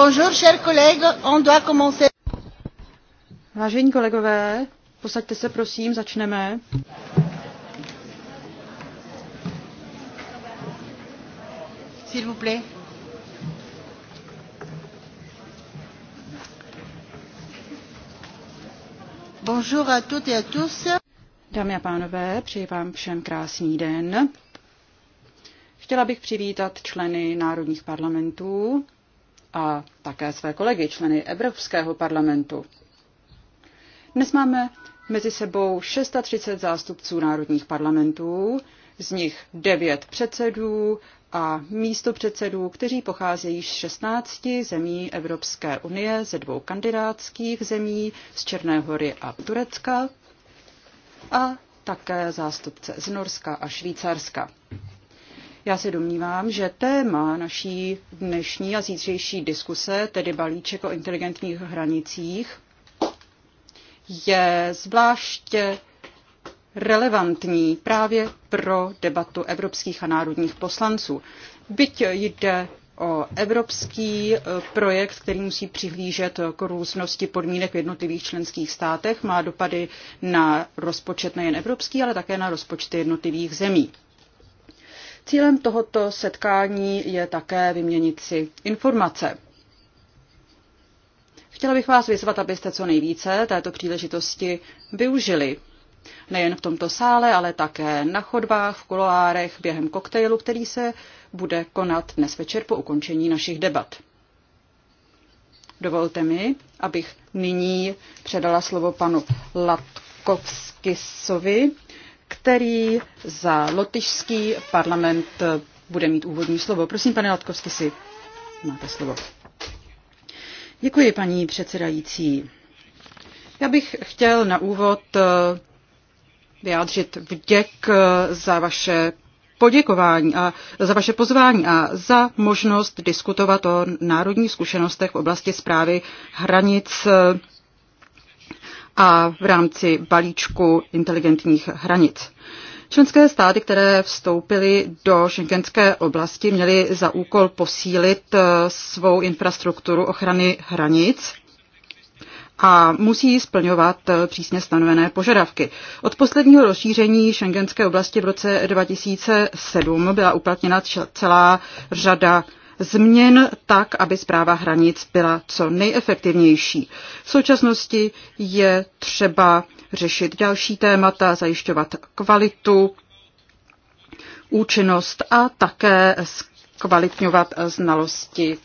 Bonjour, on doit commencer. Vážení kolegové, posaďte se prosím, začneme. S'il vous plaît. Bonjour à toutes et à tous. Dámy a pánové, přeji vám všem krásný den. Chtěla bych přivítat členy národních parlamentů, a také své kolegy, členy Evropského parlamentu. Dnes máme mezi sebou 630 zástupců národních parlamentů, z nich 9 předsedů a místopředsedů, kteří pocházejí z 16 zemí Evropské unie, ze dvou kandidátských zemí, z Černé hory a Turecka a také zástupce z Norska a Švýcarska. Já se domnívám, že téma naší dnešní a zítřejší diskuse, tedy balíček o inteligentních hranicích, je zvláště relevantní právě pro debatu evropských a národních poslanců. Byť jde o evropský eh, projekt, který musí přihlížet k různosti podmínek v jednotlivých členských státech, má dopady na rozpočet nejen evropský, ale také na rozpočty jednotlivých zemí. Cílem tohoto setkání je také vyměnit si informace. Chtěla bych vás vyzvat, abyste co nejvíce této příležitosti využili. Nejen v tomto sále, ale také na chodbách, v kuloárech, během koktejlu, který se bude konat dnes večer po ukončení našich debat. Dovolte mi, abych nyní předala slovo panu Latkovskisovi, který za lotyšský parlament bude mít úvodní slovo. Prosím, pane Latkovsky, si máte slovo. Děkuji, paní předsedající. Já bych chtěl na úvod eh, vyjádřit vděk eh, za vaše poděkování a za vaše pozvání a za možnost diskutovat o národních zkušenostech v oblasti zprávy hranic eh, a v rámci balíčku inteligentních hranic. Členské státy, které vstoupily do šengenské oblasti, měly za úkol posílit eh, svou infrastrukturu ochrany hranic a musí splňovat eh, přísně stanovené požadavky. Od posledního rozšíření šengenské oblasti v roce 2007 byla uplatněna celá řada změn tak, aby zpráva hranic byla co nejefektivnější. V současnosti je třeba řešit další témata, zajišťovat kvalitu, účinnost a také zkvalitňovat znalosti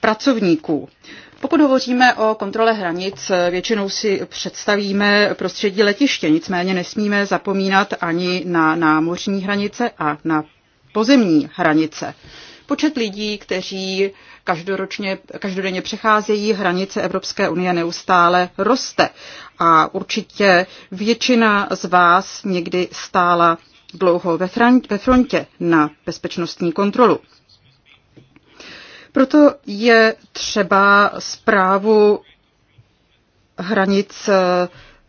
pracovníků. Pokud hovoříme o kontrole hranic, většinou si představíme prostředí letiště, nicméně nesmíme zapomínat ani na námořní hranice a na pozemní hranice. Počet lidí, kteří každoročně, každodenně přecházejí hranice Evropské unie neustále roste a určitě většina z vás někdy stála dlouho ve, frontě na bezpečnostní kontrolu. Proto je třeba zprávu hranic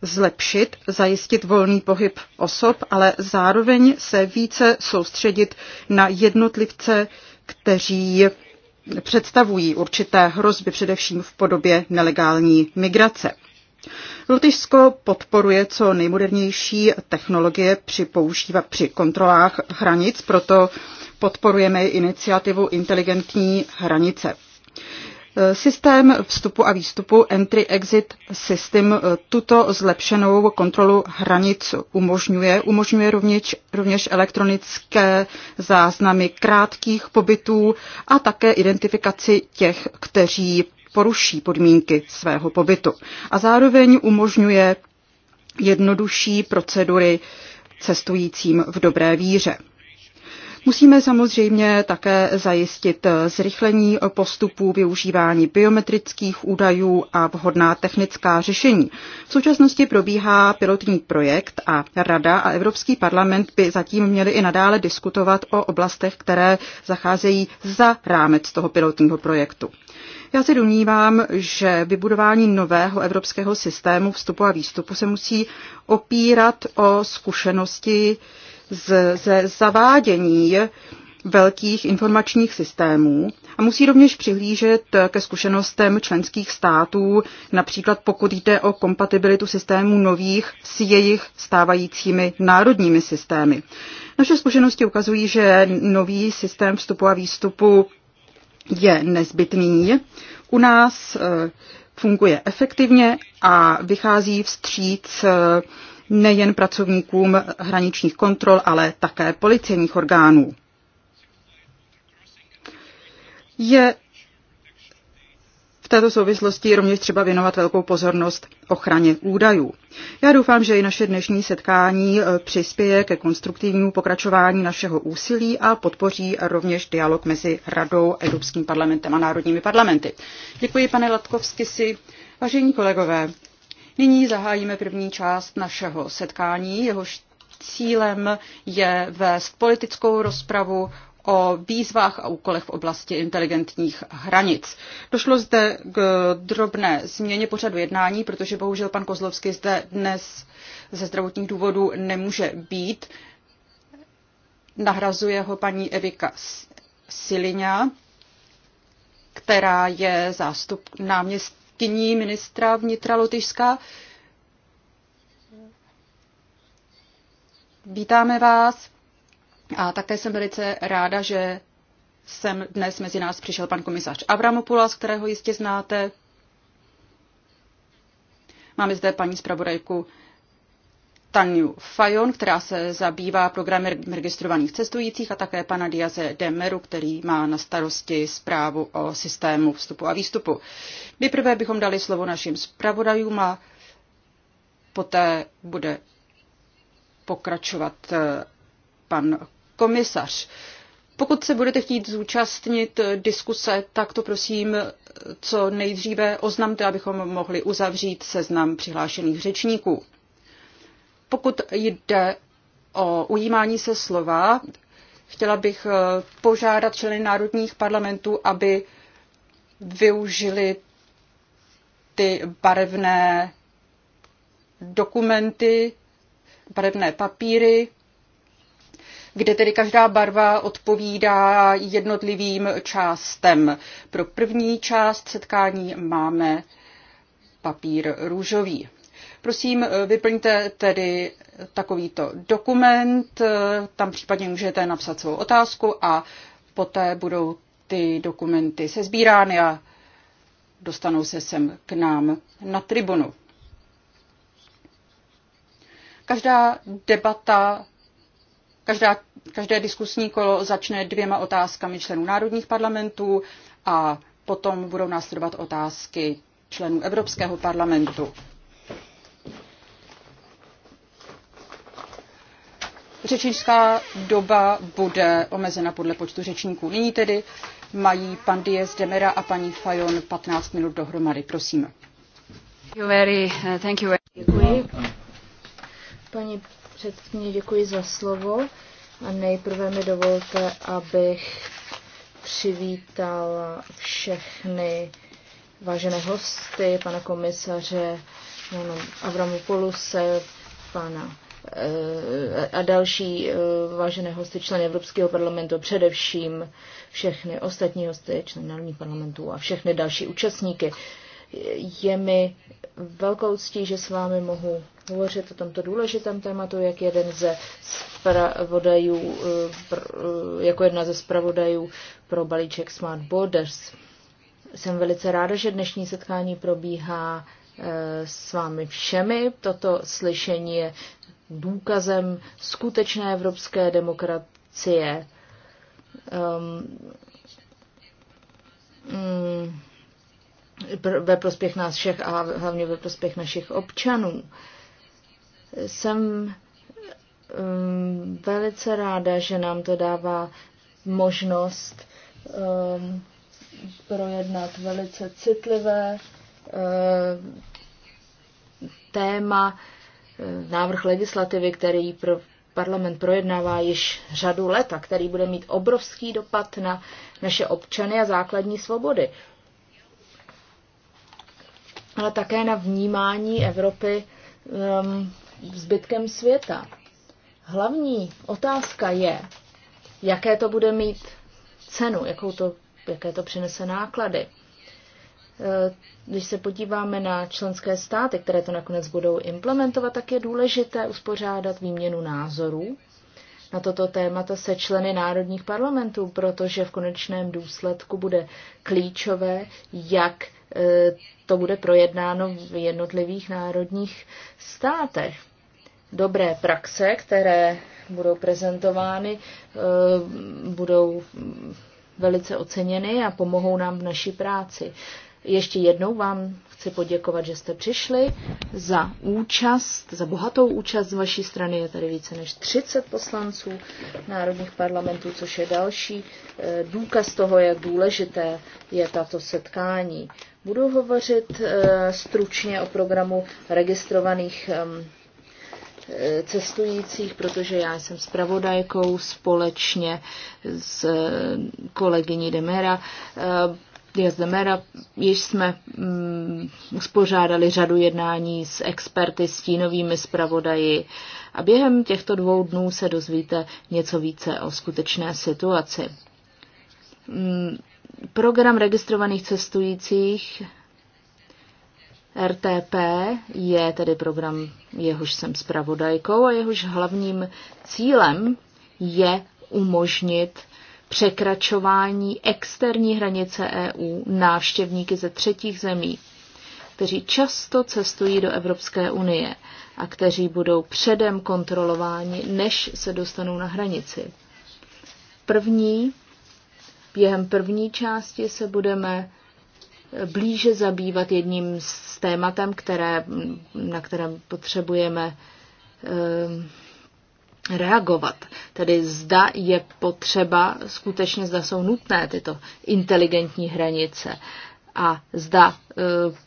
zlepšit, zajistit volný pohyb osob, ale zároveň se více soustředit na jednotlivce, kteří představují určité hrozby, především v podobě nelegální migrace. Lotyšsko podporuje co nejmodernější technologie při, používa, při kontrolách hranic, proto podporujeme iniciativu Inteligentní hranice. Eh, systém vstupu a výstupu Entry-Exit System eh, tuto zlepšenou kontrolu hranic umožňuje. Umožňuje rovněž, rovněž elektronické záznamy krátkých pobytů a také identifikaci těch, kteří poruší podmínky svého pobytu. A zároveň umožňuje jednodušší procedury cestujícím v dobré víře. Musíme samozřejmě také zajistit zrychlení postupů využívání biometrických údajů a vhodná technická řešení. V současnosti probíhá pilotní projekt a Rada a Evropský parlament by zatím měli i nadále diskutovat o oblastech, které zacházejí za rámec toho pilotního projektu. Já se domnívám, že vybudování nového evropského systému vstupu a výstupu se musí opírat o zkušenosti ze zavádění velkých informačních systémů a musí rovněž přihlížet ke zkušenostem členských států, například pokud jde o kompatibilitu systémů nových s jejich stávajícími národními systémy. Naše zkušenosti ukazují, že nový systém vstupu a výstupu je nezbytný. U nás eh, funguje efektivně a vychází vstříc eh, nejen pracovníkům hraničních kontrol, ale také policejních orgánů. Je v této souvislosti rovněž třeba věnovat velkou pozornost ochraně údajů. Já doufám, že i naše dnešní setkání eh, přispěje ke konstruktivnímu pokračování našeho úsilí a podpoří rovněž dialog mezi Radou, Evropským parlamentem a národními parlamenty. Děkuji, pane Latkovsky, si. Vážení kolegové, Nyní zahájíme první část našeho setkání. Jehož cílem je vést politickou rozpravu o výzvách a úkolech v oblasti inteligentních hranic. Došlo zde k drobné změně pořadu jednání, protože bohužel pan Kozlovský zde dnes ze zdravotních důvodů nemůže být. Nahrazuje ho paní Evika Silinia, která je zástup náměst, náměstkyní ministra vnitra Lotyšská. Vítáme vás a také jsem velice ráda, že sem dnes mezi nás přišel pan komisař Avramopoulos, kterého jistě znáte. Máme zde paní zpravodajku Tanju Fajon, která se zabývá programy registrovaných cestujících a také pana Diaze Demeru, který má na starosti zprávu o systému vstupu a výstupu. Nejprve bychom dali slovo našim zpravodajům a poté bude pokračovat eh, pan komisař. Pokud se budete chtít zúčastnit diskuse, tak to prosím eh, co nejdříve oznamte, abychom mohli uzavřít seznam přihlášených řečníků. Pokud jde o ujímání se slova, chtěla bych eh, požádat členy národních parlamentů, aby využili ty barevné dokumenty, barevné papíry, kde tedy každá barva odpovídá jednotlivým částem. Pro první část setkání máme papír růžový. Prosím, eh, vyplňte tedy takovýto dokument, eh, tam případně můžete napsat svou otázku a poté budou ty dokumenty sezbírány a dostanou se sem k nám na tribunu. Každá debata, každá, každé diskusní kolo začne dvěma otázkami členů národních parlamentů a potom budou následovat otázky členů Evropského parlamentu. Řečnická doba bude omezena podle počtu řečníků. Nyní tedy mají pan Diez Demera a paní Fajon 15 minut dohromady. Prosím. Eh, děkuji. Paní předsedkyně, děkuji za slovo. A nejprve mi dovolte, abych přivítala všechny vážené hosty, pana komisaře Avramu Poluse, pana Eh, a další eh, vážené hosty, členy Evropského parlamentu, především všechny ostatní hosty, členy národních parlamentů a všechny další účastníky. Je mi velkou ctí, že s vámi mohu hovořit o tomto důležitém tématu, jak jeden ze spravodajů, eh, jako jedna ze spravodajů pro balíček Smart Borders. Jsem velice ráda, že dnešní setkání probíhá s vámi všemi. Toto slyšení je důkazem skutečné evropské demokracie. Um, mm, ve prospěch nás všech a hlavně ve prospěch našich občanů. Jsem um, velice ráda, že nám to dává možnost um, projednat velice citlivé um, téma, návrh legislativy, který pro parlament projednává již řadu let a který bude mít obrovský dopad na naše občany a základní svobody. Ale také na vnímání Evropy um, zbytkem světa. Hlavní otázka je, jaké to bude mít cenu, jakou to, jaké to přinese náklady. Eh, když se podíváme na členské státy, které to nakonec budou implementovat, tak je důležité uspořádat výměnu názorů na toto témata se členy národních parlamentů, protože v konečném důsledku bude klíčové, jak eh, to bude projednáno v jednotlivých národních státech. Dobré praxe, které budou prezentovány, eh, budou mm, velice oceněny a pomohou nám v naší práci. Ještě jednou vám chci poděkovat, že jste přišli za účast, za bohatou účast z vaší strany. Je tady více než 30 poslanců národních parlamentů, což je další eh, důkaz toho, jak důležité je tato setkání. Budu hovořit eh, stručně o programu registrovaných eh, cestujících, protože já jsem zpravodajkou společně s kolegyní Demera. Diaz de Mera, již jsme mm, uspořádali řadu jednání s experty, s tínovými zpravodaji a během těchto dvou dnů se dozvíte něco více o skutečné situaci. Mm, program registrovaných cestujících RTP je tedy program, jehož jsem zpravodajkou a jehož hlavním cílem je umožnit překračování externí hranice EU návštěvníky ze třetích zemí, kteří často cestují do Evropské unie a kteří budou předem kontrolováni, než se dostanou na hranici. První, během první části se budeme blíže zabývat jedním z tématem, které, na kterém potřebujeme ehm, reagovat. Tedy zda je potřeba, skutečně zda jsou nutné tyto inteligentní hranice a zda e,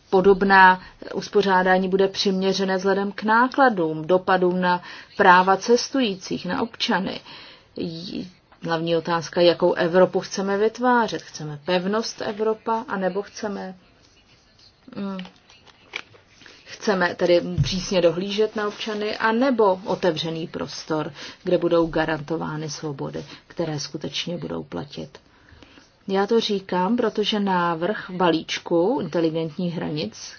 podobná uspořádání bude přiměřené vzhledem k nákladům, dopadům na práva cestujících, na občany. Hlavní otázka, jakou Evropu chceme vytvářet. Chceme pevnost Evropa, anebo chceme mm, chceme tedy přísně dohlížet na občany, anebo otevřený prostor, kde budou garantovány svobody, které skutečně budou platit. Já to říkám, protože návrh balíčku inteligentních hranic,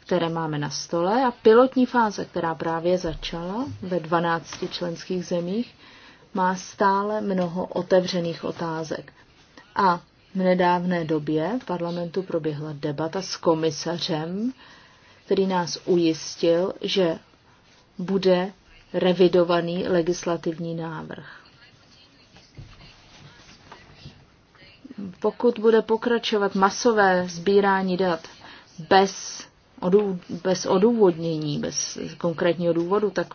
které máme na stole, a pilotní fáze, která právě začala ve 12 členských zemích, má stále mnoho otevřených otázek. A v nedávné době v parlamentu proběhla debata s komisařem který nás ujistil, že bude revidovaný legislativní návrh. Pokud bude pokračovat masové sbírání dat bez, odů, bez odůvodnění, bez konkrétního důvodu, tak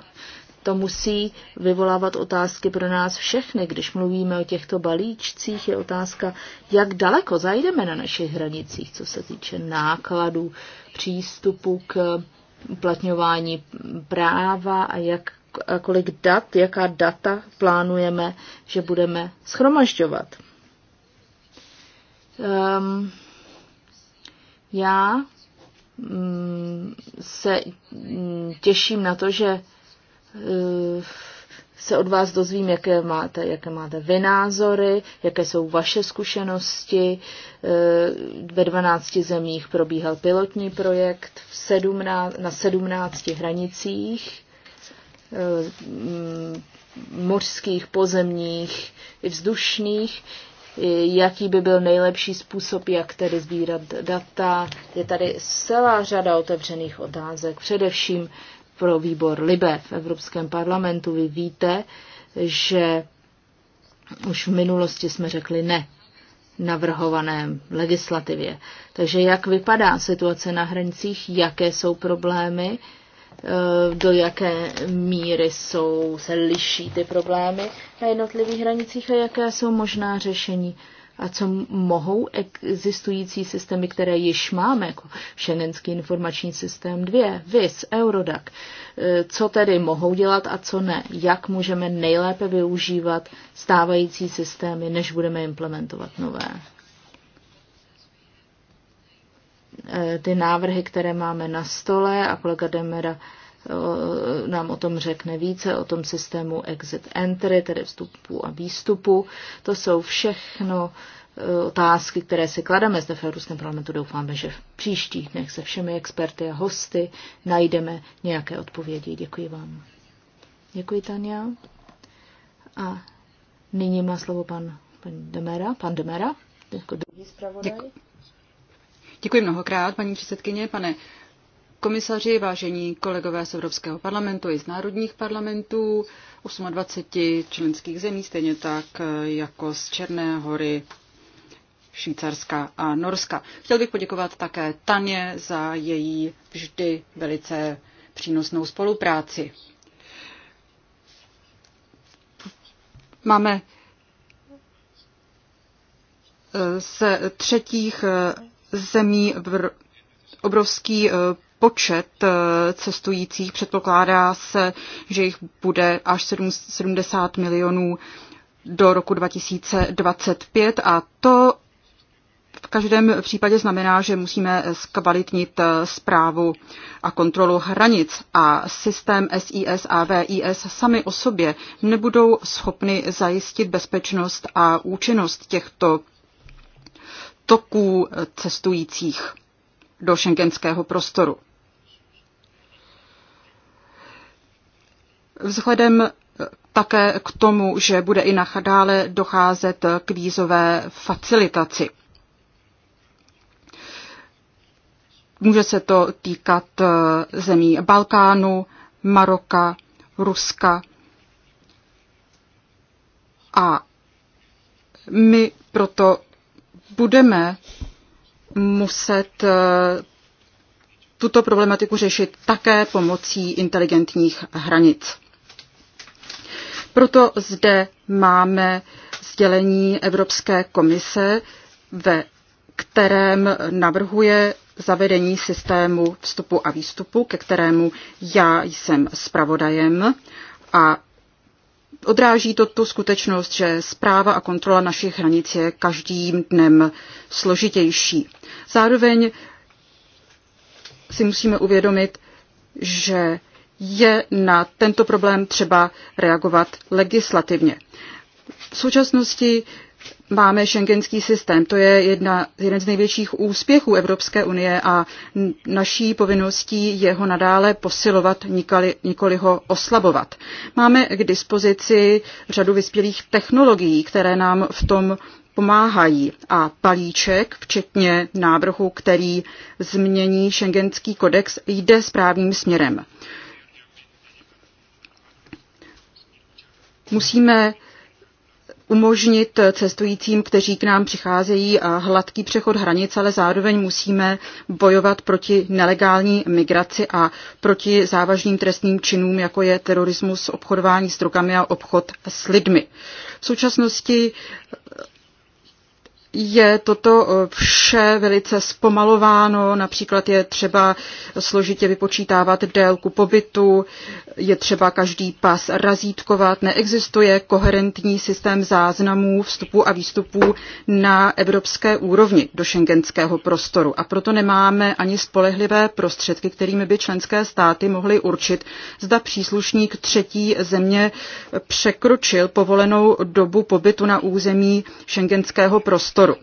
to musí vyvolávat otázky pro nás všechny. Když mluvíme o těchto balíčcích, je otázka, jak daleko zajdeme na našich hranicích, co se týče nákladů, přístupu k uplatňování práva a jak a kolik dat, jaká data plánujeme, že budeme schromažďovat. Um, já um, se um, těším na to, že Eh, se od vás dozvím, jaké máte, jaké máte vy názory, jaké jsou vaše zkušenosti. Eh, ve 12 zemích probíhal pilotní projekt v 17, na 17 hranicích eh, mořských, pozemních i vzdušných, jaký by byl nejlepší způsob, jak tedy sbírat data. Je tady celá řada otevřených otázek, především pro výbor LIBE v Evropském parlamentu. Vy víte, že už v minulosti jsme řekli ne navrhované legislativě. Takže jak vypadá situace na hranicích, jaké jsou problémy, e, do jaké míry jsou, se liší ty problémy na jednotlivých hranicích a jaké jsou možná řešení a co mohou existující systémy, které již máme, jako Schengenský informační systém 2, VIS, Eurodac, e, co tedy mohou dělat a co ne, jak můžeme nejlépe využívat stávající systémy, než budeme implementovat nové. E, ty návrhy, které máme na stole a kolega Demera Eh, nám o tom řekne více, o tom systému exit entry, tedy vstupu a výstupu. To jsou všechno eh, otázky, které si klademe zde v Evropském parlamentu. Doufáme, že v příštích dnech se všemi experty a hosty najdeme nějaké odpovědi. Děkuji vám. Děkuji, Tania. A nyní má slovo pan, pan Demera. Pan Demera, jako druhý zpravodaj. Děkuji. Děkuji mnohokrát, paní předsedkyně, pane komisaři, vážení kolegové z Evropského parlamentu i z národních parlamentů, 28 členských zemí, stejně tak eh, jako z Černé hory, Švýcarska a Norska. Chtěl bych poděkovat také Taně za její vždy velice přínosnou spolupráci. Máme eh, z třetích eh, zemí obrovský počet eh, cestujících. Předpokládá se, že jich bude až 70 milionů do roku 2025 a to v každém případě znamená, že musíme zkvalitnit zprávu eh, a kontrolu hranic a systém SIS a VIS sami o sobě nebudou schopny zajistit bezpečnost a účinnost těchto toků eh, cestujících do šengenského prostoru. Vzhledem eh, také k tomu, že bude i nadále docházet eh, k vízové facilitaci. Může se to týkat eh, zemí Balkánu, Maroka, Ruska a my proto budeme muset tuto problematiku řešit také pomocí inteligentních hranic. Proto zde máme sdělení Evropské komise, ve kterém navrhuje zavedení systému vstupu a výstupu, ke kterému já jsem zpravodajem a odráží to tu skutečnost, že zpráva a kontrola našich hranic je každým dnem složitější. Zároveň si musíme uvědomit, že je na tento problém třeba reagovat legislativně. V současnosti máme šengenský systém. To je jedna, jeden z největších úspěchů Evropské unie a naší povinností je ho nadále posilovat, nikoli, nikoli ho oslabovat. Máme k dispozici řadu vyspělých technologií, které nám v tom pomáhají a palíček, včetně návrhu, který změní šengenský kodex, jde správným směrem. Musíme umožnit cestujícím, kteří k nám přicházejí, a hladký přechod hranic, ale zároveň musíme bojovat proti nelegální migraci a proti závažným trestným činům, jako je terorismus, obchodování s drogami a obchod s lidmi. V současnosti je toto eh, vše velice zpomalováno, například je třeba složitě vypočítávat délku pobytu, je třeba každý pas razítkovat, neexistuje koherentní systém záznamů vstupů a výstupů na evropské úrovni do šengenského prostoru a proto nemáme ani spolehlivé prostředky, kterými by členské státy mohly určit, zda příslušník třetí země překročil povolenou dobu pobytu na území šengenského prostoru prostoru.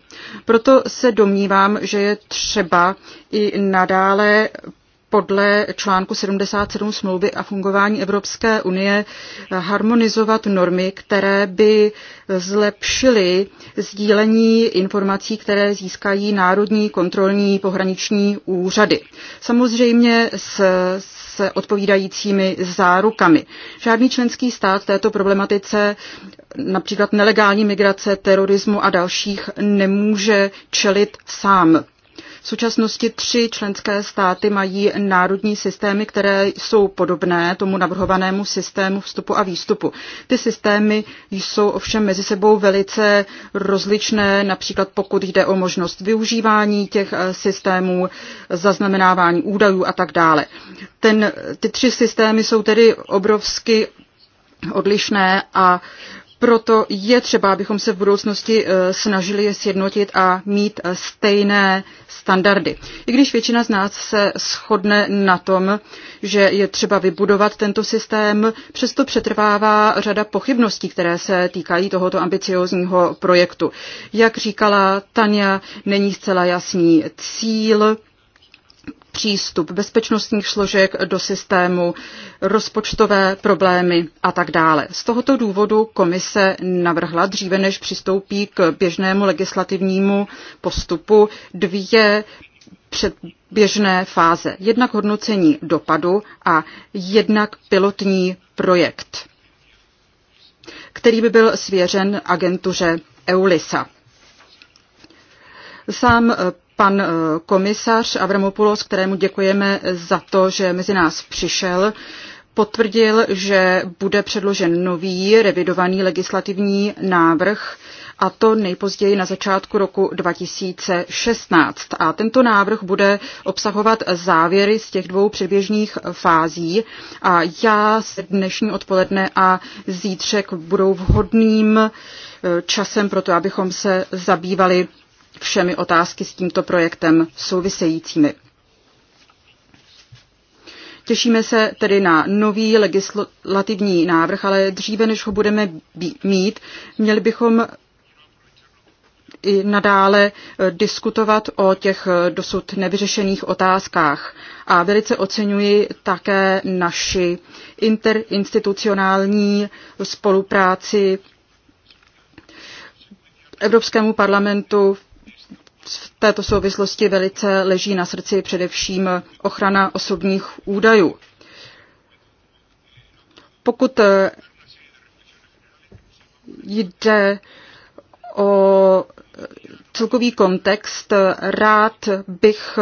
Proto se domnívám, že je třeba i nadále podle článku 77 smlouvy a fungování Evropské unie harmonizovat normy, které by zlepšily sdílení informací, které získají národní kontrolní pohraniční úřady. Samozřejmě s, s odpovídajícími zárukami. Žádný členský stát této problematice například nelegální migrace, terorismu a dalších nemůže čelit sám. V současnosti tři členské státy mají národní systémy, které jsou podobné tomu navrhovanému systému vstupu a výstupu. Ty systémy jsou ovšem mezi sebou velice rozličné, například pokud jde o možnost využívání těch eh, systémů, zaznamenávání údajů a tak dále. Ten, ty tři systémy jsou tedy obrovsky odlišné a proto je třeba, abychom se v budoucnosti eh, snažili je sjednotit a mít eh, stejné standardy. I když většina z nás se shodne na tom, že je třeba vybudovat tento systém, přesto přetrvává řada pochybností, které se týkají tohoto ambiciozního projektu. Jak říkala Tania, není zcela jasný cíl, přístup bezpečnostních složek do systému, rozpočtové problémy a tak dále. Z tohoto důvodu komise navrhla dříve, než přistoupí k běžnému legislativnímu postupu, dvě předběžné fáze. Jednak hodnocení dopadu a jednak pilotní projekt, který by byl svěřen agentuře EULISA. Sám pan eh, komisař Avramopoulos, kterému děkujeme za to, že mezi nás přišel, potvrdil, že bude předložen nový revidovaný legislativní návrh a to nejpozději na začátku roku 2016. A tento návrh bude obsahovat závěry z těch dvou předběžných fází a já se dnešní odpoledne a zítřek budou vhodným eh, časem pro to, abychom se zabývali všemi otázky s tímto projektem souvisejícími. Těšíme se tedy na nový legislativní návrh, ale dříve, než ho budeme mít, měli bychom i nadále eh, diskutovat o těch eh, dosud nevyřešených otázkách. A velice oceňuji také naši interinstitucionální spolupráci Evropskému parlamentu v této souvislosti velice leží na srdci především ochrana osobních údajů. Pokud eh, jde o eh, celkový kontext, eh, rád bych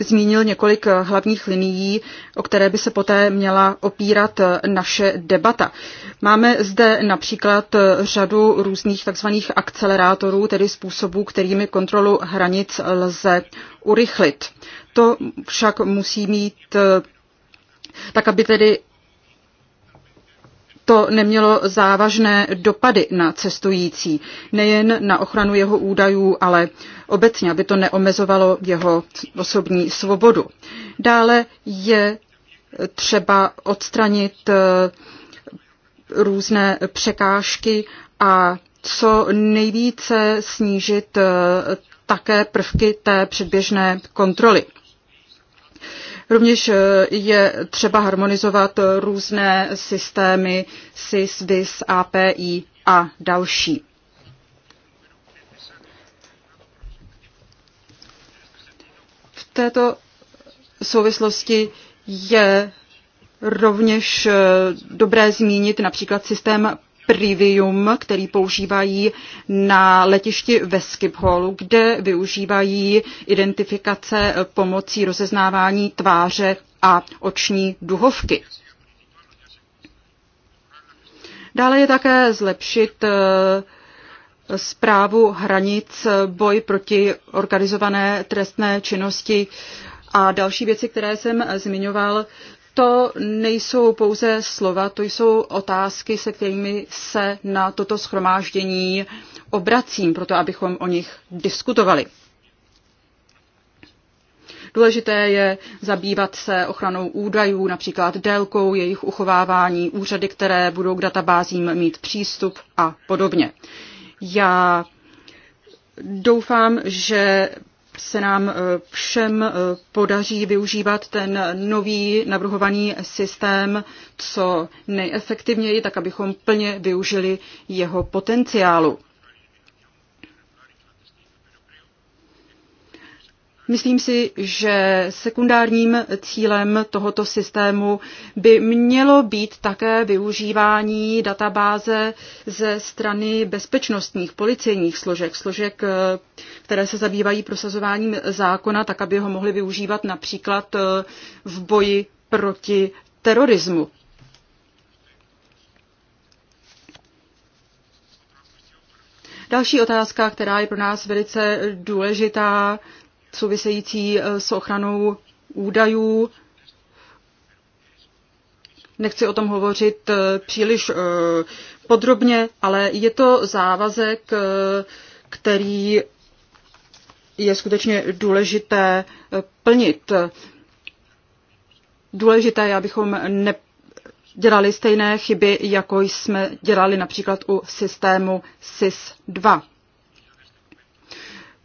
zmínil několik eh, hlavních linií, o které by se poté měla opírat eh, naše debata. Máme zde například eh, řadu různých takzvaných akcelerátorů, tedy způsobů, kterými kontrolu hranic lze urychlit. To však musí mít tak aby tedy to nemělo závažné dopady na cestující, nejen na ochranu jeho údajů, ale obecně, aby to neomezovalo jeho osobní svobodu. Dále je třeba odstranit eh, různé překážky a co nejvíce snížit eh, také prvky té předběžné kontroly. Rovněž eh, je třeba harmonizovat různé systémy SIS, VIS, API a další. V této souvislosti je rovněž eh, dobré zmínit například systém Privium, který používají na letišti ve Skipholu, kde využívají identifikace pomocí rozeznávání tváře a oční duhovky. Dále je také zlepšit zprávu eh, hranic, boj proti organizované trestné činnosti a další věci, které jsem eh, zmiňoval, to nejsou pouze slova, to jsou otázky, se kterými se na toto schromáždění obracím, proto abychom o nich diskutovali. Důležité je zabývat se ochranou údajů, například délkou jejich uchovávání, úřady, které budou k databázím mít přístup a podobně. Já doufám, že se nám eh, všem eh, podaří využívat ten nový navrhovaný systém co nejefektivněji, tak abychom plně využili jeho potenciálu. Myslím si, že sekundárním cílem tohoto systému by mělo být také využívání databáze ze strany bezpečnostních policejních složek, složek, eh, které se zabývají prosazováním zákona, tak aby ho mohli využívat například eh, v boji proti terorismu. Další otázka, která je pro nás velice důležitá, související eh, s ochranou údajů. Nechci o tom hovořit eh, příliš eh, podrobně, ale je to závazek, který je skutečně důležité plnit. Důležité je, abychom ne dělali stejné chyby, jako jsme dělali například u systému SIS-2.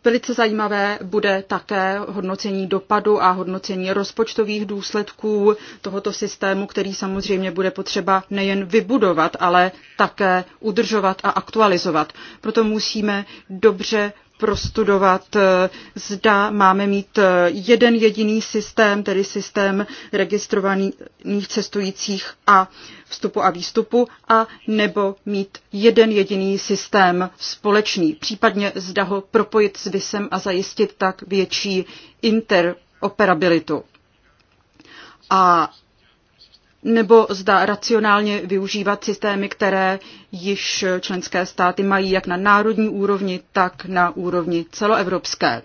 Velice zajímavé bude také hodnocení dopadu a hodnocení rozpočtových důsledků tohoto systému, který samozřejmě bude potřeba nejen vybudovat, ale také udržovat a aktualizovat. Proto musíme dobře prostudovat, eh, zda máme mít eh, jeden jediný systém, tedy systém registrovaných cestujících a vstupu a výstupu, a nebo mít jeden jediný systém společný, případně zda ho propojit s VISem a zajistit tak větší interoperabilitu. A nebo zda racionálně využívat systémy, které již členské státy mají jak na národní úrovni, tak na úrovni celoevropské.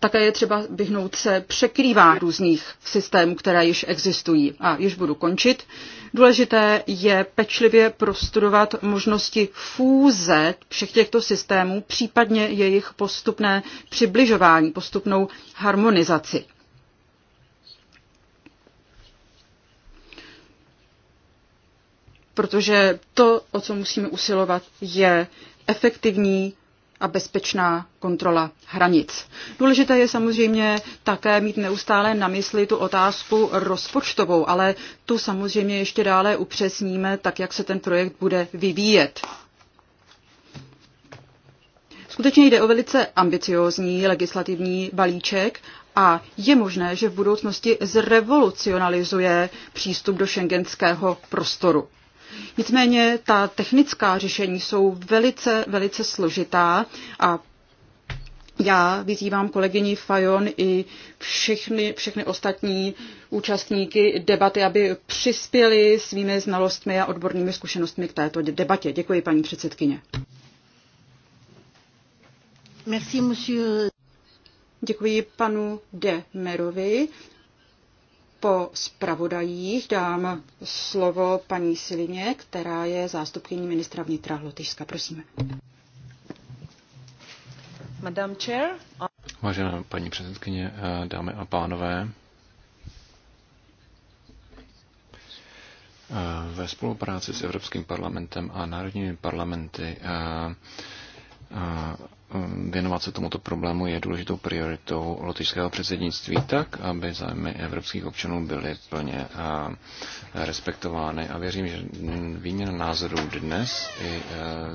Také je třeba vyhnout se překrývá různých systémů, které již existují. A již budu končit. Důležité je pečlivě prostudovat možnosti fůze všech těchto systémů, případně jejich postupné přibližování, postupnou harmonizaci. protože to, o co musíme usilovat, je efektivní a bezpečná kontrola hranic. Důležité je samozřejmě také mít neustále na mysli tu otázku rozpočtovou, ale tu samozřejmě ještě dále upřesníme, tak jak se ten projekt bude vyvíjet. Skutečně jde o velice ambiciózní legislativní balíček a je možné, že v budoucnosti zrevolucionalizuje přístup do šengenského prostoru. Nicméně ta technická řešení jsou velice, velice složitá a já vyzývám kolegyni Fajon i všechny, všechny ostatní účastníky debaty, aby přispěli svými znalostmi a odbornými zkušenostmi k této debatě. Děkuji, paní předsedkyně. Merci, monsieur. Děkuji panu De Merovi po zpravodajích dám slovo paní Silině, která je zástupkyní ministra vnitra Lotyšska. Prosím. Madame Chair. Uh, Vážená paní předsedkyně, uh, dámy a pánové, uh, ve spolupráci s Evropským parlamentem a národními parlamenty věnovat se tomuto problému je důležitou prioritou lotyšského předsednictví tak, aby zájmy evropských občanů byly plně respektovány. A věřím, že výměna názorů dnes i e,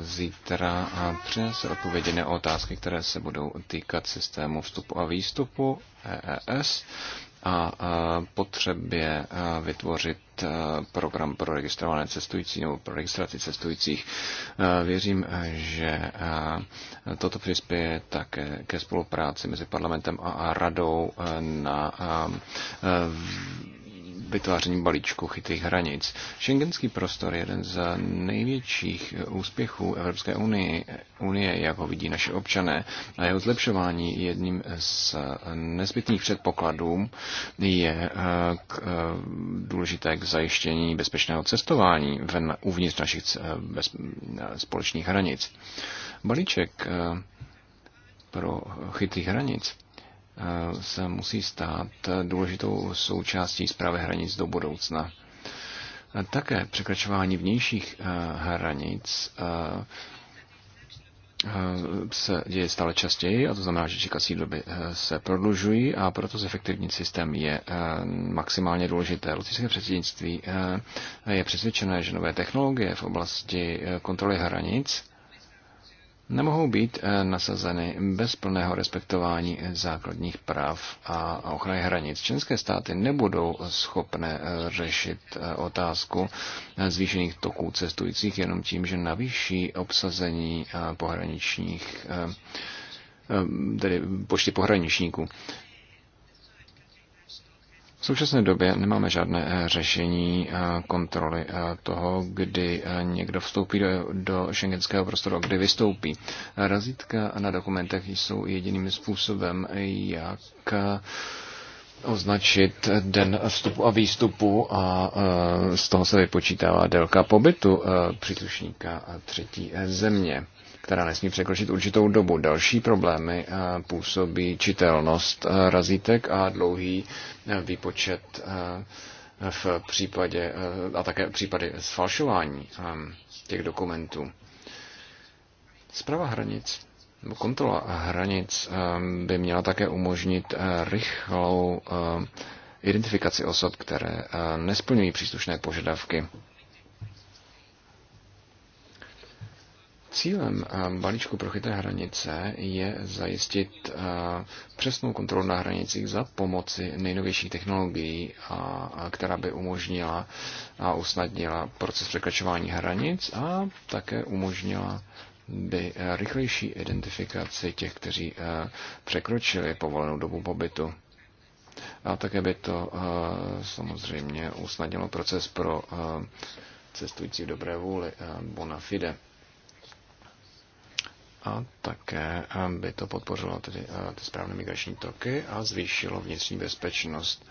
zítra přinese odpovědi na otázky, které se budou týkat systému vstupu a výstupu EES a potřebě vytvořit program pro registrované cestující nebo pro registraci cestujících. Věřím, že toto přispěje také ke spolupráci mezi parlamentem a radou na vytváření balíčku chytrých hranic. Schengenský prostor je jeden z největších úspěchů Evropské unie, unie jak ho vidí naše občané, a jeho zlepšování jedním z nezbytných předpokladů je eh, k, eh, důležité k zajištění bezpečného cestování ven, uvnitř našich eh, bez, společných hranic. Balíček pro chytrých hranic Eh, se musí stát důležitou součástí zprávy hranic do budoucna. Eh, také překračování vnějších eh, hranic se děje stále častěji a to znamená, že čekací doby se prodlužují a proto zefektivní systém je maximálně důležité. Lucické předsednictví je přesvědčené, že nové technologie v oblasti kontroly hranic nemohou být eh, nasazeny bez plného respektování eh, základních práv a ochrany hranic. Členské státy nebudou schopné eh, řešit otázku zvýšených toků cestujících jenom tím, že navýší obsazení pohraničních tedy počty pohraničníků. V současné době nemáme žádné eh, řešení eh, kontroly eh, toho, kdy někdo vstoupí do, do šengenského prostoru a kdy vystoupí. Razítka na dokumentech jsou jediným způsobem, jak označit den vstupu a výstupu a z toho se vypočítává délka pobytu příslušníka třetí země která nesmí překročit určitou dobu. Další problémy eh, působí čitelnost eh, razítek a dlouhý eh, výpočet v případě, a také případy sfalšování těch dokumentů. Zprava hranic kontrola hranic by měla také umožnit rychlou identifikaci osob, které nesplňují příslušné požadavky Cílem eh, balíčku pro chytré hranice je zajistit eh, přesnou kontrolu na hranicích za pomoci nejnovějších technologií, která by umožnila a usnadnila proces překračování hranic a také umožnila by eh, rychlejší identifikaci těch, kteří překročili povolenou dobu pobytu. A také by to samozřejmě usnadnilo proces pro cestující v dobré vůli bona fide a také eh, by to podpořilo tedy eh, ty správné migrační toky a zvýšilo vnitřní bezpečnost.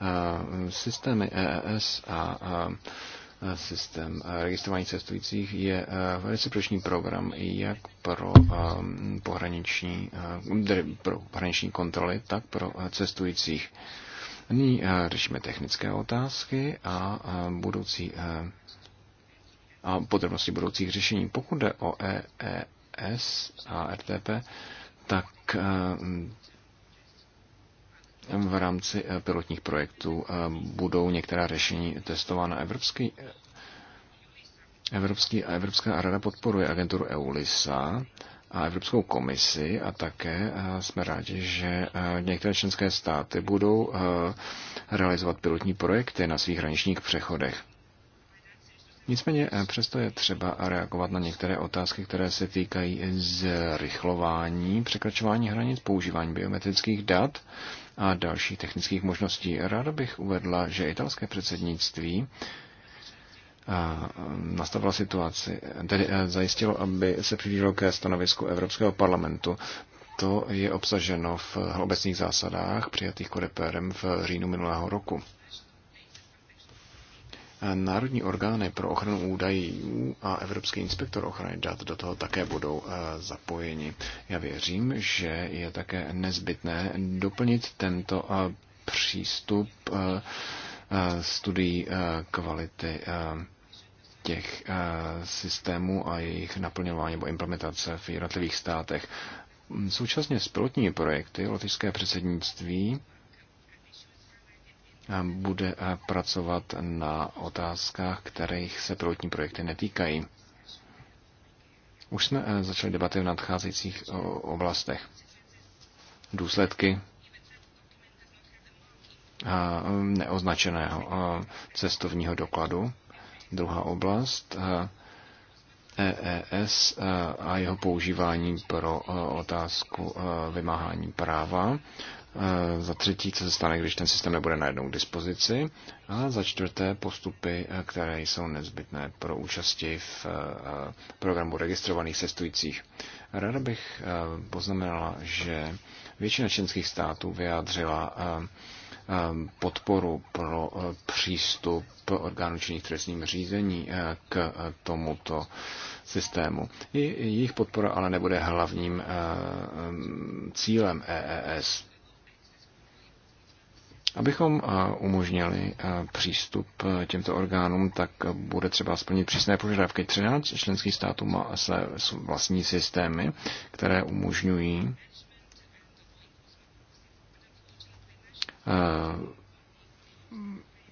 Eh, systémy EES a systém registrování cestujících je reciproční program jak pro pohraniční, pro pohraniční kontroly, tak pro cestujících. Nyní řešíme technické otázky a budoucí a podrobnosti budoucích řešení. Pokud jde o EES, s a RTP, tak eh, v rámci eh, pilotních projektů eh, budou některá řešení testována evropský Evropský, Evropská rada podporuje agenturu EULISA a Evropskou komisi a také jsme rádi, že některé členské státy budou realizovat pilotní projekty na svých hraničních přechodech. Nicméně eh, přesto je třeba reagovat na některé otázky, které se týkají zrychlování, překračování hranic, používání biometrických dat a dalších technických možností. Ráda bych uvedla, že italské předsednictví eh, nastavila situaci, tedy eh, zajistilo, aby se přiblížilo ke stanovisku Evropského parlamentu. To je obsaženo v obecných zásadách přijatých korepérem v říjnu minulého roku národní orgány pro ochranu údajů a Evropský inspektor ochrany dat do toho také budou eh, zapojeni. Já věřím, že je také nezbytné doplnit tento eh, přístup eh, studií kvality těch systémů a jejich naplňování nebo implementace v jednotlivých státech. Současně s pilotními projekty lotyšské předsednictví bude pracovat na otázkách, kterých se pilotní projekty netýkají. Už jsme e, začali debaty v nadcházejících oblastech. Důsledky neoznačeného e, cestovního dokladu. Druhá oblast e, EES e, a jeho používání pro e, otázku e, vymáhání práva. Za třetí, co se stane, když ten systém nebude najednou k dispozici. A za čtvrté, postupy, které jsou nezbytné pro účasti v programu registrovaných cestujících. Ráda bych poznamenala, že většina členských států vyjádřila Um, podporu pro uh, přístup orgánů činných trestním řízení uh, k uh, tomuto systému. Jejich podpora ale nebude hlavním um, cílem EES. Abychom umožnili přístup těmto orgánům, tak bude třeba splnit přísné požadavky. 13 členských států má své vlastní systémy, které umožňují Eh,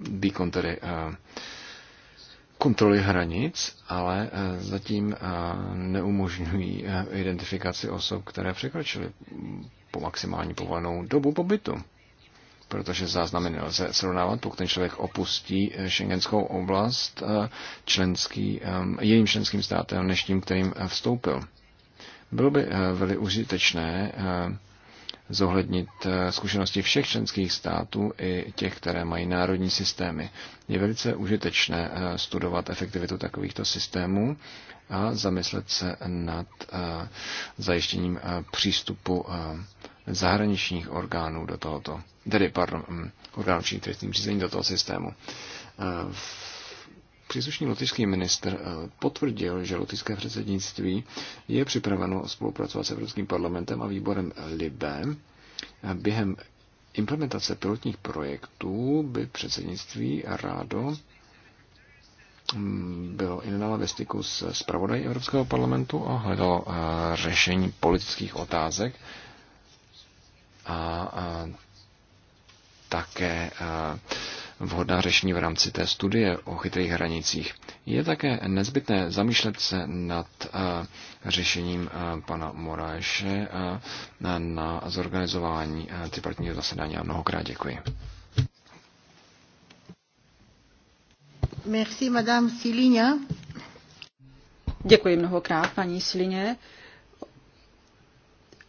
výkon tedy eh, kontroly hranic, ale eh, zatím neumožňují identifikaci osob, které překročily po maximální povolenou dobu pobytu. Protože záznamy nelze srovnávat, pokud ten člověk opustí šengenskou oblast členský, jiným členským státem než tím, kterým vstoupil. Bylo by velmi užitečné zohlednit eh, zkušenosti všech členských států i těch, které mají národní systémy. Je velice užitečné eh, studovat efektivitu takovýchto systémů a zamyslet se nad eh, zajištěním přístupu zahraničních orgánů do tohoto, tedy, pardon, mm, orgánů činných trestním řízení do toho systému. V Příslušný lotyšský minister eh, potvrdil, že lotyšské předsednictví je připraveno spolupracovat s Evropským parlamentem a výborem LIBE. Během implementace pilotních projektů by předsednictví rádo mm, bylo i nadále ve styku s zpravodají Evropského parlamentu a hledalo eh, řešení politických otázek a, a také a, eh, vhodná řešení v rámci té studie o chytrých hranicích. Je také nezbytné zamýšlet se nad eh, řešením eh, pana Moráše eh, na zorganizování tripartního zasedání a mnohokrát děkuji. Merci, madame Silinia. Děkuji mnohokrát, paní Silině.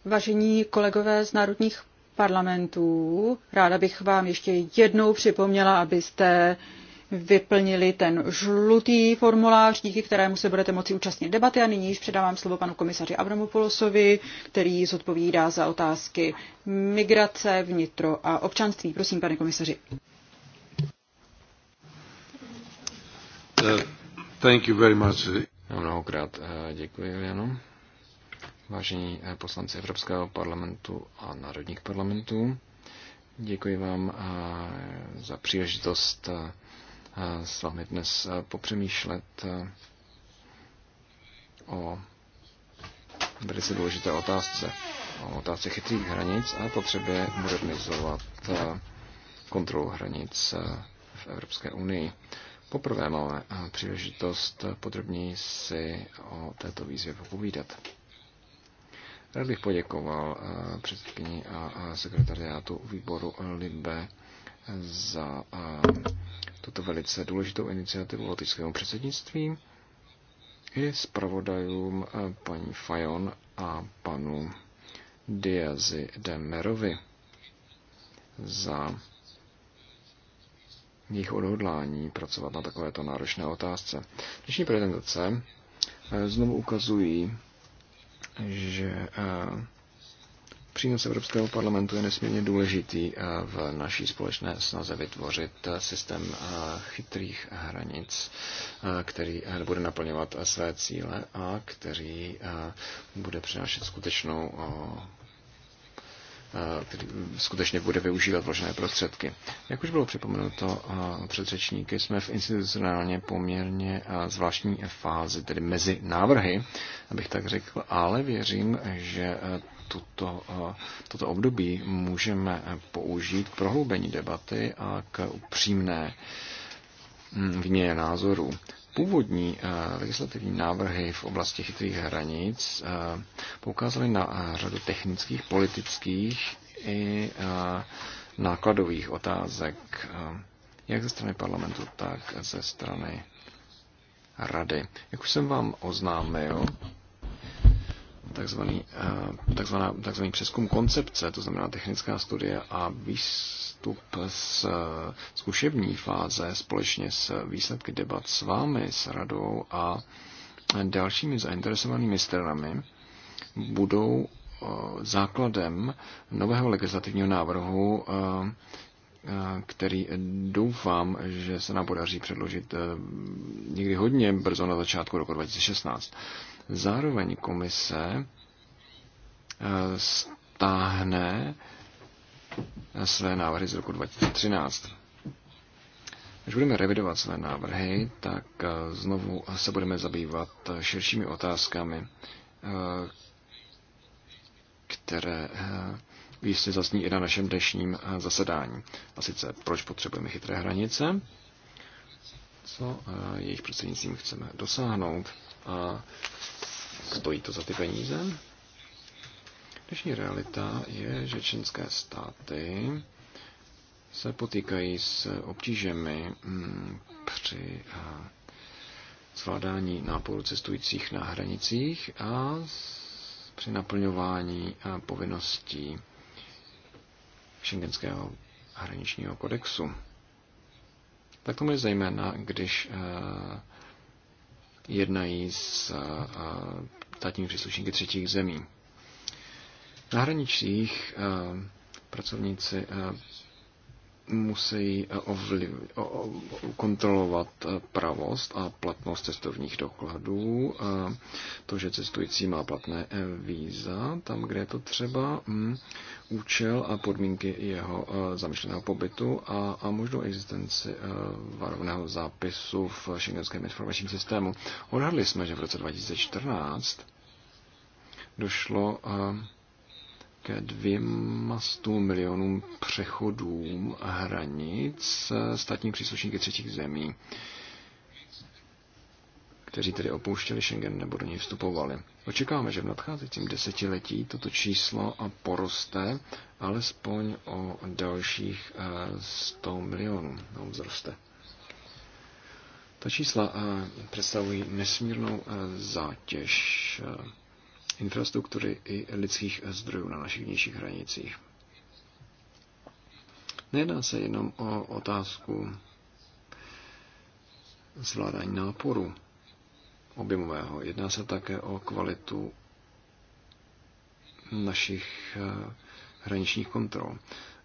Vážení kolegové z národních parlamentů. Ráda bych vám ještě jednou připomněla, abyste vyplnili ten žlutý formulář, díky kterému se budete moci účastnit debaty. A nyní již předávám slovo panu komisaři Abramopoulosovi, který zodpovídá za otázky migrace, vnitro a občanství. Prosím, pane komisaři. Uh, thank you very much. Mnohokrát uh, děkuji, Janu vážení eh, poslanci Evropského parlamentu a národních parlamentů. Děkuji vám eh, za příležitost eh, s vámi dnes popřemýšlet o velice důležité otázce, o otázce chytrých hranic a potřebě modernizovat kontrolu hranic v Evropské unii. Poprvé máme příležitost podrobněji si o této výzvě popovídat. Rád bych poděkoval eh, předsedkyni a sekretariátu výboru Libe za eh, tuto velice důležitou iniciativu lotyšského předsednictví i zpravodajům eh, paní Fajon a panu Diazi Demerovi za jejich odhodlání pracovat na takovéto náročné otázce. Dnešní prezentace znovu ukazují že eh, přínos Evropského parlamentu je nesmírně důležitý eh, v naší společné snaze vytvořit eh, systém chytrých hranic, který bude naplňovat své cíle a který bude přinášet skutečnou Eh, který skutečně bude využívat vložené prostředky. Jak už bylo připomenuto eh, předřečníky, jsme v institucionálně poměrně eh, zvláštní fázi, tedy mezi návrhy, abych tak řekl, ale věřím, že tuto, toto období můžeme použít k prohloubení debaty a k upřímné Mm, výměně názorů. Původní eh, legislativní návrhy v oblasti chytrých hranic eh, poukázaly na eh, řadu technických, politických i nákladových otázek, jak ze strany parlamentu, tak ze strany rady. Jak už jsem vám oznámil, takzvaný, takzvaná, takzvaný přeskum koncepce, to znamená technická studie a výs, postup z eh, zkušební fáze společně s výsledky debat s vámi, s radou a dalšími zainteresovanými stranami budou eh, základem nového legislativního návrhu, eh, který doufám, že se nám podaří předložit někdy hodně brzo na začátku roku 2016. Zároveň komise stáhne své návrhy z roku 2013. Když budeme revidovat své návrhy, tak eh, znovu se budeme zabývat širšími otázkami, eh, které eh, jistě zazní i na našem dnešním zasedání. A sice, proč potřebujeme chytré hranice, co jejich prostřednictvím chceme dosáhnout a stojí to za ty peníze Dnešní realita je, že čínské státy se potýkají s obtížemi mm, při zvládání náporu cestujících na hranicích a při naplňování povinností šengenského hraničního kodexu. Tak tomu je zejména, když jednají s státními příslušníky třetích zemí. Na eh, pracovníci eh, musí eh, ovliv, kontrolovat pravost a platnost cestovních dokladů, to, že cestující má platné víza tam, kde je to třeba, hm, účel a podmínky jeho zamýšleného pobytu a, a možnou existenci varovného zápisu v šengenském informačním systému. Odhadli jsme, že v roce 2014 došlo ke dvěma stům milionům přechodům hranic eh, státní příslušníky třetích zemí, kteří tedy opouštěli Schengen nebo do něj vstupovali. Očekáváme, že v nadcházejícím desetiletí toto číslo a poroste alespoň o dalších 100 eh, milionů No, vzroste. Ta čísla eh, představují nesmírnou zátěž infrastruktury i lidských zdrojů na našich vnějších hranicích. Nejedná se jenom o otázku zvládání náporu objemového. Jedná se také o kvalitu našich eh, hraničních kontrol.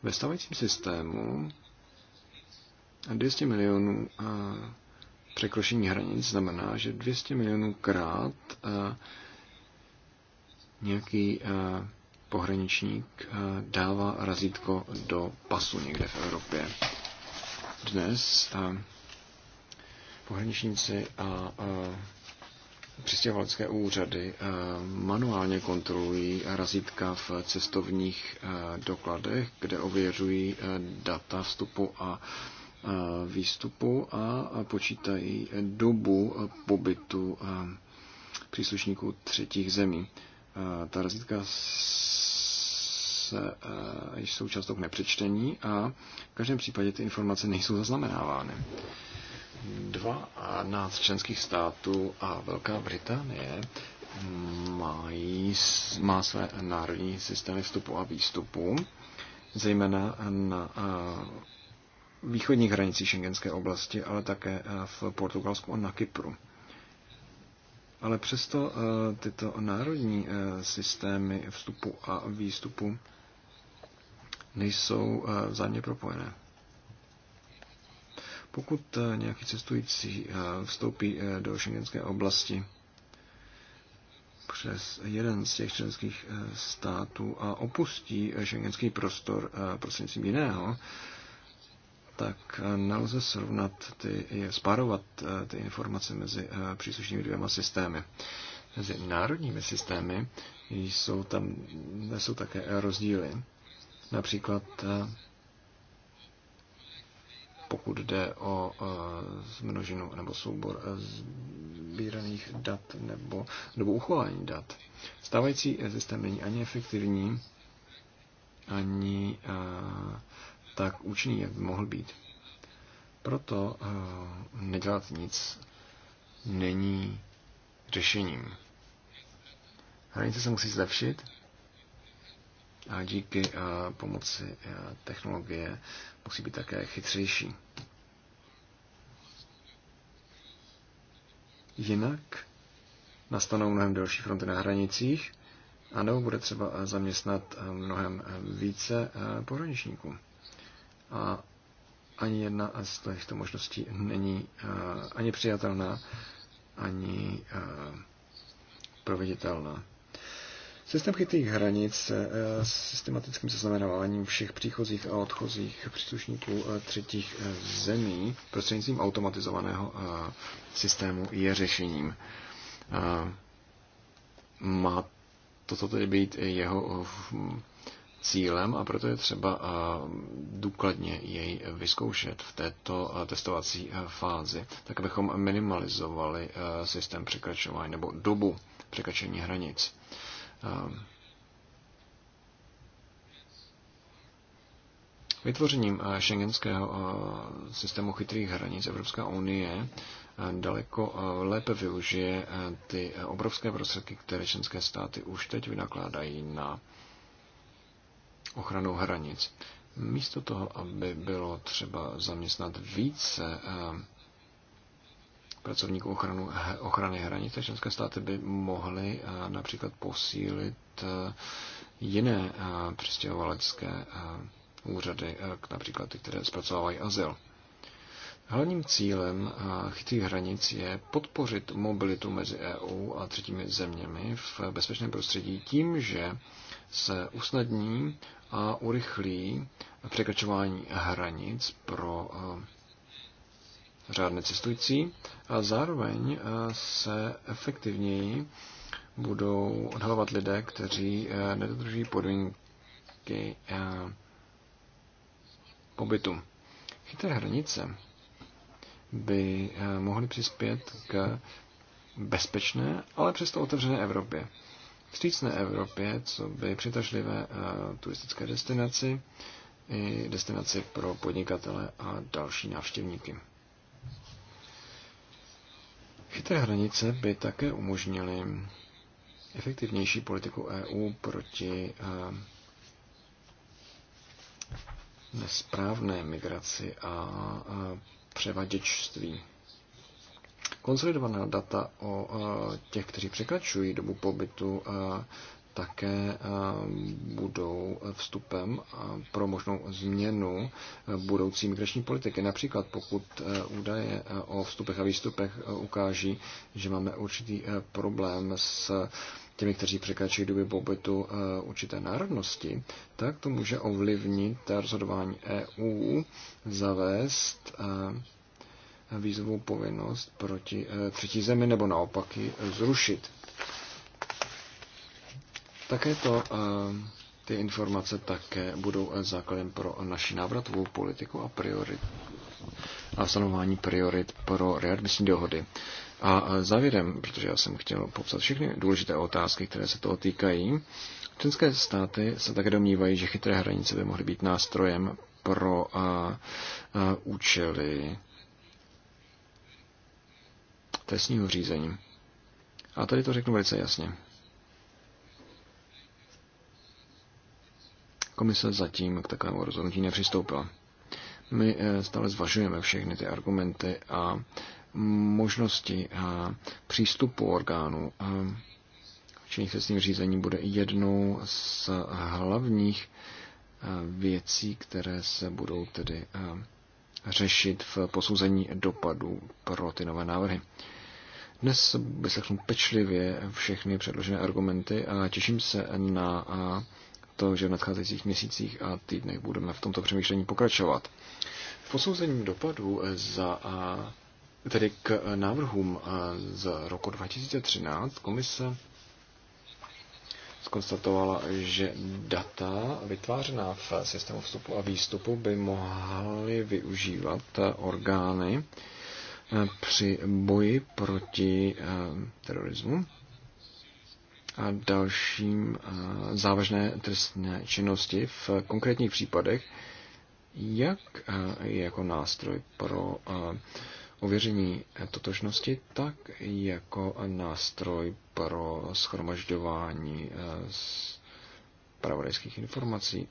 Ve stavajícím systému 200 milionů eh, překročení hranic znamená, že 200 milionů krát eh, nějaký eh, pohraničník eh, dává razítko do pasu někde v Evropě. Dnes eh, pohraničníci a přistěhovalecké úřady manuálně kontrolují razítka v cestovních dokladech, kde ověřují data vstupu a výstupu a počítají dobu pobytu příslušníků třetích zemí. Eh, ta razítka se, eh, jsou často k nepřečtení a v každém případě ty informace nejsou zaznamenávány. 12 členských států a Velká Británie mají, má své národní systémy vstupu a výstupu, zejména na eh, východních hranicích šengenské oblasti, ale také v Portugalsku a na Kypru. Ale přesto eh, tyto národní eh, systémy vstupu a výstupu nejsou eh, vzájemně propojené. Pokud nějaký cestující vstoupí do šengenské oblasti přes jeden z těch členských států a opustí šengenský prostor prostřednictvím jiného, tak eh, nelze srovnat, ty, spárovat eh, ty informace mezi eh, příslušnými dvěma systémy. Mezi národními systémy jsou tam jsou také rozdíly. Například pokud jde o množinu nebo soubor sbíraných dat nebo dobu uchování dat. Stávající systém není ani efektivní, ani uh, tak účinný, jak by mohl být. Proto eh, nedělat nic není řešením. Hranice se musí zlepšit a díky eh, pomoci eh, technologie musí být také chytřejší. Jinak nastanou mnohem delší fronty na hranicích, a nebo bude třeba zaměstnat mnohem více pohraničníků a ani jedna z těchto možností není eh, ani přijatelná, ani eh, proveditelná. Systém chytrých hranic eh, s systematickým zaznamenáváním všech příchozích a odchozích příslušníků třetích zemí prostřednictvím automatizovaného systému je řešením. Má toto tedy být jeho cílem a proto je třeba důkladně jej vyzkoušet v této testovací fázi, tak abychom minimalizovali systém překračování nebo dobu překračení hranic. Vytvořením šengenského systému chytrých hranic Evropská unie daleko lépe využije ty obrovské prostředky, které členské státy už teď vynakládají na ochranou hranic. Místo toho, aby bylo třeba zaměstnat více eh, pracovníků ochranu, ochrany hranic, tak členské státy by mohly eh, například posílit eh, jiné přistěhovalecké úřady, například ty, které zpracovávají azyl. Hlavním cílem chytrých hranic je podpořit mobilitu mezi EU a třetími zeměmi v bezpečném prostředí tím, že se usnadní a urychlí překračování hranic pro eh, řádné cestující a zároveň eh, se efektivněji budou odhalovat lidé, kteří eh, nedodržují podmínky pobytu. Chytré hranice by mohly přispět k bezpečné, ale přesto otevřené Evropě vstřícné Evropě, co by přitažlivé eh, turistické destinaci, i destinaci pro podnikatele a další návštěvníky. Chytré hranice by také umožnily efektivnější politiku EU proti eh, nesprávné migraci a převaděčství. Konsolidovaná data o eh, těch, kteří překračují dobu pobytu, eh, také eh, budou vstupem pro možnou změnu budoucí migrační politiky. Například pokud údaje o vstupech a výstupech ukáží, že máme určitý problém s těmi, kteří překračují doby pobytu určité národnosti, tak to může ovlivnit rozhodování EU zavést výzvu povinnost proti eh, třetí zemi nebo naopak ji eh, zrušit. Také to, eh, ty informace také budou základem pro naši návratovou politiku a priorit a stanování priorit pro readmisní dohody. A závěrem, protože já jsem chtěl popsat všechny důležité otázky, které se toho týkají, členské státy se také domnívají, že chytré hranice by mohly být nástrojem pro a, a, účely trestního řízení. A tady to řeknu velice jasně. Komise zatím k takovému rozhodnutí nepřistoupila. My eh, stále zvažujeme všechny ty argumenty a možnosti a přístupu orgánů eh, činných trestním řízení bude jednou z hlavních eh, věcí, které se budou tedy řešit v posouzení dopadů pro ty nové návrhy. Dnes vyslechnu pečlivě všechny předložené argumenty a těším se na to, že v nadcházejících měsících a týdnech budeme v tomto přemýšlení pokračovat. V posouzení dopadu za tedy k návrhům z roku 2013 komise zkonstatovala, že data vytvářená v systému vstupu a výstupu by mohly využívat orgány Eh, při boji proti eh, terorismu a dalším eh, závažné trestné činnosti v konkrétních případech, jak jako nástroj pro ověření totožnosti, tak jako nástroj pro schromažďování pravodajských informací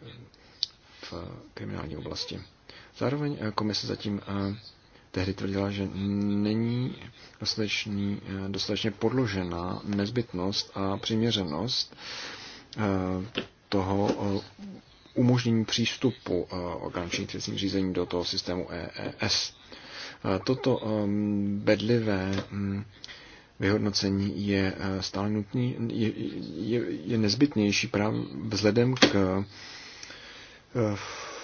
v kriminální oblasti. Zároveň komise zatím tehdy tvrdila, že není dostatečný, eh, dostatečně podložena nezbytnost a přiměřenost eh, toho eh, umožnění přístupu organičních trestních řízení do toho systému EES. Toto bedlivé hm, vyhodnocení je stále nutný, je, je, je nezbytnější právě vzhledem k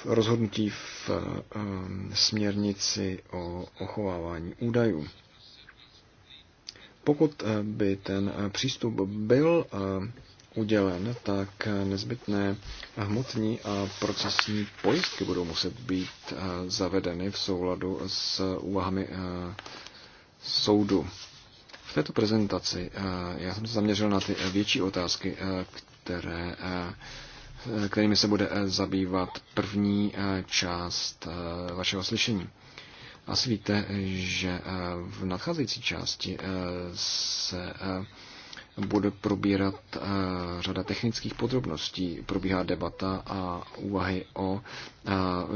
rozhodnutí v ehm, směrnici o ochovávání údajů. Pokud eh, by ten eh, přístup byl eh, udělen, tak nezbytné hmotní a procesní pojistky budou muset být zavedeny v souladu s úvahami soudu. V této prezentaci já jsem se zaměřil na ty větší otázky, které kterými se bude eh, zabývat první eh, část eh, vašeho slyšení. Asi víte, že v nadcházející části se bude probírat řada technických podrobností. Probíhá debata a úvahy o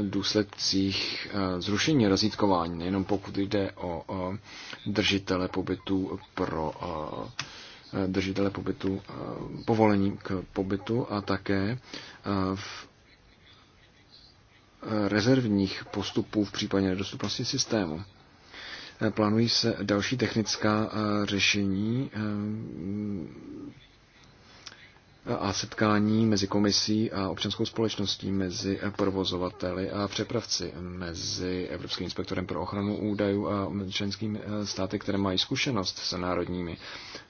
důsledcích zrušení razítkování, nejenom pokud jde o držitele pobytu pro držitele pobytu, eh, povolení k pobytu a také eh, v eh, rezervních postupů v případě nedostupnosti systému. Plánují se další technická řešení a setkání mezi komisí a občanskou společností, mezi provozovateli a přepravci, mezi Evropským inspektorem pro ochranu údajů a členskými eh, státy, které mají zkušenost s národními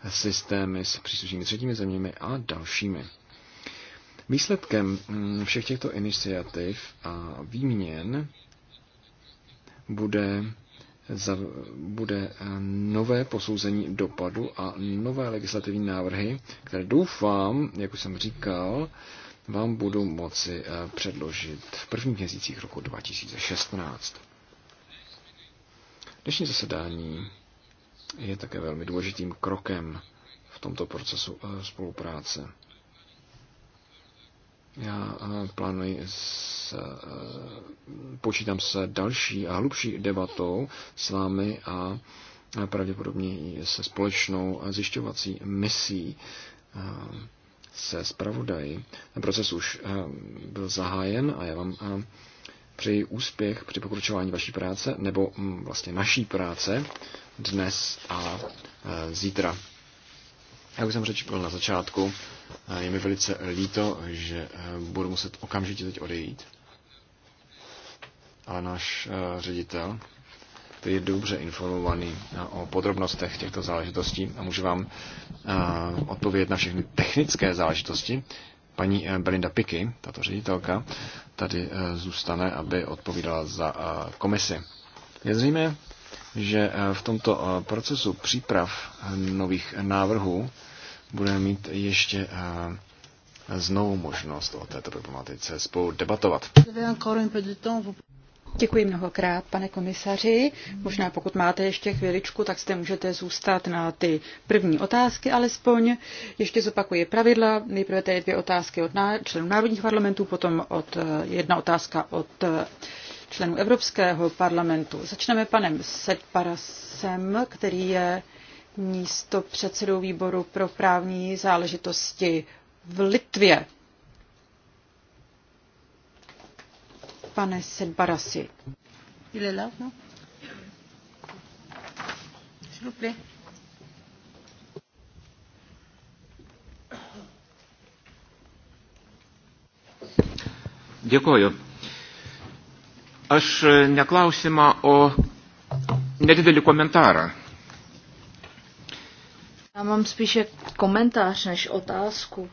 systémy, s příslušnými třetími zeměmi a dalšími. Výsledkem mm, všech těchto iniciativ a výměn bude bude eh, nové posouzení dopadu a nové legislativní návrhy, které doufám, jak už jsem říkal, vám budu moci eh, předložit v prvních měsících roku 2016. Dnešní zasedání je také velmi důležitým krokem v tomto procesu eh, spolupráce. Já eh, plánuji s, eh, počítám se další a hlubší debatou s vámi a pravděpodobně i se společnou zjišťovací misí eh, se zpravodají. Ten proces už byl zahájen a já vám přeji úspěch při pokročování vaší práce, nebo mm, vlastně naší práce dnes a zítra. Jak už jsem řečil na začátku, eh, je mi velice líto, že eh, budu muset okamžitě teď odejít. Ale náš eh, ředitel, který je dobře informovaný o podrobnostech těchto záležitostí a může vám odpovědět na všechny technické záležitosti, paní Belinda Piky, tato ředitelka, tady zůstane, aby odpovídala za komisi. Je zřejmé, že v tomto procesu příprav nových návrhů budeme mít ještě eh, znovu možnost o této problematice spolu debatovat. Děkuji mnohokrát, pane komisaři. Možná pokud máte ještě chviličku, tak jste můžete zůstat na ty první otázky alespoň. Ještě zopakuji pravidla. Nejprve tedy dvě otázky od členů národních parlamentů, potom od, eh, jedna otázka od eh, členů Evropského parlamentu. Začneme panem Sedparasem, který je místo předsedou výboru pro právní záležitosti v Litvě. Pane Sedbarasi. Děkuji. Aš eh, neklausimą, o nedidelį komentarą já mám spíše komentář než otázku.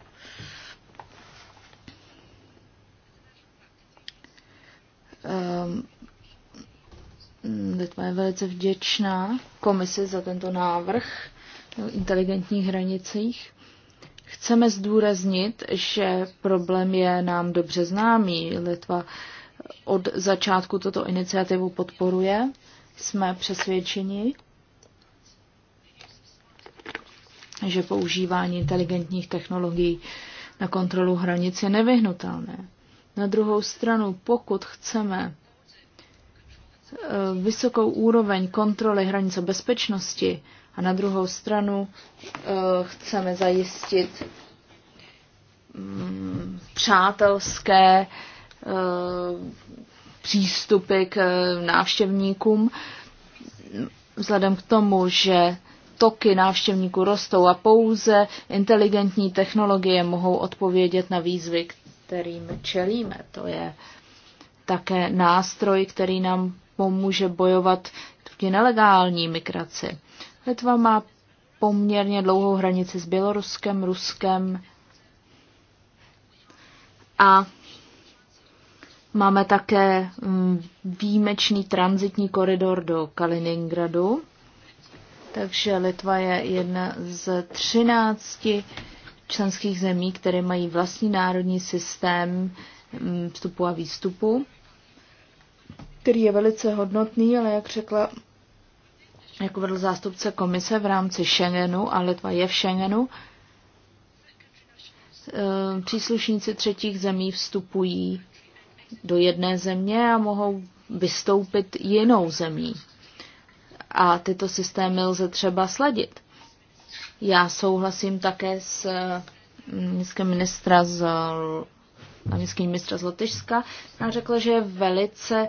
Um, je velice vděčná komisi za tento návrh o inteligentních hranicích. Chceme zdůraznit, že problém je nám dobře známý. Litva od začátku toto iniciativu podporuje. Jsme přesvědčeni, že používání inteligentních technologií na kontrolu hranic je nevyhnutelné. Na druhou stranu, pokud chceme eh, vysokou úroveň kontroly hranice bezpečnosti a na druhou stranu eh, chceme zajistit mm, přátelské eh, přístupy k návštěvníkům, vzhledem k tomu, že toky návštěvníků rostou a pouze inteligentní technologie mohou odpovědět na výzvy, kterým čelíme. To je také nástroj, který nám pomůže bojovat proti nelegální migraci. Litva má poměrně dlouhou hranici s Běloruskem, Ruskem a máme také mm, výjimečný transitní koridor do Kaliningradu. Takže Litva je jedna z třinácti členských zemí, které mají vlastní národní systém mm, vstupu a výstupu, který je velice hodnotný, ale jak řekla, jako vedl zástupce komise v rámci Schengenu, a Litva je v Schengenu, eh, příslušníci třetích zemí vstupují do jedné země a mohou vystoupit jinou zemí a tyto systémy lze třeba sledit. Já souhlasím také s mm, městským ministra z městský ministra z Lotyšska, a řekl, že je velice e,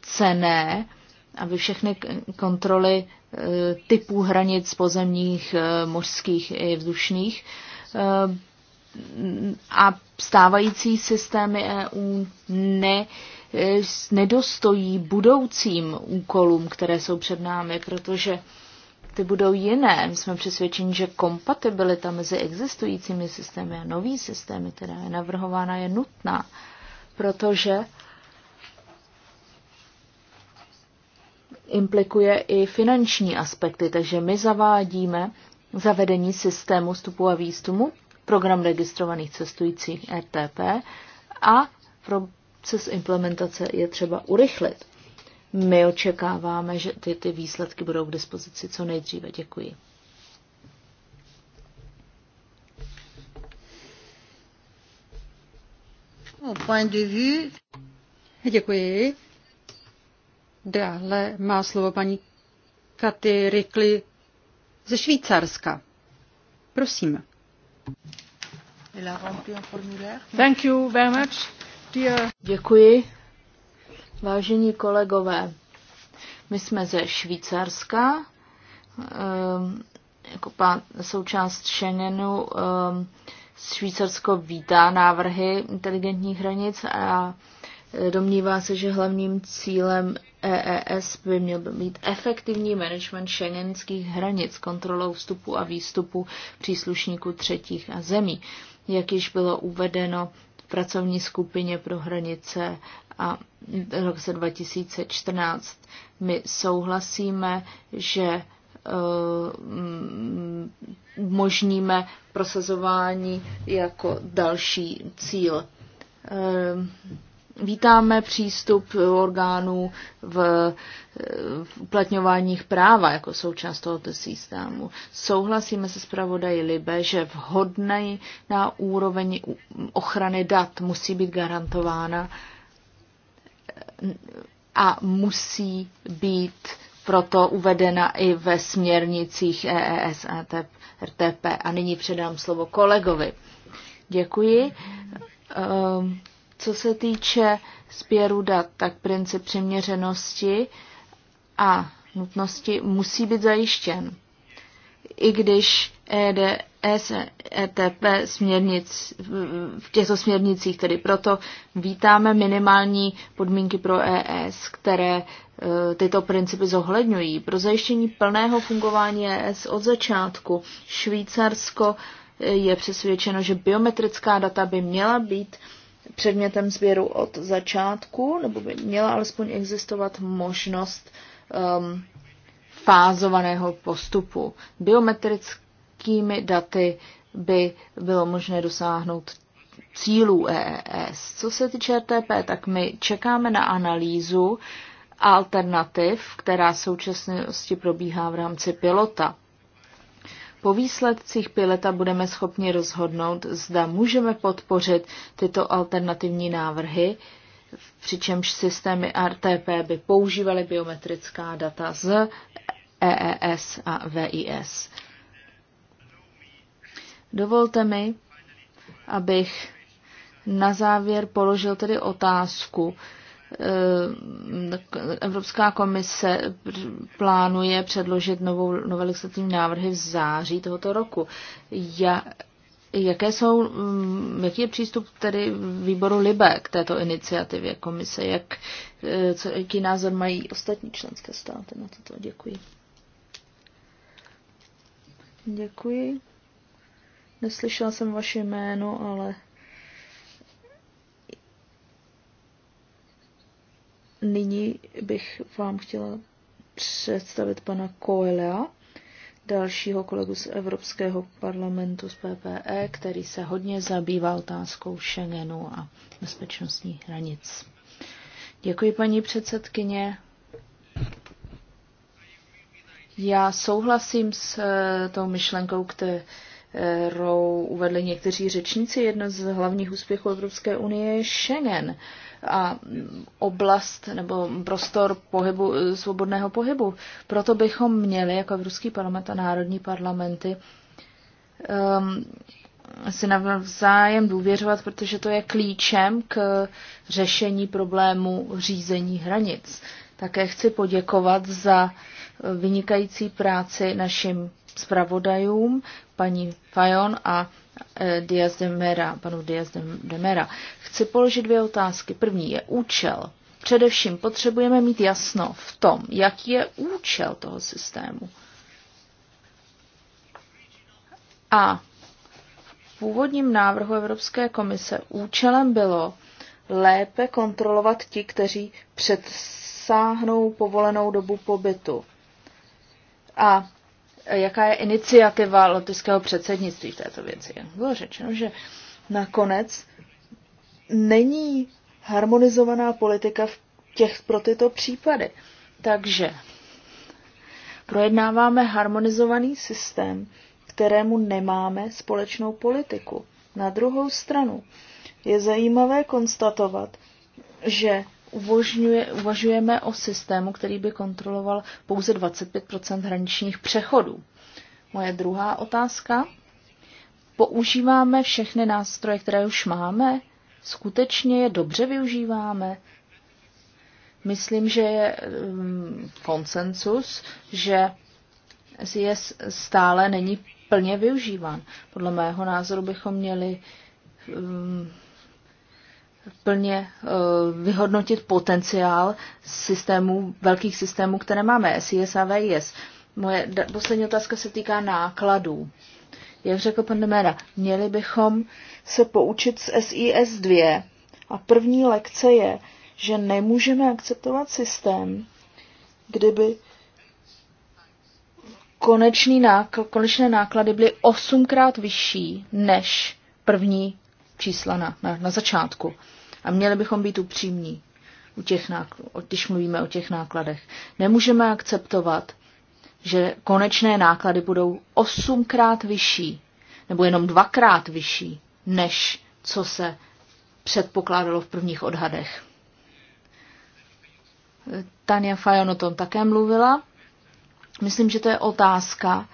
cené, aby všechny kontroly e, typů hranic pozemních, e, mořských i vzdušných a stávající systémy EU ne E, nedostojí budoucím úkolům, které jsou před námi, protože ty budou jiné. My jsme přesvědčeni, že kompatibilita mezi existujícími systémy a nový systémy, která je navrhována, je nutná, protože implikuje i finanční aspekty, takže my zavádíme zavedení systému vstupu a výstupu, program registrovaných cestujících RTP a pro proces implementace je třeba urychlit. My očekáváme, že ty, ty výsledky budou k dispozici co nejdříve. Děkuji. Point de vue. Děkuji. Dále má slovo paní Katy Rikli ze Švýcarska. Prosím. Thank you very much. Studia. Děkuji. Vážení kolegové, my jsme ze Švýcarska, ehm, jako pán, součást Schengenu. Ehm, Švýcarsko vítá návrhy inteligentních hranic a e, domnívá se, že hlavním cílem EES by měl být efektivní management šengenských hranic kontrolou vstupu a výstupu příslušníků třetích a zemí. Jak již bylo uvedeno pracovní skupině pro hranice a v roce 2014. My souhlasíme, že e, umožníme prosazování jako další cíl. E, vítáme přístup orgánů v uplatňováních práva jako součást tohoto systému. Souhlasíme se zpravodají Libe, že vhodný na úroveň ochrany dat musí být garantována a musí být proto uvedena i ve směrnicích EES a RTP. A nyní předám slovo kolegovi. Děkuji. Um co se týče sběru dat, tak princip přiměřenosti a nutnosti musí být zajištěn. I když EDS, ETP směrnic, v těchto směrnicích, tedy proto vítáme minimální podmínky pro ES, které e, tyto principy zohledňují. Pro zajištění plného fungování ES od začátku Švýcarsko e, je přesvědčeno, že biometrická data by měla být předmětem sběru od začátku, nebo by měla alespoň existovat možnost um, fázovaného postupu. Biometrickými daty by bylo možné dosáhnout cílů EES. Co se týče RTP, tak my čekáme na analýzu alternativ, která v současnosti probíhá v rámci pilota. Po výsledcích pileta budeme schopni rozhodnout, zda můžeme podpořit tyto alternativní návrhy, přičemž systémy RTP by používaly biometrická data z EES a VIS. Dovolte mi, abych na závěr položil tedy otázku, Eh, Evropská komise plánuje předložit novou, nové legislativní návrhy v září tohoto roku. Ja, jaké jsou, mm, jaký je přístup tedy výboru Libe k této iniciativě komise? Jak, eh, co, jaký názor mají ostatní členské státy na toto? Děkuji. Děkuji. Neslyšela jsem vaše jméno, ale nyní bych vám chtěla představit pana Koelea, dalšího kolegu z Evropského parlamentu z PPE, který se hodně zabývá otázkou Schengenu a bezpečnostní hranic. Děkuji, paní předsedkyně. Já souhlasím s eh, tou myšlenkou, kterou uvedli někteří řečníci. Jedno z hlavních úspěchů Evropské unie je Schengen a oblast nebo prostor pohybu, svobodného pohybu. Proto bychom měli jako Evropský parlament a národní parlamenty um, si navzájem důvěřovat, protože to je klíčem k řešení problému řízení hranic. Také chci poděkovat za vynikající práci našim zpravodajům, paní Fajon a Eh, Diaz de Mera, panu Diaz de Mera. Chci položit dvě otázky. První je účel. Především potřebujeme mít jasno v tom, jaký je účel toho systému. A v původním návrhu Evropské komise účelem bylo lépe kontrolovat ti, kteří předsáhnou povolenou dobu pobytu. A jaká je iniciativa lotyského předsednictví v této věci. Bylo řečeno, že nakonec není harmonizovaná politika v těch, pro tyto případy. Takže projednáváme harmonizovaný systém, kterému nemáme společnou politiku. Na druhou stranu je zajímavé konstatovat, že uvožňuje, uvažujeme o systému, který by kontroloval pouze 25 hraničních přechodů. Moje druhá otázka. Používáme všechny nástroje, které už máme? Skutečně je dobře využíváme? Myslím, že je um, konsensus, že je stále není plně využíván. Podle mého názoru bychom měli um, plně eh, vyhodnotit potenciál systémů, velkých systémů, které máme, SIS a VIS. Moje poslední otázka se týká nákladů. Jak řekl pan Demera, měli bychom se poučit z SIS 2. A první lekce je, že nemůžeme akceptovat systém, kdyby konečný nákl, konečné náklady byly osmkrát vyšší než první čísla na, na, na začátku. A měli bychom být upřímní, u těch nákl- když mluvíme o těch nákladech. Nemůžeme akceptovat, že konečné náklady budou osmkrát vyšší, nebo jenom dvakrát vyšší, než co se předpokládalo v prvních odhadech. Tania Fajon o tom také mluvila. Myslím, že to je otázka,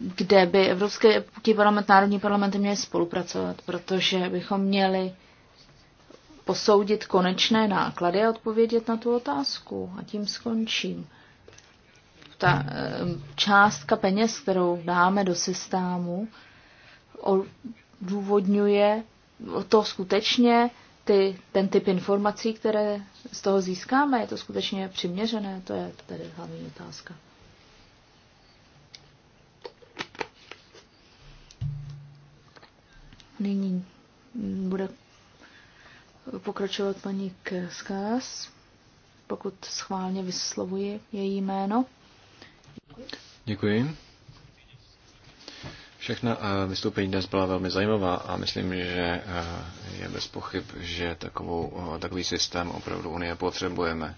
kde by Evropský parlament, národní parlamenty měly spolupracovat, protože bychom měli posoudit konečné náklady a odpovědět na tu otázku. A tím skončím. Ta eh, částka peněz, kterou dáme do systému, důvodňuje to skutečně ty, ten typ informací, které z toho získáme. Je to skutečně přiměřené? To je tedy hlavní otázka. Nyní bude pokračovat paní Kerskás, pokud schválně vyslovuji její jméno. Děkuji. Všechna eh, vystoupení dnes byla velmi zajímavá a myslím, že eh, je bez pochyb, že takovou, eh, takový systém opravdu Unie potřebujeme.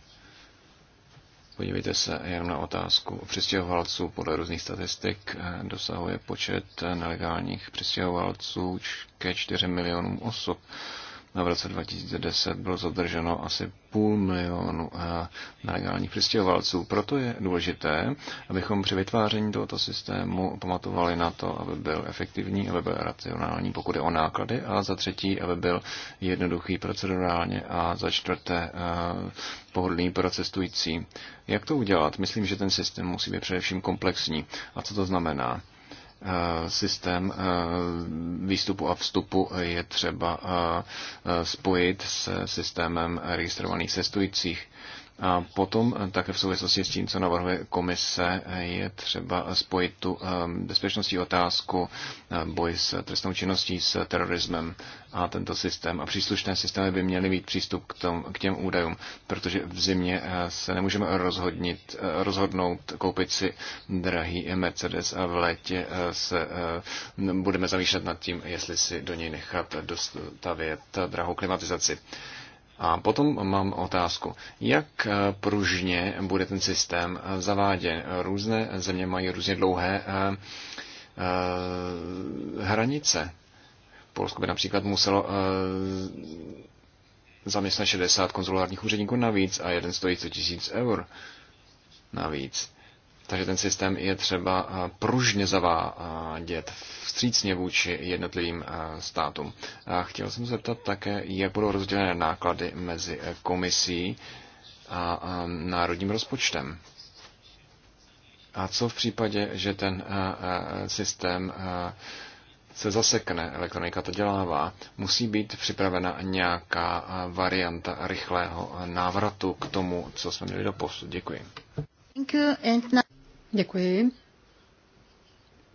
Podívejte se jenom na otázku o přistěhovalců. Podle různých statistik eh, dosahuje počet nelegálních přistěhovalců ke 4 milionům osob v roce 2010 bylo zadrženo asi půl milionu eh, nelegálních přistěhovalců. Proto je důležité, abychom při vytváření tohoto systému pamatovali na to, aby byl efektivní, aby byl racionální, pokud je o náklady, a za třetí, aby byl jednoduchý procedurálně a za čtvrté eh, pohodlný pro cestující. Jak to udělat? Myslím, že ten systém musí být především komplexní. A co to znamená? Eh, systém eh, výstupu a vstupu je třeba eh, spojit s systémem registrovaných cestujících. A potom eh, také v souvislosti s tím, co navrhuje komise, eh, je třeba spojit tu eh, bezpečnostní otázku, boj s trestnou činností, s terorismem a tento systém. A příslušné systémy by měly mít přístup k, tom, k těm údajům, protože v zimě se nemůžeme rozhodnit, rozhodnout koupit si drahý Mercedes a v létě se budeme zamýšlet nad tím, jestli si do něj nechat dostavět drahou klimatizaci. A potom mám otázku, jak eh, pružně bude ten systém eh, zaváděn. Různé země mají různě dlouhé eh, hranice. Polsko by například muselo zaměstnat 60 konzulárních úředníků navíc a jeden stojí 100 tisíc eur navíc. Takže ten systém je třeba pružně zavádět vstřícně vůči jednotlivým státům. A chtěl jsem zeptat také, jak budou rozdělené náklady mezi e, komisí a národním rozpočtem. A co v případě, že ten systém se zasekne, elektronika to dělává, musí být připravena nějaká varianta rychlého návratu k tomu, co jsme měli do posud. Děkuji. Děkuji.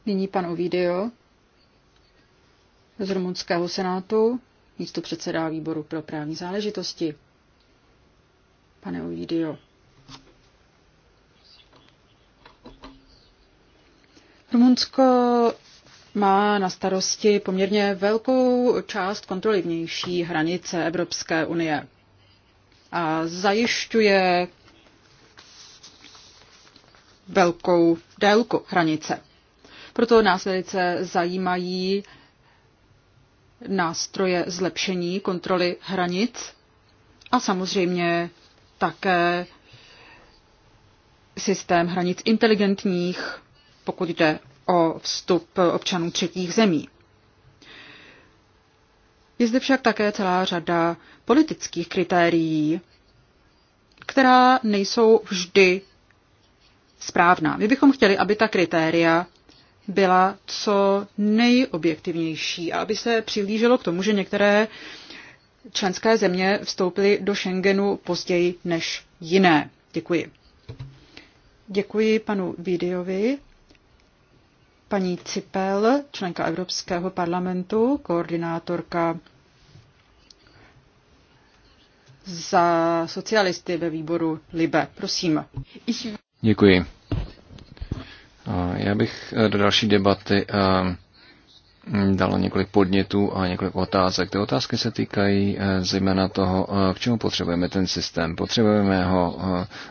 Nyní pan Ovidio z rumunského senátu, místo předseda výboru pro právní záležitosti. Pane Ovidio. Rumunsko má na starosti poměrně velkou část kontroly vnější hranice Evropské unie a zajišťuje velkou délku hranice. Proto nás velice zajímají nástroje zlepšení kontroly hranic a samozřejmě také systém hranic inteligentních, pokud jde o vstup občanů třetích zemí. Je zde však také celá řada politických kritérií, která nejsou vždy správná. My bychom chtěli, aby ta kritéria byla co nejobjektivnější a aby se přihlíželo k tomu, že některé členské země vstoupily do Schengenu později než jiné. Děkuji. Děkuji panu Vídejovi, paní Cipel, členka Evropského parlamentu, koordinátorka za socialisty ve výboru LIBE. Prosím. Děkuji. Já bych eh, do další debaty eh, dal několik podnětů a několik otázek. Ty otázky se týkají eh, zejména toho, k čemu potřebujeme ten systém. Potřebujeme ho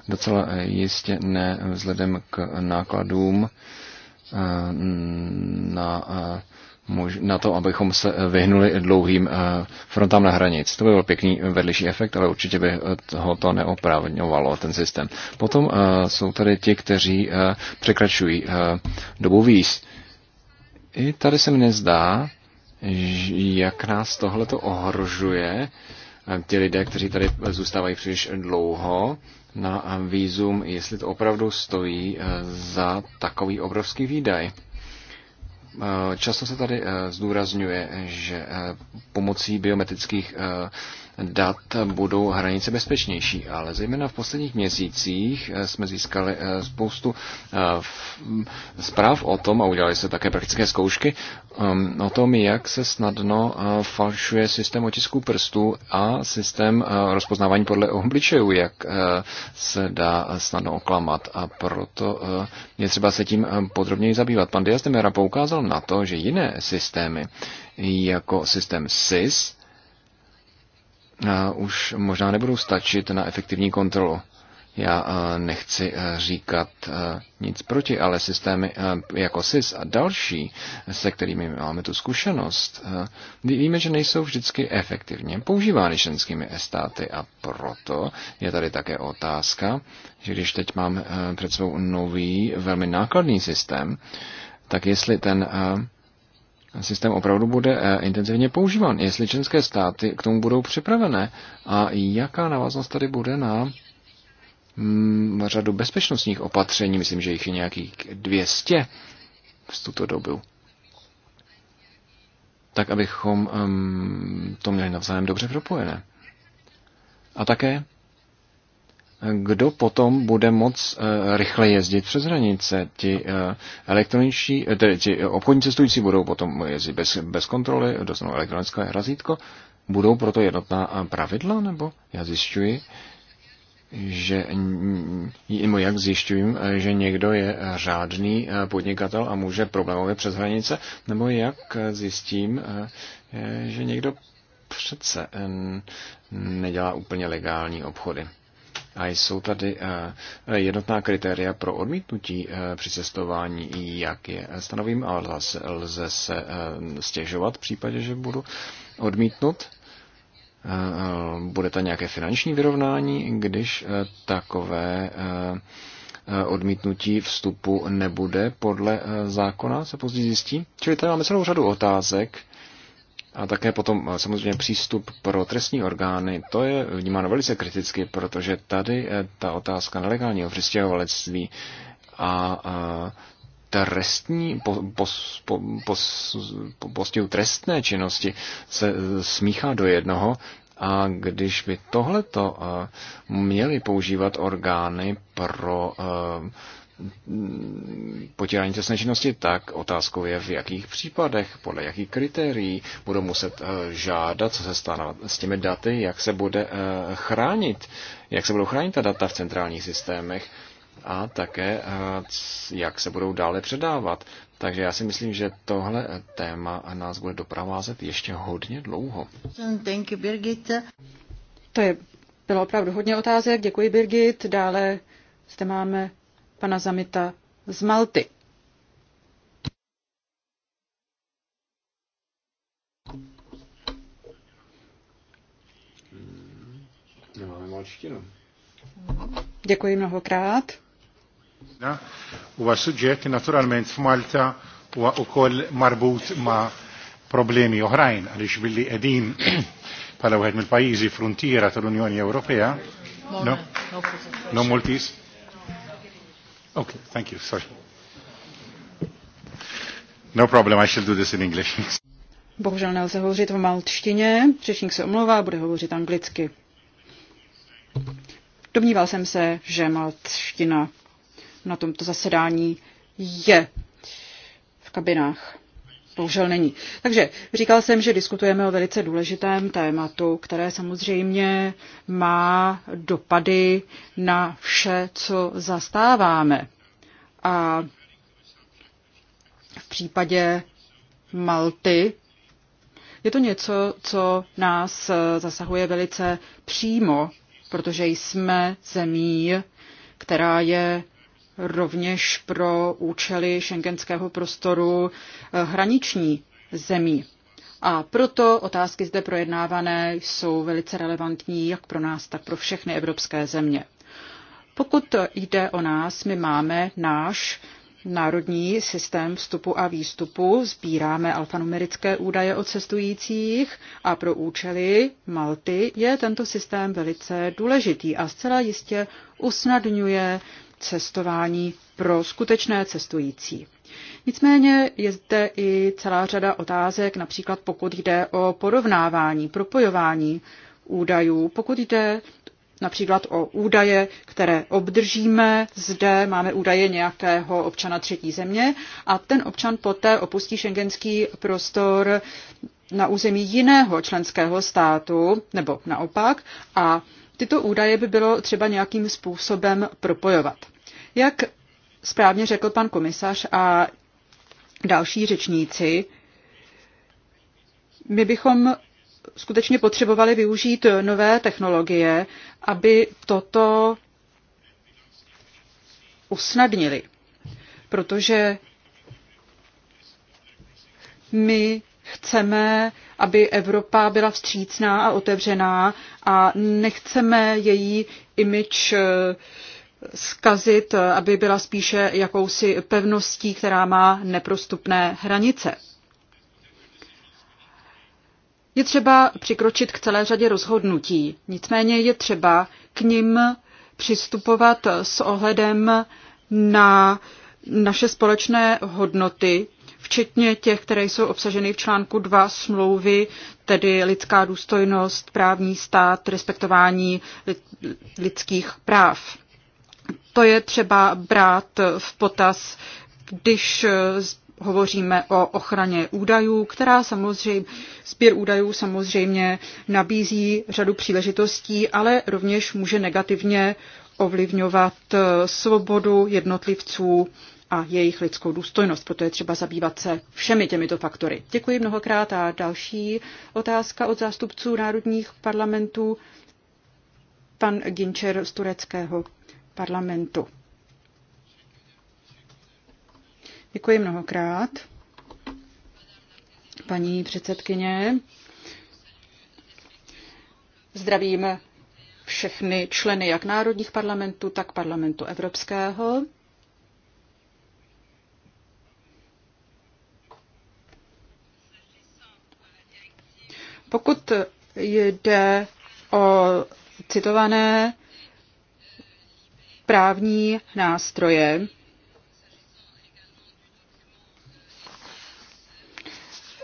docela jistě ne vzhledem k nákladům na na to, abychom se eh, vyhnuli dlouhým eh, frontám na hranic. To by byl pěkný eh, vedlejší efekt, ale určitě by toho to neopravňovalo, ten systém. Potom jsou tady ti, kteří překračují dobu víz. I tady se mi nezdá, jak nás tohle to ohrožuje, ti lidé, kteří tady zůstávají příliš dlouho na výzum, jestli to opravdu stojí za takový obrovský výdaj. Eh, často se tady eh, zdůrazňuje, že eh, pomocí biometrických dat budou hranice bezpečnější. Ale zejména v posledních měsících eh, jsme získali eh, spoustu eh, zpráv o tom, a udělali se také praktické zkoušky, um, o tom, jak se snadno falšuje systém otisků prstů a systém rozpoznávání podle obličejů, jak se dá snadno oklamat. A proto je třeba se tím podrobněji zabývat. Pan Diaz poukázal na to, že jiné systémy, jako systém SIS, už možná nebudou stačit na efektivní kontrolu. Já nechci říkat nic proti, ale systémy jako SIS a další, se kterými máme tu zkušenost, víme, že nejsou vždycky efektivně používány členskými státy a proto je tady také otázka, že když teď mám před sebou nový, velmi nákladný systém, tak jestli ten systém opravdu bude eh, intenzivně používán, jestli členské státy k tomu budou připravené a jaká návaznost tady bude na mm, řadu bezpečnostních opatření, myslím, že jich je nějakých 200 v tuto dobu, tak abychom ehm, to měli navzájem dobře propojené. A také kdo potom bude moc eh, rychle jezdit přes hranice. Ti, eh, elektroniční, eh, tedy ti obchodní cestující budou potom jezdit bez, bez kontroly, dostanou elektronické razítko. Budou proto jednotná pravidla, nebo já zjišťuji, že jak zjišťuji, že někdo je řádný podnikatel a může problémově přes hranice, nebo jak zjistím, že někdo přece nedělá úplně legální obchody. A jsou tady eh, jednotná kritéria pro odmítnutí eh, při cestování, jak je stanovím, ale lze se eh, stěžovat v případě, že budu odmítnut. Bude to nějaké finanční vyrovnání, když takové odmítnutí vstupu nebude podle zákona, se později zjistí. Čili tady máme celou řadu otázek, a také potom eh, samozřejmě přístup pro trestní orgány, to je vnímáno velice kriticky, protože tady eh, ta otázka nelegálního přistěhovalectví a, a trestní, po, pos, po, pos, po, postihu trestné činnosti se eh, smíchá do jednoho a když by tohleto měly používat orgány pro potírání trestné činnosti, tak otázkou je, v jakých případech, podle jakých kritérií budou muset eh, žádat, co se stane s těmi daty, jak se bude eh, chránit, jak se budou chránit ta data v centrálních systémech a také, eh, jak se budou dále předávat. Takže já si myslím, že tohle téma nás bude doprovázet ještě hodně dlouho. Thank you, Birgit. To je bylo opravdu hodně otázek. Děkuji, Birgit. Dále zde máme pana Zamita z Malty. Nemáme Děkuji mnohokrát. U suġġett naturalment Malta, huwa wkoll marbut ma' problemi oħrajn għaliex billi qegħdin bħala wieħed mill-pajjiżi frontiera tal-Unjoni Ewropea. No, no, no Maltese. Okay, thank you. Sorry. No problem, I shall do this in English. Bohužel nelze hovořit v maltštině, řečník se omlouvá, bude hovořit anglicky. Domníval jsem se, že maltština na tomto zasedání je v kabinách bohužel není. Takže říkal jsem, že diskutujeme o velice důležitém tématu, které samozřejmě má dopady na vše, co zastáváme. A v případě Malty je to něco, co nás zasahuje velice přímo, protože jsme zemí, která je rovněž pro účely šengenského prostoru eh, hraniční zemí. A proto otázky zde projednávané jsou velice relevantní jak pro nás, tak pro všechny evropské země. Pokud jde o nás, my máme náš národní systém vstupu a výstupu, sbíráme alfanumerické údaje o cestujících a pro účely Malty je tento systém velice důležitý a zcela jistě usnadňuje cestování pro skutečné cestující. Nicméně je zde i celá řada otázek, například pokud jde o porovnávání, propojování údajů, pokud jde například o údaje, které obdržíme. Zde máme údaje nějakého občana třetí země a ten občan poté opustí šengenský prostor na území jiného členského státu, nebo naopak, a tyto údaje by bylo třeba nějakým způsobem propojovat. Jak správně řekl pan komisař a další řečníci, my bychom skutečně potřebovali využít nové technologie, aby toto usnadnili. Protože my chceme aby Evropa byla vstřícná a otevřená a nechceme její image eh, zkazit, eh, aby byla spíše jakousi pevností, která má neprostupné hranice. Je třeba přikročit k celé řadě rozhodnutí, nicméně je třeba k nim přistupovat s ohledem na naše společné hodnoty, včetně těch, které jsou obsaženy v článku 2 smlouvy, tedy lidská důstojnost, právní stát, respektování lidských práv. To je třeba brát v potaz, když eh, hovoříme o ochraně údajů, která samozřejmě, sběr údajů samozřejmě nabízí řadu příležitostí, ale rovněž může negativně ovlivňovat eh, svobodu jednotlivců a jejich lidskou důstojnost. Proto je třeba zabývat se všemi těmito faktory. Děkuji mnohokrát a další otázka od zástupců národních parlamentů. Pan Ginčer z tureckého parlamentu. Děkuji mnohokrát. Paní předsedkyně, zdravím všechny členy jak národních parlamentů, tak parlamentu evropského. Pokud jde o citované právní nástroje,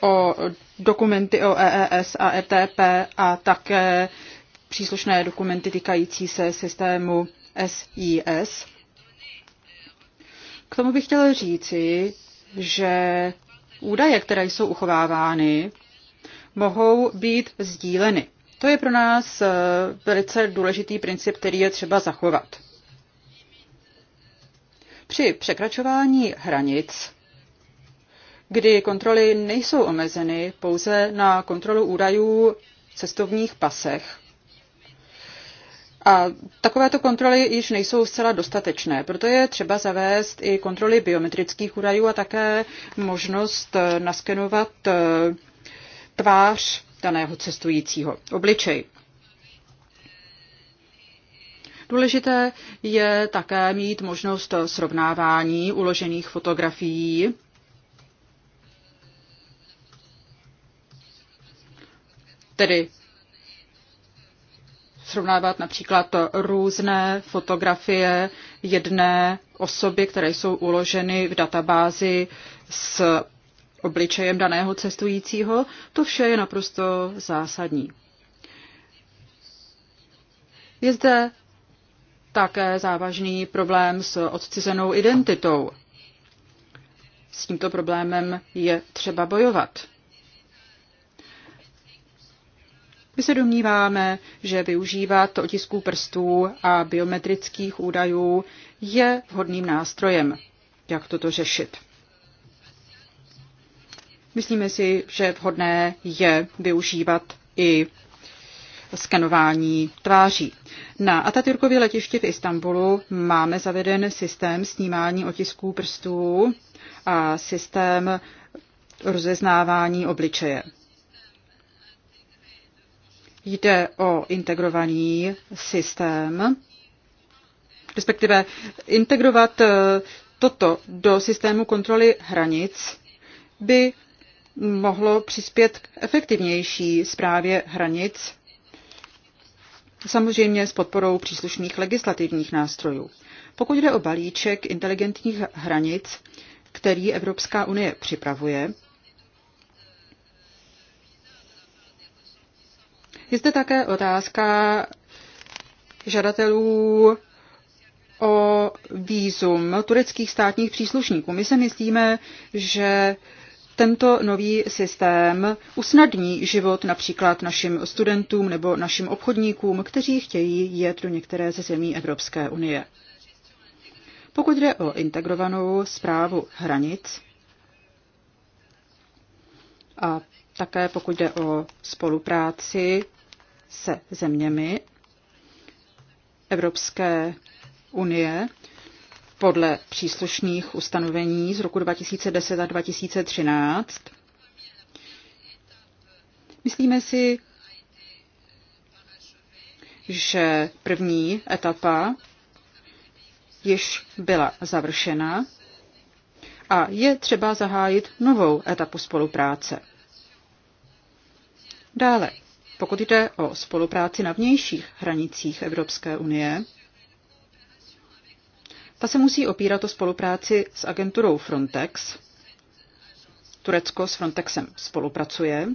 o dokumenty o EES a ETP a také příslušné dokumenty týkající se systému SIS. K tomu bych chtěla říci, že údaje, které jsou uchovávány, mohou být sdíleny. To je pro nás eh, velice důležitý princip, který je třeba zachovat. Při překračování hranic, kdy kontroly nejsou omezeny pouze na kontrolu údajů cestovních pasech, a takovéto kontroly již nejsou zcela dostatečné, proto je třeba zavést i kontroly biometrických údajů a také možnost eh, naskenovat eh, tvář daného cestujícího, obličej. Důležité je také mít možnost srovnávání uložených fotografií. Tedy srovnávat například různé fotografie jedné osoby, které jsou uloženy v databázi s obličejem daného cestujícího, to vše je naprosto zásadní. Je zde také závažný problém s odcizenou identitou. S tímto problémem je třeba bojovat. My se domníváme, že využívat otisků prstů a biometrických údajů je vhodným nástrojem, jak toto řešit. Myslíme si, že vhodné je využívat i skenování tváří. Na Atatürkově letišti v Istanbulu máme zaveden systém snímání otisků prstů a systém rozeznávání obličeje. Jde o integrovaný systém, respektive integrovat eh, toto do systému kontroly hranic by mohlo přispět k efektivnější zprávě hranic, samozřejmě s podporou příslušných legislativních nástrojů. Pokud jde o balíček inteligentních hranic, který Evropská unie připravuje, je zde také otázka žadatelů o výzum tureckých státních příslušníků. My se myslíme, že tento nový systém usnadní život například našim studentům nebo našim obchodníkům, kteří chtějí jet do některé ze zemí Evropské unie. Pokud jde o integrovanou zprávu hranic a také pokud jde o spolupráci se zeměmi Evropské unie, podle příslušných ustanovení z roku 2010 a 2013. Myslíme si, že první etapa již byla završena a je třeba zahájit novou etapu spolupráce. Dále, pokud jde o spolupráci na vnějších hranicích Evropské unie, ta se musí opírat o spolupráci s agenturou Frontex. Turecko s Frontexem spolupracuje.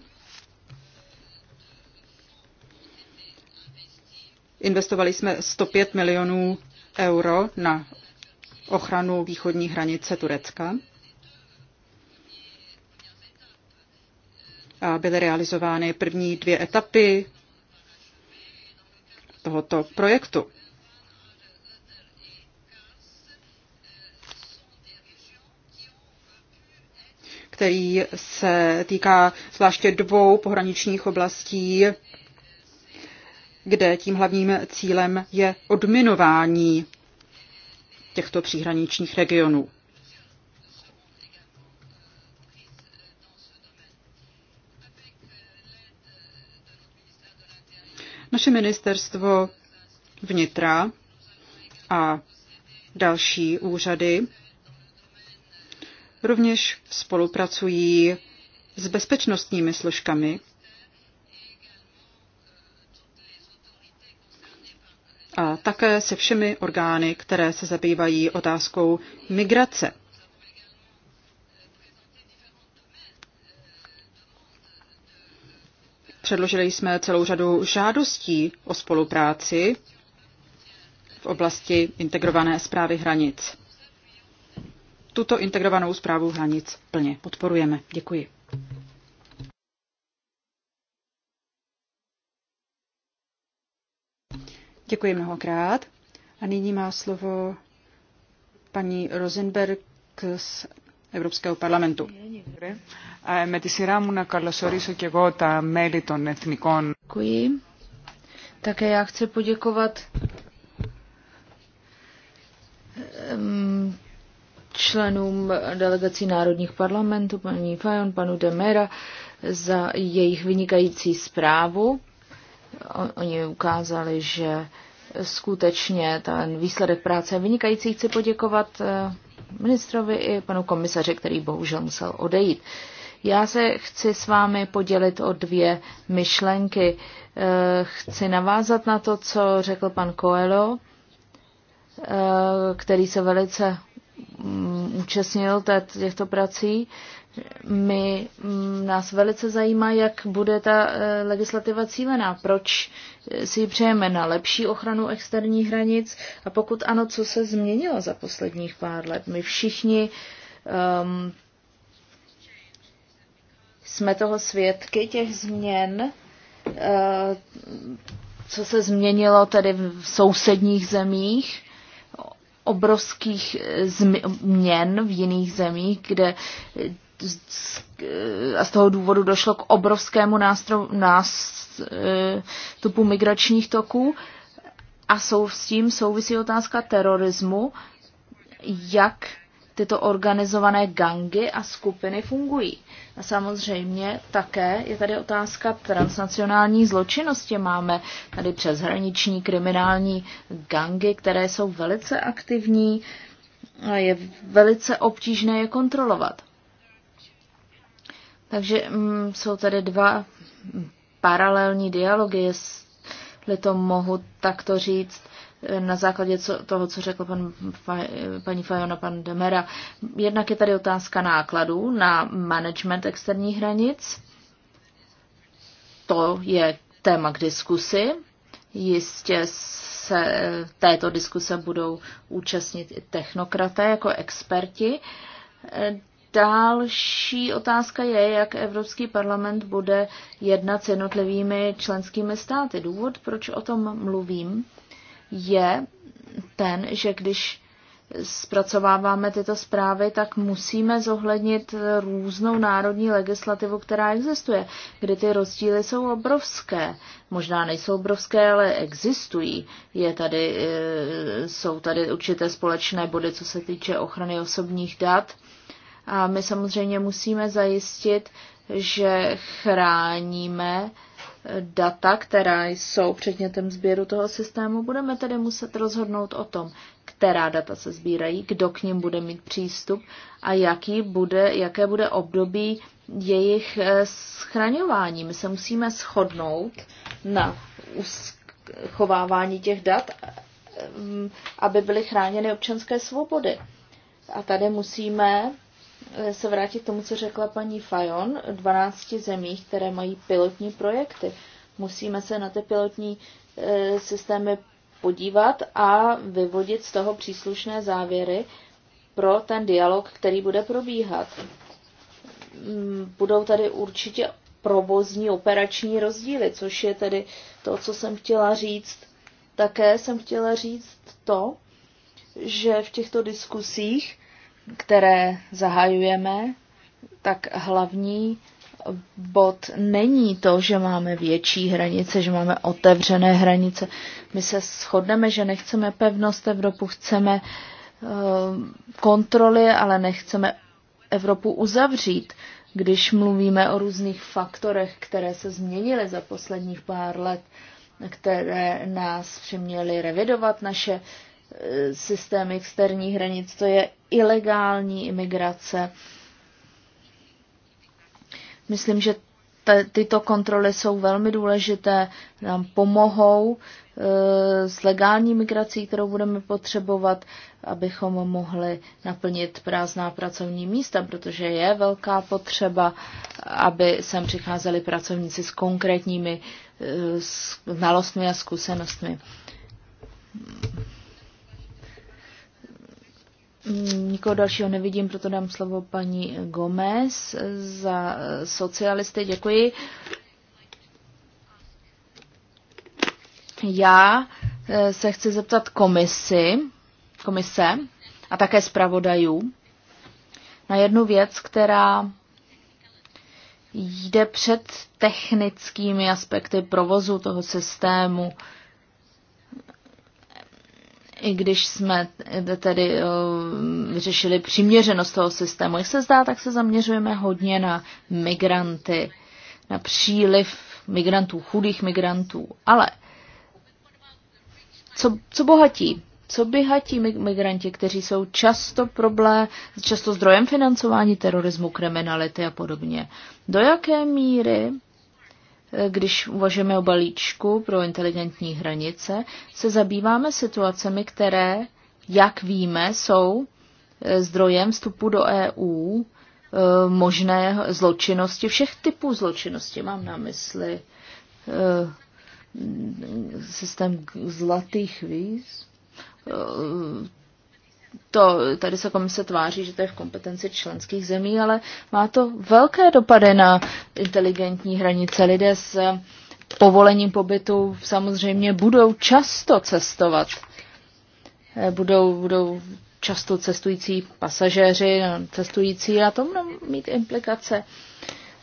Investovali jsme 105 milionů euro na ochranu východní hranice Turecka. A byly realizovány první dvě etapy tohoto projektu. který se týká zvláště dvou pohraničních oblastí, kde tím hlavním cílem je odminování těchto příhraničních regionů. Naše ministerstvo vnitra a další úřady Rovněž spolupracují s bezpečnostními složkami a také se všemi orgány, které se zabývají otázkou migrace. Předložili jsme celou řadu žádostí o spolupráci v oblasti integrované zprávy hranic tuto integrovanou zprávu hranic plně podporujeme. Děkuji. Děkuji mnohokrát. A nyní má slovo paní Rosenberg z Evropského parlamentu. Με τη σειρά μου να καλωσορίσω και εγώ τα μέλη των εθνικών. Děkuji. Také já chci poděkovat členům delegací národních parlamentů, paní Fajon, panu Demera, za jejich vynikající zprávu. Oni ukázali, že skutečně ten výsledek práce je vynikající. Chci poděkovat eh, ministrovi i panu komisaři, který bohužel musel odejít. Já se chci s vámi podělit o dvě myšlenky. Eh, chci navázat na to, co řekl pan Coelho, eh, který se velice Mm, účastnil těchto prací. My, mm, nás velice zajímá, jak bude ta e, legislativa cílená, proč e, si ji přejeme na lepší ochranu externích hranic a pokud ano, co se změnilo za posledních pár let. My všichni um, jsme toho svědky těch změn, uh, co se změnilo tedy v sousedních zemích obrovských eh, změn v jiných zemích, kde eh, a z toho důvodu došlo k obrovskému nástroj, nástupu migračních toků a jsou s tím souvisí otázka terorismu, jak tyto organizované gangy a skupiny fungují. A samozřejmě také je tady otázka transnacionální zločinnosti. Máme tady přeshraniční kriminální gangy, které jsou velice aktivní a je velice obtížné je kontrolovat. Takže mm, jsou tady dva paralelní dialogy, jestli to mohu takto říct na základě toho, co řekl pan, paní Fajona, pan Demera. Jednak je tady otázka nákladů na management externích hranic. To je téma k diskusi. Jistě se této diskuse budou účastnit i technokraté jako experti. Další otázka je, jak Evropský parlament bude jednat s jednotlivými členskými státy. Důvod, proč o tom mluvím, je ten, že když zpracováváme tyto zprávy, tak musíme zohlednit různou národní legislativu, která existuje, kdy ty rozdíly jsou obrovské. Možná nejsou obrovské, ale existují. Je tady, e, jsou tady určité společné body, co se týče ochrany osobních dat. A my samozřejmě musíme zajistit, že chráníme data, která jsou předmětem sběru toho systému, budeme tedy muset rozhodnout o tom, která data se sbírají, kdo k ním bude mít přístup a jaký bude, jaké bude období jejich eh, schraňování. My se musíme shodnout na schovávání těch dat, eh, aby byly chráněny občanské svobody. A tady musíme Eh, se vrátit k tomu, co řekla paní Fajon, 12 zemí, které mají pilotní projekty. Musíme se na ty pilotní eh, systémy podívat a vyvodit z toho příslušné závěry pro ten dialog, který bude probíhat. Mm, budou tady určitě provozní operační rozdíly, což je tedy to, co jsem chtěla říct. Také jsem chtěla říct to, že v těchto diskusích které zahajujeme, tak hlavní bod není to, že máme větší hranice, že máme otevřené hranice. My se shodneme, že nechceme pevnost Evropu, chceme eh, kontroly, ale nechceme Evropu uzavřít. Když mluvíme o různých faktorech, které se změnily za posledních pár let, které nás přiměly revidovat naše systém externích hranic, to je ilegální imigrace. Myslím, že tyto kontroly jsou velmi důležité, nám pomohou e, s legální migrací, kterou budeme potřebovat, abychom mohli naplnit prázdná pracovní místa, protože je velká potřeba, aby sem přicházeli pracovníci s konkrétními e, znalostmi a zkušenostmi. Mm, nikoho dalšího nevidím, proto dám slovo paní Gomez za socialisty. Děkuji. Já eh, se chci zeptat komisi, komise a také zpravodajů na jednu věc, která jde před technickými aspekty provozu toho systému i když jsme tedy eh, vyřešili přiměřenost toho systému. Jak se zdá, tak se zaměřujeme hodně na migranty, na příliv migrantů, chudých migrantů. Ale co, co bohatí? Co bohatí migranti, kteří jsou často problém, často zdrojem financování terorismu, kriminality a podobně? Do jaké míry když uvažujeme o balíčku pro inteligentní hranice, se zabýváme situacemi, které, jak víme, jsou eh, zdrojem vstupu do EU eh, možné zločinnosti, všech typů zločinnosti. Mám na mysli eh, systém zlatých víz, to, tady se komise tváří, že to je v kompetenci členských zemí, ale má to velké dopady na inteligentní hranice. Lidé s povolením pobytu samozřejmě budou často cestovat. Budou, budou často cestující pasažéři, cestující a to budou mít implikace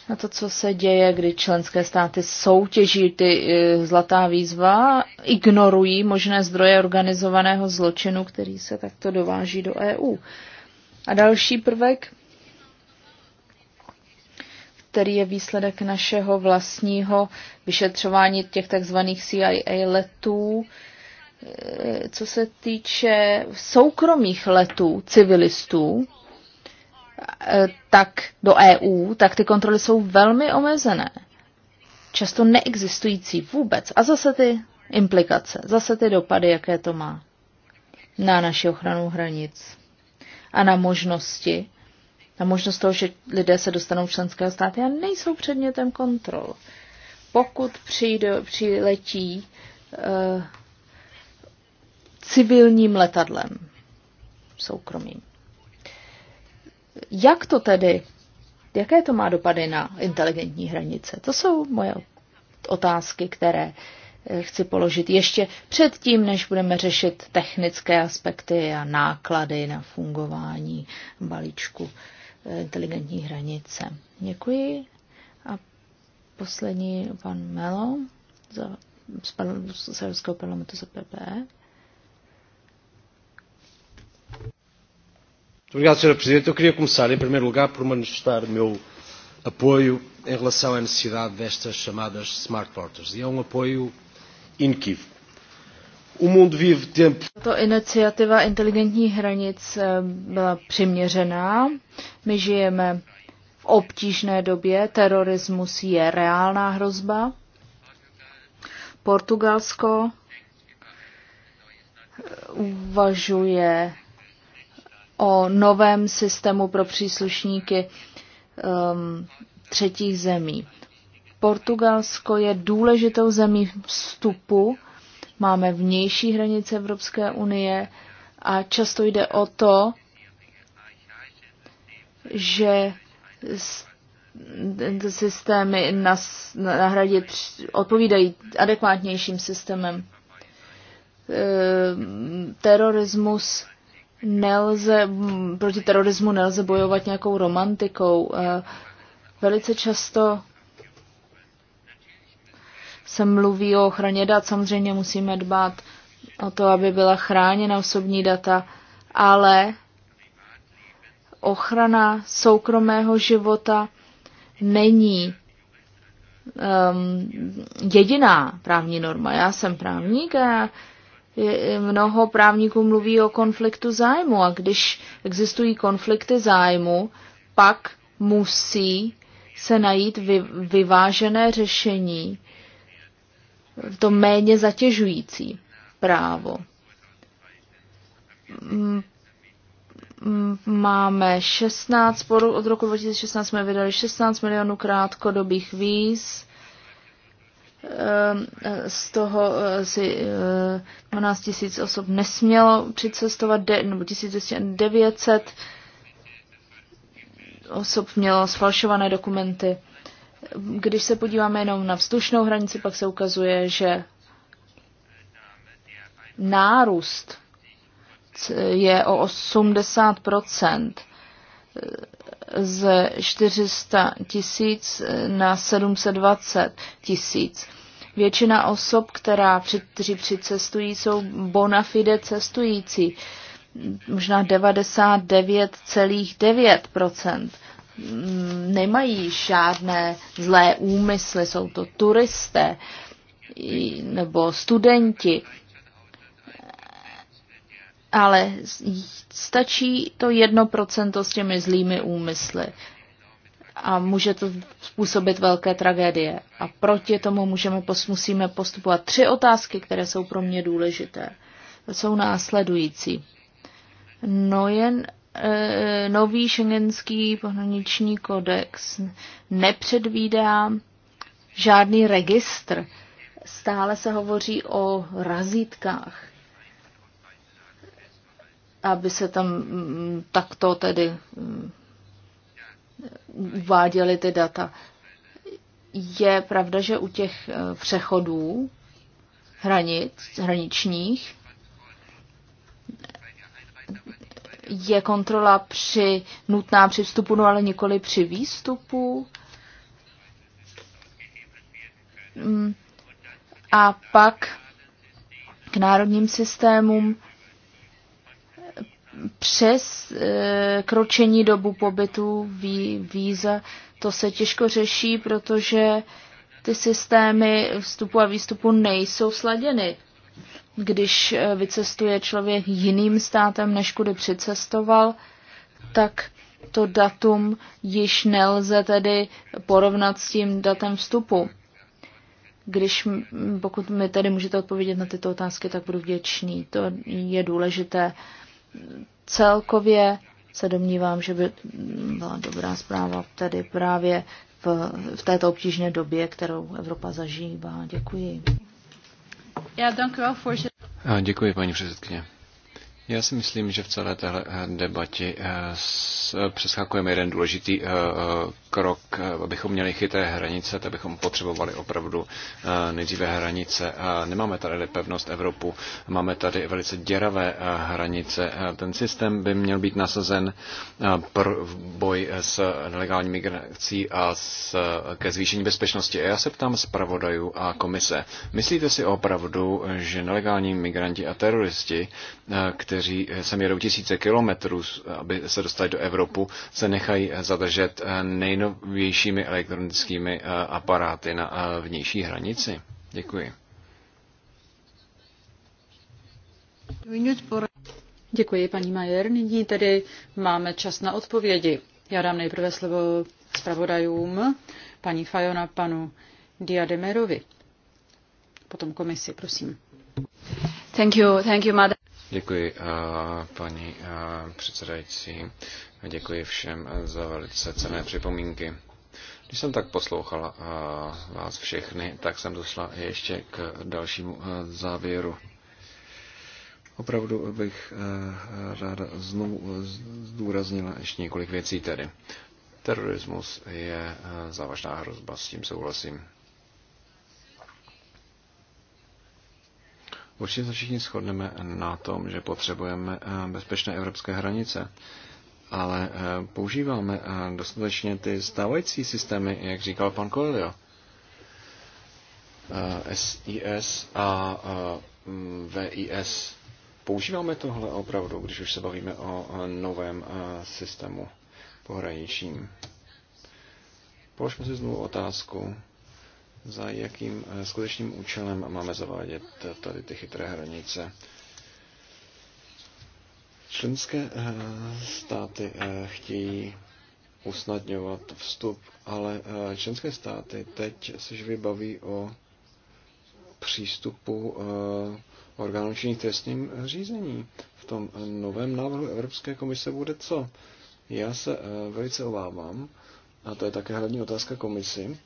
na to, co se děje, kdy členské státy soutěží ty eh, zlatá výzva, ignorují možné zdroje organizovaného zločinu, který se takto dováží do EU. A další prvek, který je výsledek našeho vlastního vyšetřování těch takzvaných CIA letů, eh, co se týče soukromých letů civilistů, Eh, tak do EU, tak ty kontroly jsou velmi omezené. Často neexistující vůbec. A zase ty implikace, zase ty dopady, jaké to má na naši ochranu hranic a na možnosti, na možnost toho, že lidé se dostanou v členské státy a nejsou předmětem kontrol. Pokud přijde, přiletí eh, civilním letadlem soukromým. Jak to tedy, jaké to má dopady na inteligentní hranice? To jsou moje otázky, které eh, chci položit ještě předtím, než budeme řešit technické aspekty a náklady na fungování balíčku eh, inteligentní hranice. Děkuji. A poslední pan Melo za z Evropského parlamentu za PPE. Muito obrigado, Sra. Presidente. Eu queria começar, em primeiro lugar, por manifestar o meu apoio em relação à necessidade destas chamadas smart borders. E é um apoio inequívoco. O mundo vive tempo. Tato iniciativa inteligentní hranic eh, byla přiměřená. My žijeme v obtížné době. Terorismus je reálná hrozba. Portugalsko eh, uvažuje o novém systému pro příslušníky um, třetích zemí. Portugalsko je důležitou zemí vstupu, máme vnější hranice Evropské unie a často jde o to, že systémy nahradit odpovídají adekvátnějším systémem. Ehm, terorismus nelze, proti terorismu nelze bojovat nějakou romantikou. Eh, velice často se mluví o ochraně dat, samozřejmě musíme dbát o to, aby byla chráněna osobní data, ale ochrana soukromého života není um, jediná právní norma. Já jsem právník a mnoho právníků mluví o konfliktu zájmu a když existují konflikty zájmu, pak musí se najít vy, vyvážené řešení, to méně zatěžující právo. Máme 16, od roku 2016 jsme vydali 16 milionů krátkodobých víz, Eh, z toho asi 12 000 osob nesmělo přicestovat, nebo 1900 osob mělo sfalšované dokumenty. Když se podíváme jenom na vzdušnou hranici, pak se ukazuje, že nárůst je o 80 z 400 tisíc na 720 tisíc. Většina osob, která při, kteří přicestují, jsou bona fide cestující, možná 99,9%. Mm, nemají žádné zlé úmysly, jsou to turisté nebo studenti, ale stačí to jedno procento s těmi zlými úmysly a může to způsobit velké tragédie. A proti tomu můžeme, musíme postupovat. Tři otázky, které jsou pro mě důležité, jsou následující. No jen e, nový šengenský pohraniční kodex nepředvídá žádný registr. Stále se hovoří o razítkách aby se tam mm, takto tedy mm, uváděly ty data. Je pravda, že u těch eh, přechodů hranic, hraničních je kontrola při, nutná při vstupu, no ale nikoli při výstupu. Mm, a pak k národním systémům přes e, kročení dobu pobytu ví, víza, to se těžko řeší, protože ty systémy vstupu a výstupu nejsou sladěny. Když eh, vycestuje člověk jiným státem, než kudy přicestoval, tak to datum již nelze tedy porovnat s tím datem vstupu. Když, pokud mi tedy můžete odpovědět na tyto otázky, tak budu vděčný. To je důležité celkově se domnívám, že by byla dobrá zpráva tady právě v, v této obtížné době, kterou Evropa zažívá. Děkuji. Já děkuji, paní předsedkyně. Já si myslím, že v celé téhle eh, debatě eh, eh, přeskakujeme jeden důležitý krok, abychom měli chytré hranice, tak bychom potřebovali opravdu eh, nejdříve hranice. Nemáme tady pevnost Evropu, máme tady velice děravé eh, hranice. Ten systém by měl být nasazen eh, v boj s nelegální migrací a s, ke zvýšení bezpečnosti. A já se ptám zpravodajů a komise. Myslíte si opravdu, že nelegální migranti a teroristi, kteří sem jedou tisíce kilometrů, aby se dostali do Evropu, se nechají zadržet nejnovější nejnovějšími elektronickými eh, aparáty na eh, vnější hranici? Děkuji. Děkuji, paní Majer. Nyní tedy máme čas na odpovědi. Já dám nejprve slovo zpravodajům, paní Fajona, panu Diademerovi. Potom komisi, prosím. Thank you, thank you, madam. Děkuji, eh, paní eh, předsedající. Děkuji všem eh, za velice cené připomínky. Když jsem tak poslouchala vás všechny, tak jsem došla ještě k dalšímu závěru. Opravdu bych ráda znovu zdůraznila ještě několik věcí tedy. Terorismus je závažná hrozba, s tím souhlasím. Určitě se všichni shodneme na tom, že potřebujeme eh, bezpečné evropské hranice, ale eh, používáme eh, dostatečně ty stávající systémy, jak říkal pan Kolio. SIS a VIS. Používáme tohle opravdu, když už se bavíme o novém systému pohraničním. Položme si znovu otázku, za jakým eh, skutečným účelem máme zavádět tady ty chytré hranice. Členské eh, státy eh, chtějí usnadňovat vstup, ale členské státy teď sež vybaví o přístupu orgánů činných trestním řízení. V tom novém návrhu Evropské komise bude co? Já se velice obávám, a to je také hlavní otázka komisi,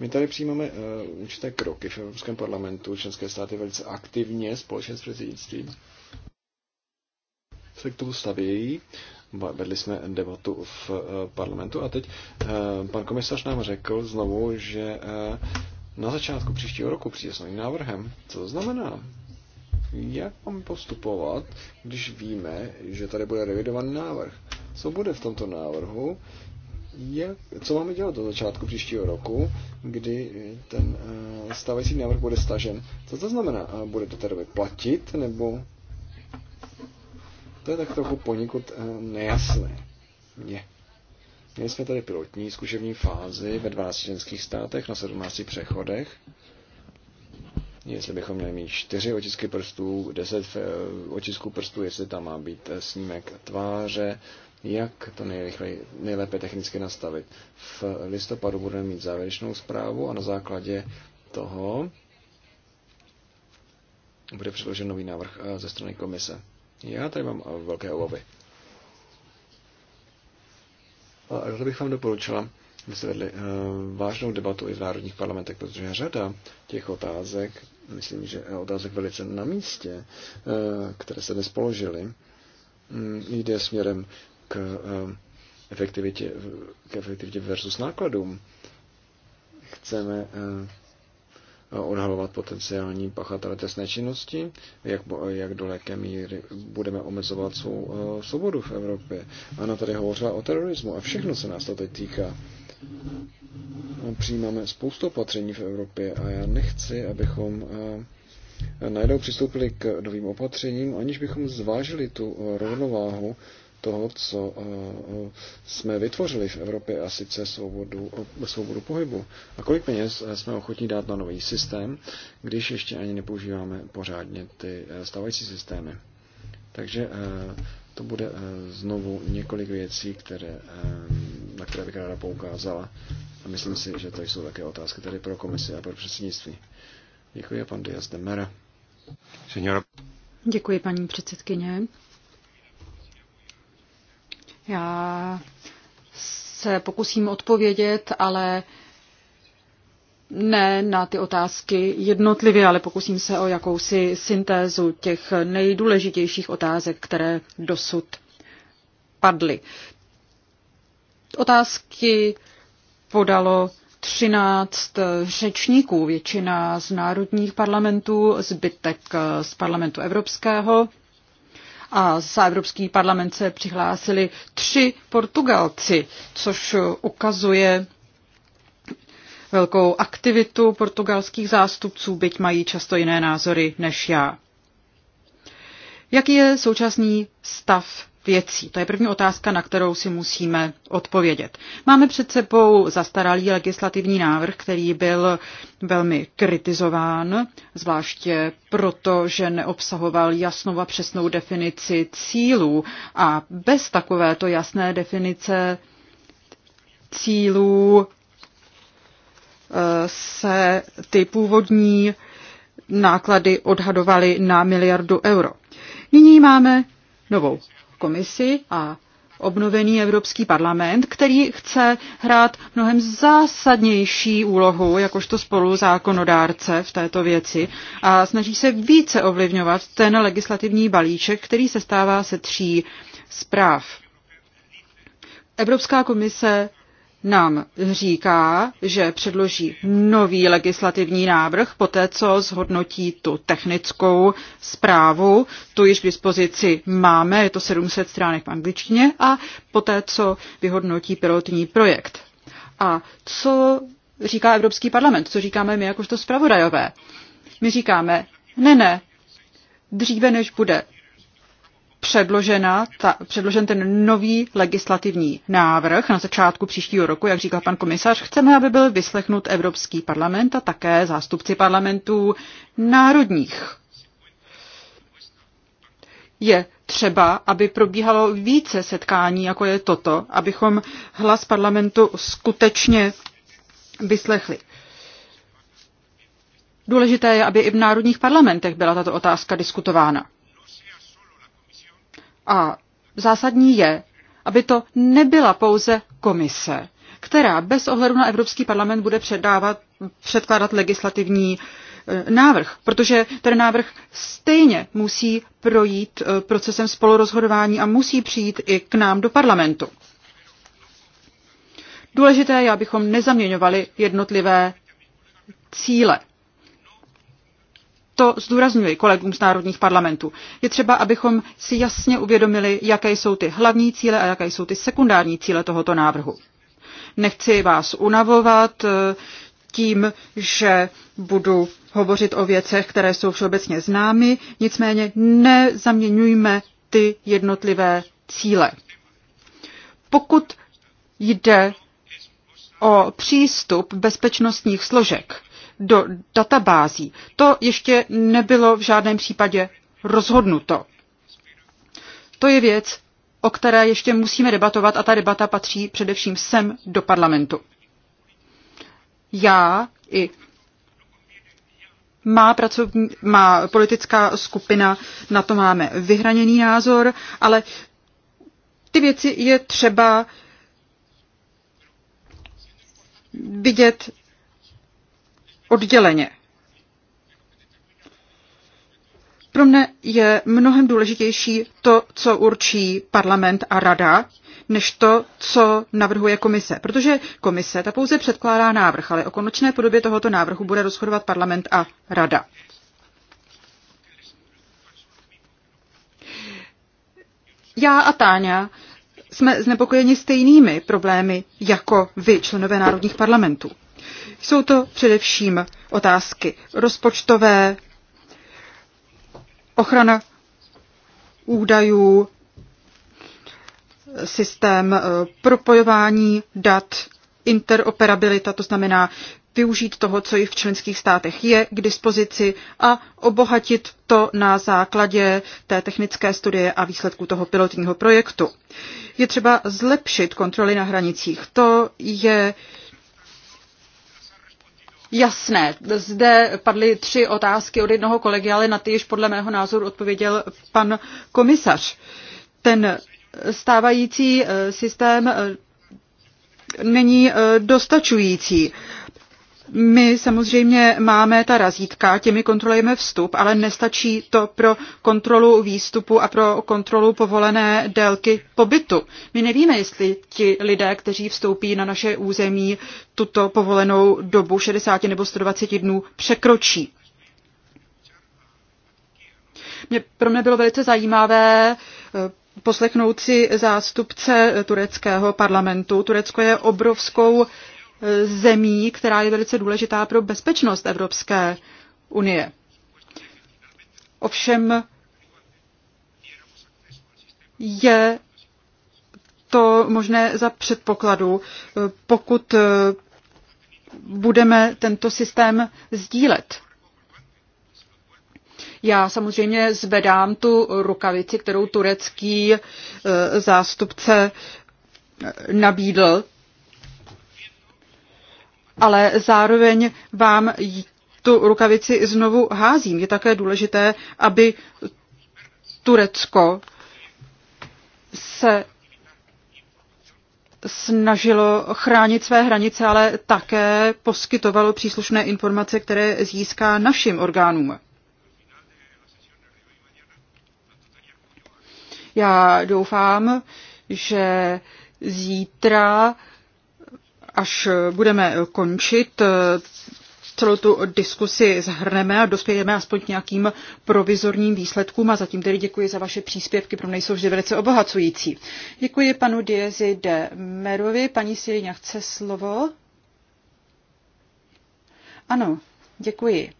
my tady přijímáme eh, určité kroky v Evropském parlamentu. Členské státy velice aktivně společně s předsednictvím se k tomu stavějí. Vedli jsme debatu v eh, parlamentu a teď eh, pan komisař nám řekl znovu, že na začátku příštího roku přijde s novým návrhem. Co to znamená? Jak mám postupovat, když víme, že tady bude revidovaný návrh? Co bude v tomto návrhu, jak, co máme dělat do začátku příštího roku, kdy eh, ten eh, stávající návrh bude stažen. Co to znamená? Bude to té doby platit, nebo... To je tak trochu poněkud eh, nejasné. Ně Měli jsme tady pilotní zkušební fázi ve 12 členských státech na 17 přechodech. Jestli bychom měli mít 4 otisky prstů, 10 otisků prstů, jestli tam má být snímek tváře, jak to nejrychleji, nejlépe technicky nastavit. V listopadu budeme mít závěrečnou zprávu a na základě toho bude předložen nový návrh eh, ze strany komise. Já tady mám eh, velké obavy. A bych vám doporučila, se vedli eh, vážnou debatu i v národních parlamentech, protože řada těch otázek, myslím, že otázek velice na místě, které se dnes položily, mm, jde směrem k eh, efektivitě, k efektivitě versus nákladům. Chceme eh, odhalovat potenciální pachatele trestné činnosti, jak, jak do jaké míry budeme omezovat svou eh, svobodu v Evropě. Ana tady hovořila o terorismu a všechno se nás to teď týká. Přijímáme spoustu opatření v Evropě a já nechci, abychom najednou přistoupili k novým opatřením, aniž bychom zvážili tu rovnováhu toho, co eh, jsme vytvořili v Evropě, a sice svobodu, svobodu pohybu. A kolik peněz eh, jsme ochotní dát na nový systém, když ještě ani nepoužíváme pořádně ty eh, stávající systémy. Takže to bude znovu několik věcí, které, na které bych ráda poukázala. A myslím si, že to jsou také otázky tady pro komisi a pro předsednictví. Děkuji, pan Diaz de Mera. Děkuji, paní předsedkyně. Já se pokusím odpovědět, ale ne na ty otázky jednotlivě, ale pokusím se o jakousi syntézu těch nejdůležitějších otázek, které dosud padly. Otázky podalo 13 řečníků, většina z národních parlamentů, zbytek z parlamentu evropského a za Evropský parlament se přihlásili tři Portugalci, což ukazuje velkou aktivitu portugalských zástupců, byť mají často jiné názory než já. Jaký je současný stav věcí? To je první otázka, na kterou si musíme odpovědět. Máme před sebou zastaralý legislativní návrh, který byl velmi kritizován, zvláště proto, že neobsahoval jasnou a přesnou definici cílů a bez takovéto jasné definice cílů eh, se ty původní náklady odhadovaly na miliardu euro. Nyní máme novou komisi a obnovený Evropský parlament, který chce hrát mnohem zásadnější úlohu jakožto spoluzákonodárce v této věci a snaží se více ovlivňovat ten legislativní balíček, který se stává se tří zpráv. Evropská komise nám říká, že předloží nový legislativní návrh, poté co zhodnotí tu technickou zprávu, tu již k dispozici máme, je to 700 stránek v angličtině, a poté co vyhodnotí pilotní projekt. A co říká Evropský parlament, co říkáme my jakožto zpravodajové? My říkáme, ne, ne, dříve než bude předložena ta, předložen ten nový legislativní návrh na začátku příštího roku, jak říkal pan komisař. Chceme, aby byl vyslechnut Evropský parlament a také zástupci parlamentů národních. Je třeba, aby probíhalo více setkání, jako je toto, abychom hlas parlamentu skutečně vyslechli. Důležité je, aby i v národních parlamentech byla tato otázka diskutována. A zásadní je, aby to nebyla pouze komise, která bez ohledu na Evropský parlament bude předávat, předkládat legislativní e, návrh, protože ten návrh stejně musí projít e, procesem spolurozhodování a musí přijít i k nám do parlamentu. Důležité je, abychom nezaměňovali jednotlivé cíle to zdůrazňuji kolegům z národních parlamentů. Je třeba, abychom si jasně uvědomili, jaké jsou ty hlavní cíle a jaké jsou ty sekundární cíle tohoto návrhu. Nechci vás unavovat eh, tím, že budu hovořit o věcech, které jsou všeobecně známy, nicméně nezaměňujme ty jednotlivé cíle. Pokud jde o přístup bezpečnostních složek do databází. To ještě nebylo v žádném případě rozhodnuto. To je věc, o které ještě musíme debatovat a ta debata patří především sem do parlamentu. Já i má, pracovní, má politická skupina, na to máme vyhraněný názor, ale ty věci je třeba vidět odděleně. Pro mne je mnohem důležitější to, co určí parlament a rada, než to, co navrhuje komise. Protože komise ta pouze předkládá návrh, ale o konečné podobě tohoto návrhu bude rozhodovat parlament a rada. Já a Táňa jsme znepokojeni stejnými problémy jako vy, členové národních parlamentů. Jsou to především otázky rozpočtové, ochrana údajů, systém eh, propojování dat, interoperabilita, to znamená využít toho, co i v členských státech je k dispozici a obohatit to na základě té technické studie a výsledku toho pilotního projektu. Je třeba zlepšit kontroly na hranicích. To je jasné. Zde padly tři otázky od jednoho kolegy, ale na ty již podle mého názoru odpověděl pan komisař. Ten stávající eh, systém eh, není eh, dostačující. My samozřejmě máme ta razítka, těmi kontrolujeme vstup, ale nestačí to pro kontrolu výstupu a pro kontrolu povolené délky pobytu. My nevíme, jestli ti lidé, kteří vstoupí na naše území, tuto povolenou dobu 60 nebo 120 dnů překročí. Mě, pro mě bylo velice zajímavé eh, poslechnout si zástupce tureckého parlamentu. Turecko je obrovskou zemí, která je velice důležitá pro bezpečnost Evropské unie. Ovšem je to možné za předpokladu, pokud budeme tento systém sdílet. Já samozřejmě zvedám tu rukavici, kterou turecký eh, zástupce nabídl ale zároveň vám tu rukavici znovu házím. Je také důležité, aby Turecko se snažilo chránit své hranice, ale také poskytovalo příslušné informace, které získá našim orgánům. Já doufám, že zítra až eh, budeme eh, končit, eh, celou tu diskusi zhrneme a dospějeme aspoň k nějakým provizorním výsledkům a zatím tedy děkuji za vaše příspěvky, pro mě jsou vždy velice obohacující. Děkuji panu Diezi de Merovi. Paní Sirina chce slovo? Ano, děkuji.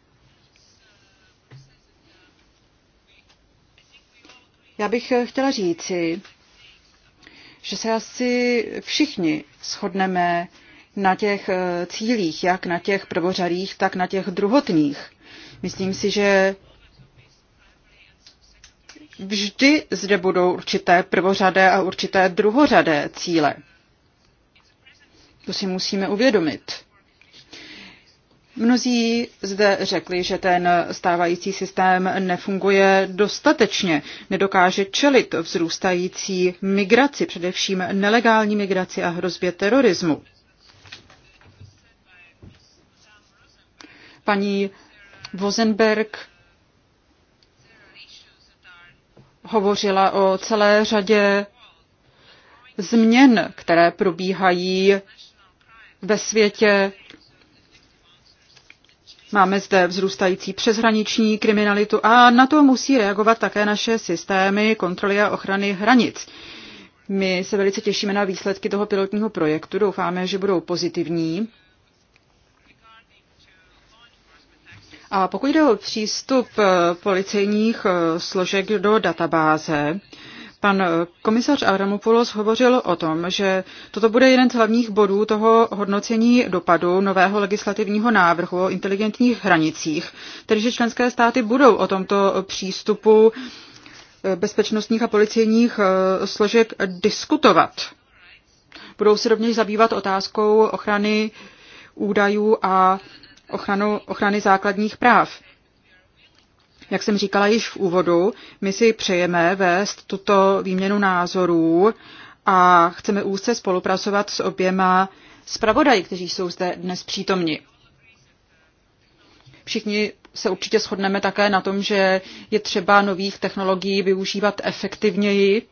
Já bych chtěla říci, že se asi všichni shodneme na těch eh, cílích, jak na těch prvořadých, tak na těch druhotných. Myslím si, že vždy zde budou určité prvořadé a určité druhořadé cíle. To si musíme uvědomit. Mnozí zde řekli, že ten stávající systém nefunguje dostatečně, nedokáže čelit vzrůstající migraci, především nelegální migraci a hrozbě terorismu. Paní Vozenberg hovořila o celé řadě změn, které probíhají ve světě Máme zde vzrůstající přeshraniční kriminalitu a na to musí reagovat také naše systémy kontroly a ochrany hranic. My se velice těšíme na výsledky toho pilotního projektu, doufáme, že budou pozitivní. A pokud jde o přístup eh, policejních eh, složek do databáze, Pan komisař Avramopoulos hovořil o tom, že toto bude jeden z hlavních bodů toho hodnocení dopadu nového legislativního návrhu o inteligentních hranicích, tedy že členské státy budou o tomto přístupu eh, bezpečnostních a policejních eh, složek diskutovat. Budou se rovněž zabývat otázkou ochrany údajů a ochranu, ochrany základních práv. Jak jsem říkala již v úvodu, my si přejeme vést tuto výměnu názorů a chceme úzce spolupracovat s oběma zpravodaji, kteří jsou zde dnes přítomni. Všichni se určitě shodneme také na tom, že je třeba nových technologií využívat efektivněji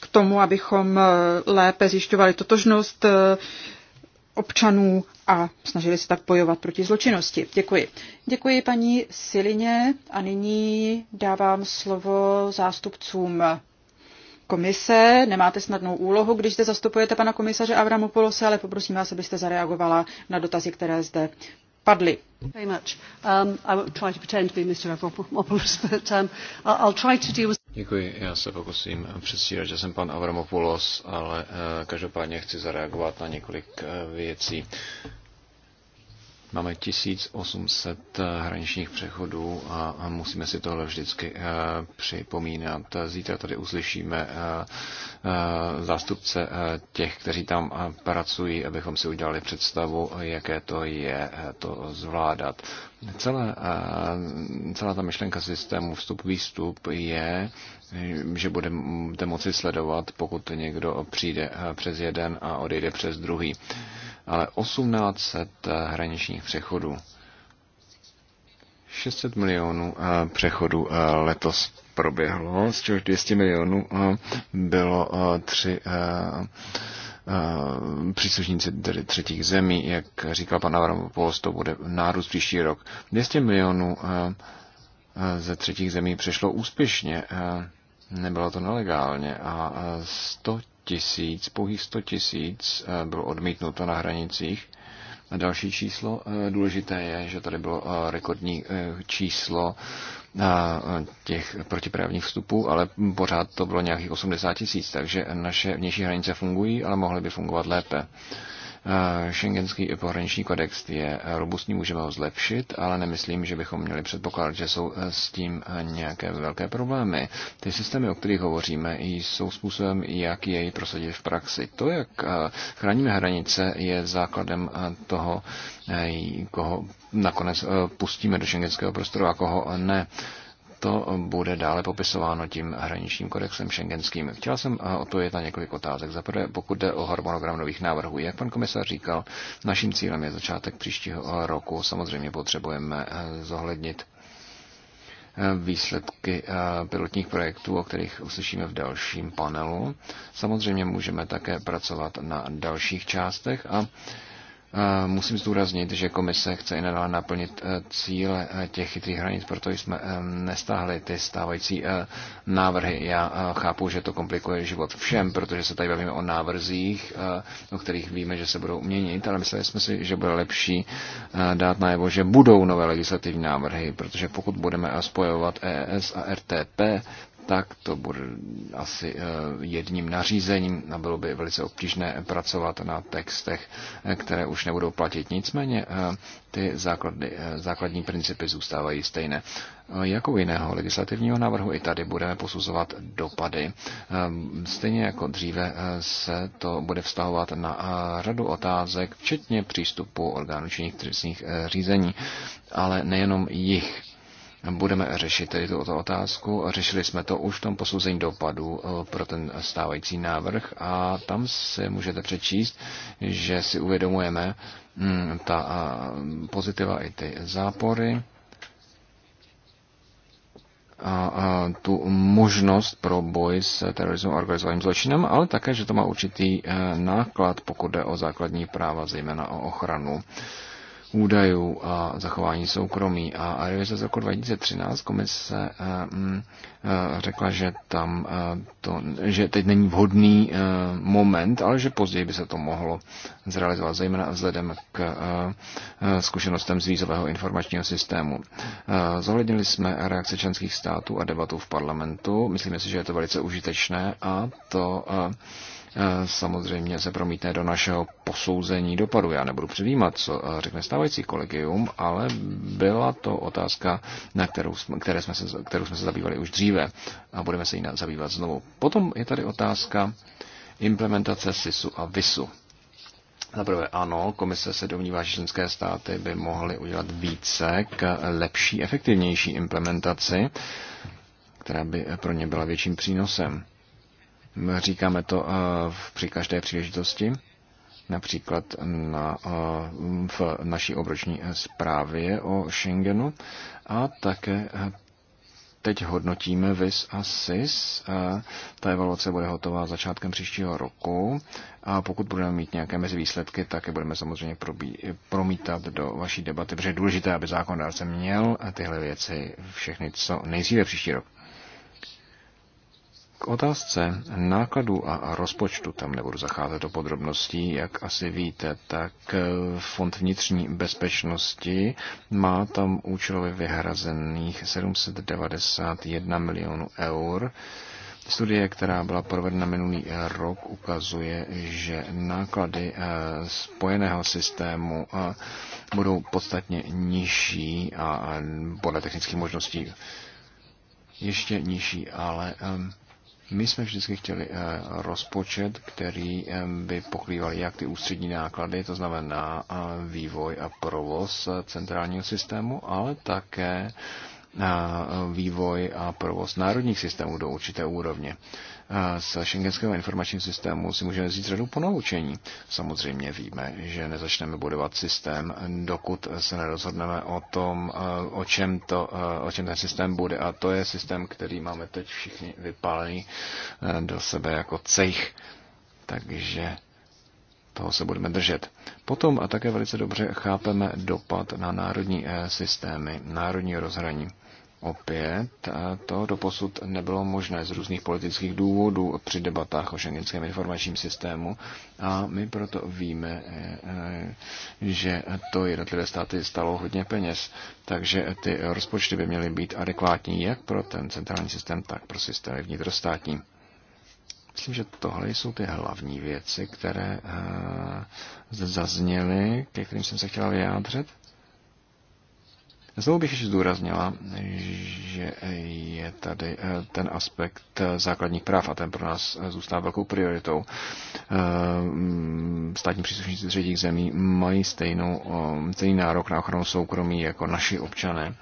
k tomu, abychom lépe zjišťovali totožnost občanů a snažili se tak bojovat proti zločinnosti. Děkuji. Děkuji paní Silině a nyní dávám slovo zástupcům komise. Nemáte snadnou úlohu, když zde zastupujete pana komisaře Avramopolose, ale poprosím vás, abyste zareagovala na dotazy, které zde padly. Very much. Um, I try to pretend to be Mr. Avramopoulos, but um, I'll try to deal with Děkuji, já se pokusím předstírat, že jsem pan Avramopoulos, ale eh, každopádně chci zareagovat na několik eh, věcí. Máme 1800 eh, hraničních přechodů a musíme si tohle vždycky eh, připomínat. Zítra tady uslyšíme eh, zástupce těch, kteří tam pracují, abychom si udělali představu, jaké to je to zvládat. Celé, celá ta myšlenka systému vstup-výstup je, že budete moci sledovat, pokud někdo přijde přes jeden a odejde přes druhý ale 1800 eh, hraničních přechodů. 600 milionů eh, přechodů eh, letos proběhlo, z čehož 200 milionů bylo tři příslušníci tedy třetích zemí, jak říkal pan Avramopoulos, to bude nárůst příští rok. 200 milionů ze třetích zemí přešlo úspěšně, nebylo to nelegálně a 100 tisíc, pouhých 100 tisíc eh, bylo odmítnuto na hranicích. A další číslo eh, důležité je, že tady bylo eh, rekordní číslo těch protiprávních vstupů, ale pořád to bylo nějakých 80 tisíc, takže naše vnější hranice fungují, ale mohly by fungovat lépe. Schengenský pohraniční kodex je robustní, můžeme ho zlepšit, ale nemyslím, že bychom měli předpokládat, že jsou eh, s tím eh, nějaké velké problémy. Ty systémy, o kterých hovoříme, jsou způsobem, jak jej prosadit v praxi. To, jak eh, chráníme hranice, je základem toho, koho nakonec pustíme do šengenského prostoru a koho ne to bude dále popisováno tím hraničním kodexem šengenským. Chtěla jsem eh, odpovědět na několik otázek. Za prvé, pokud jde o harmonogram nových návrhů, jak pan komisař říkal, naším cílem je začátek příštího eh, roku. Samozřejmě potřebujeme eh, zohlednit výsledky pilotních projektů, o kterých uslyšíme v dalším panelu. Samozřejmě můžeme také pracovat na dalších částech a Musím zdůraznit, že komise chce i nadále naplnit eh, cíle eh, těch chytrých hranic, proto jsme eh, nestáhli ty stávající návrhy. Já chápu, že to komplikuje život všem, protože se tady bavíme o návrzích, o kterých víme, že se budou měnit, ale mysleli jsme si, že bude lepší dát najevo, že budou nové legislativní návrhy, protože pokud budeme spojovat ES a RTP, tak to bude asi eh, jedním nařízením a bylo by velice obtížné pracovat na textech, eh, které už nebudou platit. Nicméně eh, ty základy, základní principy zůstávají stejné. Jako jiného legislativního návrhu i tady budeme posuzovat dopady. Stejně jako dříve se to bude vztahovat na radu otázek, včetně přístupu orgánů činných trestních řízení, ale nejenom jich budeme řešit tedy tuto otázku. Řešili jsme to už v tom posouzení dopadů eh, pro ten stávající návrh a tam se můžete přečíst, že si uvědomujeme hm, ta eh, pozitiva i ty zápory a, eh, tu možnost pro boj s terorismem a organizovaným zločinem, ale také, že to má určitý náklad, pokud jde o základní práva, zejména o ochranu údajů a zachování soukromí. A revize z roku 2013 komise eh, mm, eh, řekla, že tam eh, to, že teď není vhodný moment, ale že později by se to mohlo zrealizovat, zejména vzhledem k zkušenostem z vízového informačního systému. Zohlednili jsme reakce členských států a debatu v parlamentu. Myslíme si, že je to velice užitečné a to Eh, samozřejmě se promítne do našeho posouzení dopadu. Já nebudu předjímat, co eh, řekne stávající kolegium, ale byla to otázka, na kterou jsme, které jsme se, kterou jsme se zabývali už dříve a budeme se jí zabývat znovu. Potom je tady otázka implementace SISu a VISu. Za prvé ano, komise se domnívá, že členské státy by mohly udělat více k lepší, efektivnější implementaci, která by pro ně byla větším přínosem. Říkáme to eh, při každé příležitosti, například na, eh, v naší obroční zprávě o Schengenu a také eh, teď hodnotíme VIS a SIS. Ta evaluace bude hotová začátkem příštího roku a pokud budeme mít nějaké mezi výsledky, tak je budeme samozřejmě promítat do vaší debaty, protože je důležité, aby zákonodárce měl tyhle věci všechny co nejdříve příští rok. K otázce nákladů a rozpočtu, tam nebudu zacházet do podrobností, jak asi víte, tak eh, Fond vnitřní bezpečnosti má tam účelově vyhrazených 791 milionů eur. Studie, která byla provedena minulý rok, ukazuje, že náklady eh, spojeného systému eh, budou podstatně nižší a podle technických možností ještě nižší, ale my jsme vždycky chtěli eh, rozpočet, který by pokrýval jak ty ústřední náklady, to znamená eh, vývoj a provoz eh, centrálního systému, ale také vývoj a provoz národních systémů do určité úrovně z šengenského informačního systému si můžeme vzít řadu ponaučení. Samozřejmě víme, že nezačneme budovat systém, dokud se nerozhodneme o tom, eh, o čem, to, eh, o čem ten systém bude. A to je systém, který máme teď všichni vypálený eh, do sebe jako cejch. Takže toho se budeme držet. Potom a také velice dobře chápeme dopad na národní systémy, národní rozhraní. Opět to doposud nebylo možné z různých politických důvodů při debatách o šengenském informačním systému a my proto víme, e, e, že to jednotlivé státy stalo hodně peněz, takže ty rozpočty by měly být adekvátní jak pro ten centrální systém, tak pro systémy vnitrostátní. Myslím, že tohle jsou ty hlavní věci, které e, zazněly, ke kterým jsem se chtěla vyjádřit. Znovu bych ještě zdůraznila, že je tady eh, ten aspekt eh, základních práv a ten pro nás eh, zůstává velkou prioritou. Státní příslušníci třetích zemí mají stejnou, stejný nárok na ochranu soukromí jako naši občané.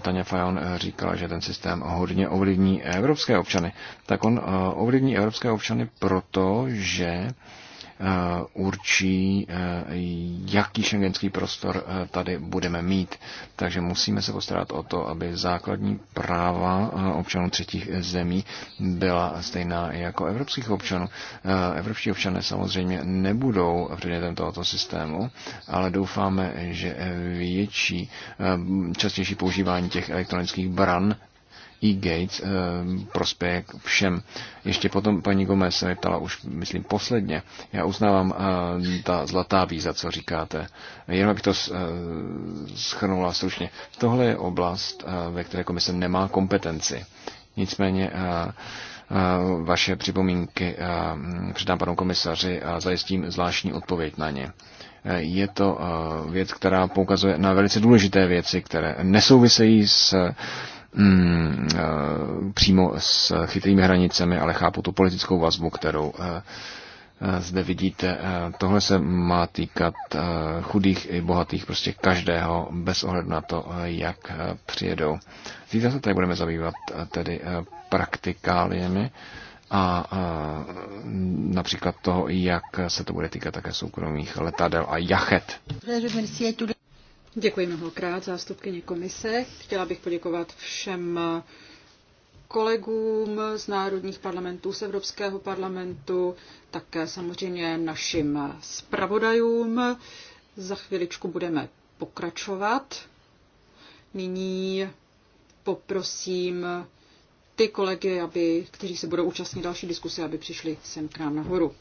Tanja Fajon říkala, že ten systém hodně ovlivní evropské občany. Tak on ovlivní evropské občany proto, že Eh, určí, eh, jaký šengenský prostor eh, tady budeme mít. Takže musíme se postarat o to, aby základní práva občanů třetích zemí byla stejná jako evropských občanů. Evropští občané samozřejmě nebudou předmětem tohoto systému, ale doufáme, že větší, častější používání těch elektronických bran e-gates eh, prospěje všem. Ještě potom paní Gomez se ptala už, myslím, posledně. Já uznávám eh, ta zlatá víza, co říkáte. Jenom bych to schrnula eh, stručně. Tohle je oblast, ve které komise nemá kompetenci. Nicméně vaše připomínky předám panu komisaři a zajistím zvláštní odpověď na ně. Je to věc, která poukazuje na velice důležité věci, které nesouvisejí s mm, eh, přímo s chytrými hranicemi, ale chápu tu politickou vazbu, kterou eh, eh, zde vidíte. Tohle se má týkat chudých i bohatých, prostě každého, bez ohledu na to, jak přijedou. Zítra se tady budeme zabývat tedy praktikáliemi a například toho, jak se to bude týkat také soukromých letadel a jachet. Děkuji mnohokrát zástupkyně komise. Chtěla bych poděkovat všem kolegům z národních parlamentů, z Evropského parlamentu, také samozřejmě našim zpravodajům. Za chviličku budeme pokračovat. Nyní poprosím ty kolegy, aby, kteří se budou účastnit další diskuse, aby přišli sem k nám nahoru.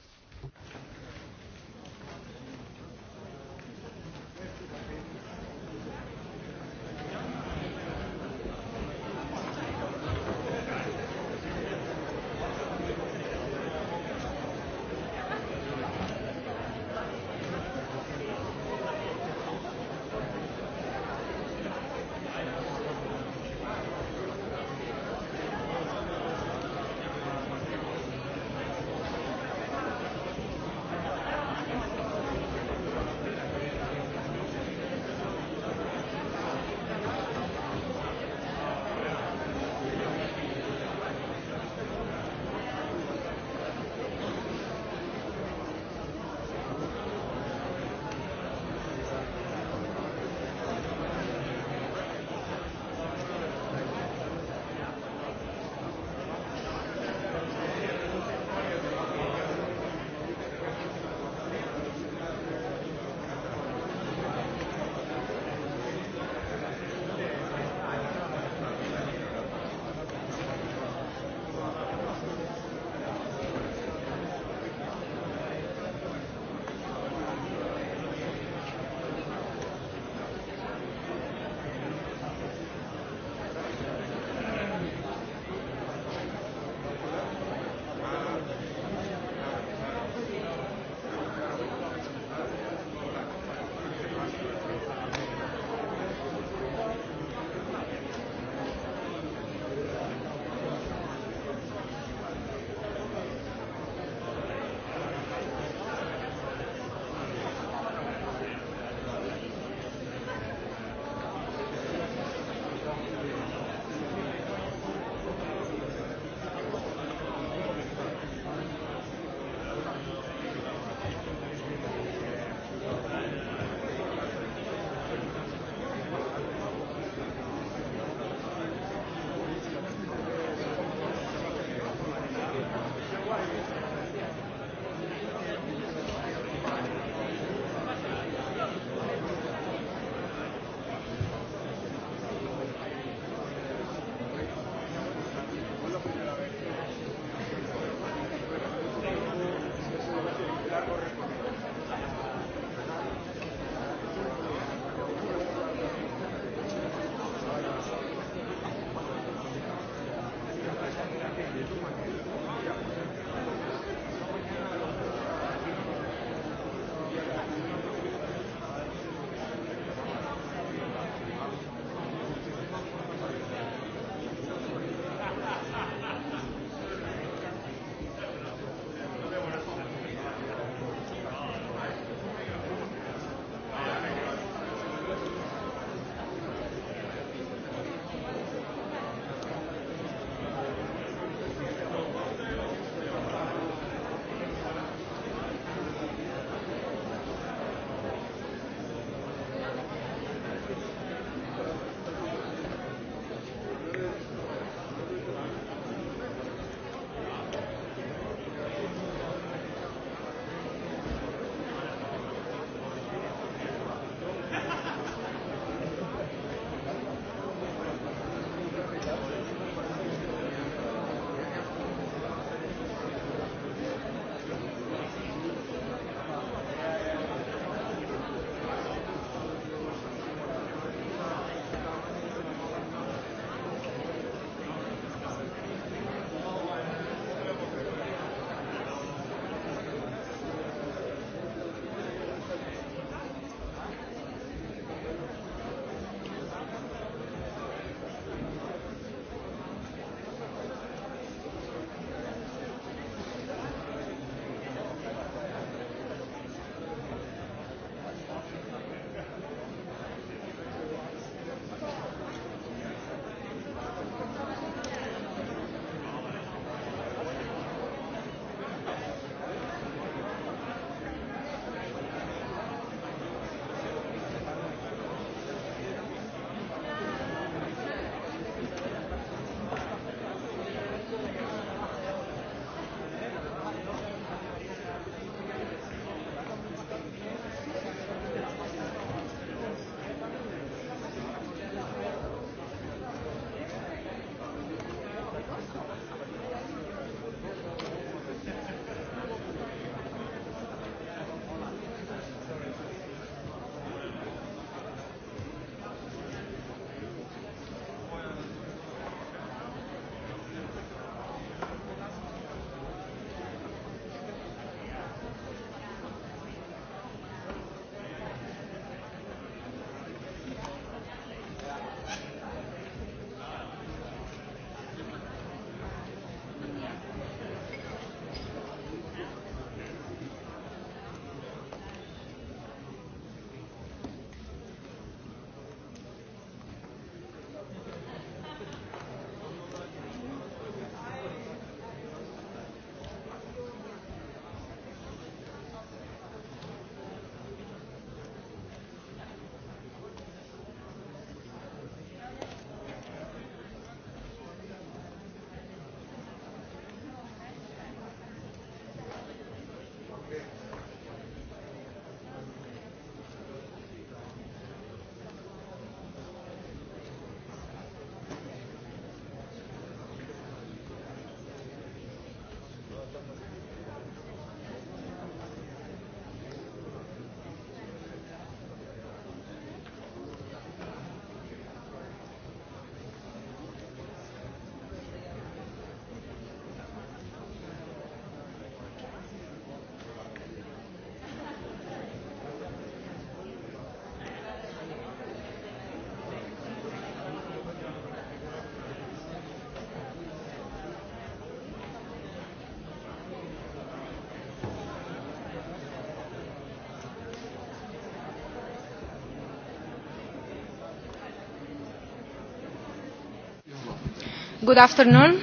Good afternoon.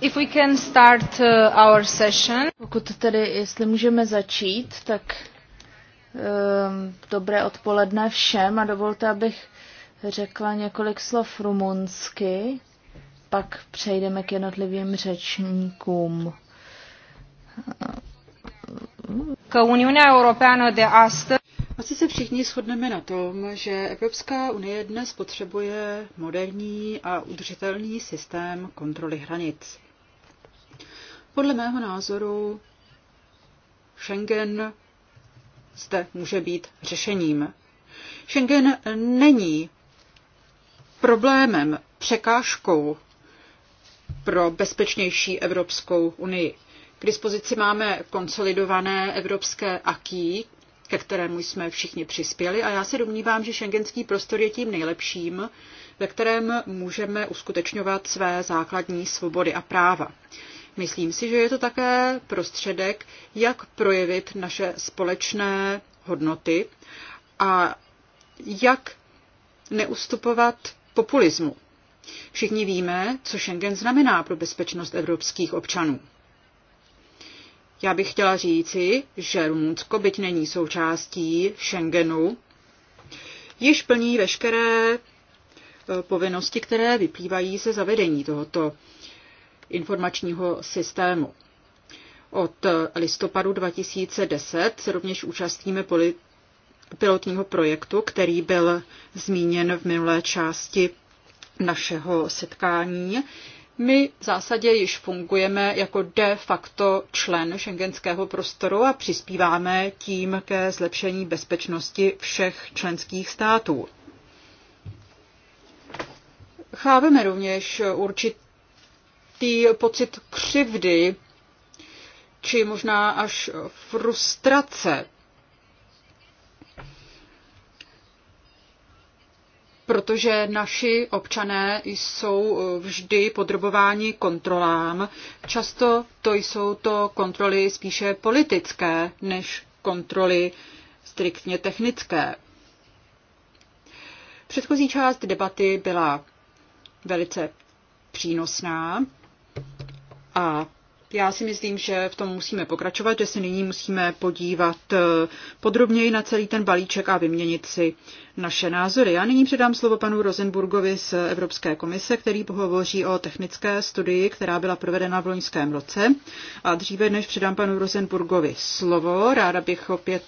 If we can start uh, our session. Pokud tedy, jestli můžeme začít, tak um, dobré odpoledne všem a dovolte, abych řekla několik slov rumunsky, pak přejdeme k jednotlivým řečníkům. k Uniunea Europeană de astăzi asi se všichni shodneme na tom, že Evropská unie dnes potřebuje moderní a udržitelný systém kontroly hranic. Podle mého názoru Schengen zde může být řešením. Schengen není problémem, překážkou pro bezpečnější Evropskou unii. K dispozici máme konsolidované evropské aký, ke kterému jsme všichni přispěli a já se domnívám, že šengenský prostor je tím nejlepším, ve kterém můžeme uskutečňovat své základní svobody a práva. Myslím si, že je to také prostředek, jak projevit naše společné hodnoty a jak neustupovat populismu. Všichni víme, co Schengen znamená pro bezpečnost evropských občanů. Já bych chtěla říci, že Rumunsko, byť není součástí Schengenu, již plní veškeré eh, povinnosti, které vyplývají ze zavedení tohoto informačního systému. Od eh, listopadu 2010 se rovněž účastníme pilotního projektu, který byl zmíněn v minulé části našeho setkání. My v zásadě již fungujeme jako de facto člen šengenského prostoru a přispíváme tím ke zlepšení bezpečnosti všech členských států. Chápeme rovněž určitý pocit křivdy či možná až frustrace protože naši občané jsou eh, vždy podrobováni kontrolám. Často to jsou to kontroly spíše politické než kontroly striktně technické. Předchozí část debaty byla velice přínosná a já si myslím, že v tom musíme pokračovat, že se nyní musíme podívat eh, podrobněji na celý ten balíček a vyměnit si naše názory. Já nyní předám slovo panu Rosenburgovi z Evropské komise, který pohovoří o technické studii, která byla provedena v loňském roce. A dříve, než předám panu Rosenburgovi slovo, ráda bych opět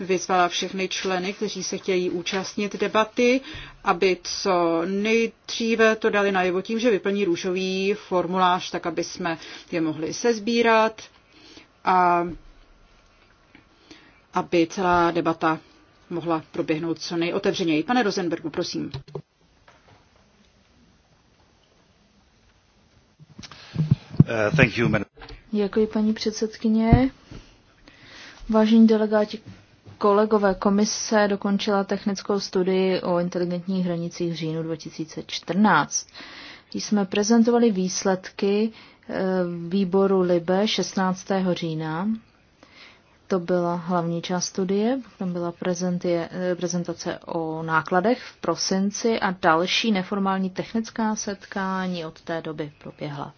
vyzvala všechny členy, kteří se chtějí účastnit debaty, aby co nejdříve to dali najevo tím, že vyplní růžový formulář, tak aby jsme je mohli sezbírat a aby celá debata mohla proběhnout co nejotevřeněji. Pane Rosenbergu, prosím. Uh, thank you, man. Děkuji, paní předsedkyně. Vážení delegáti, kolegové, komise dokončila technickou studii o inteligentních hranicích v říjnu 2014. Jsme prezentovali výsledky eh, výboru LIBE 16. října to byla hlavní část studie, tam byla eh, prezentace o nákladech v prosinci a další neformální technická setkání od té doby proběhla.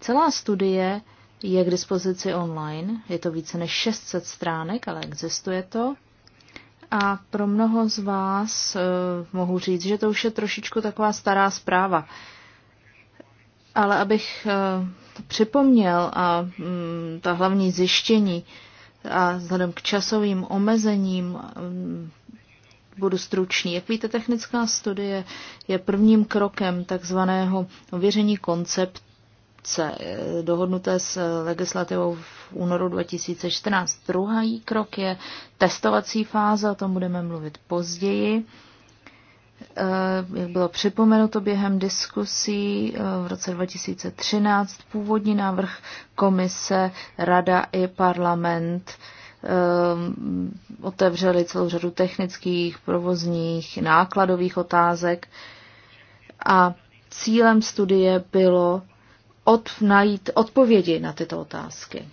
Celá studie je k dispozici online, je to více než 600 stránek, ale existuje to. A pro mnoho z vás e, mohu říct, že to už je trošičku taková stará zpráva. Ale abych e, eh, to připomněl a mm, ta hlavní zjištění, e, a vzhledem k časovým omezením mm, budu stručný. Jak víte, technická studie je prvním krokem takzvaného ověření koncept eh, dohodnuté s eh, legislativou v únoru 2014. Druhý krok je testovací fáze, o tom budeme mluvit později. Eh, jak bylo připomenuto během diskusí eh, v roce 2013, původní návrh komise, rada i parlament eh, otevřeli celou řadu technických, provozních, nákladových otázek a cílem studie bylo od, najít odpovědi na tyto otázky.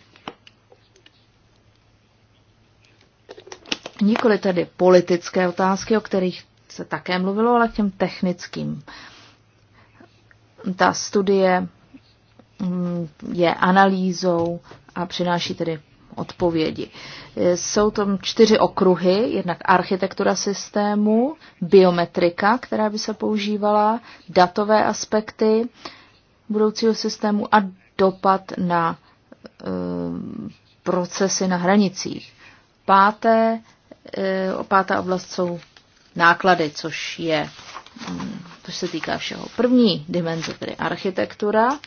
Nikoli tedy politické otázky, o kterých se také mluvilo, ale k těm technickým. Ta studie mm, je analýzou a přináší tedy odpovědi. Jsou tam čtyři okruhy, jednak architektura systému, biometrika, která by se používala, datové aspekty budoucího systému a dopad na e, procesy na hranicích. Páté, e, pátá oblast jsou náklady, což je, to mm, se týká všeho. První dimenze, tedy architektura.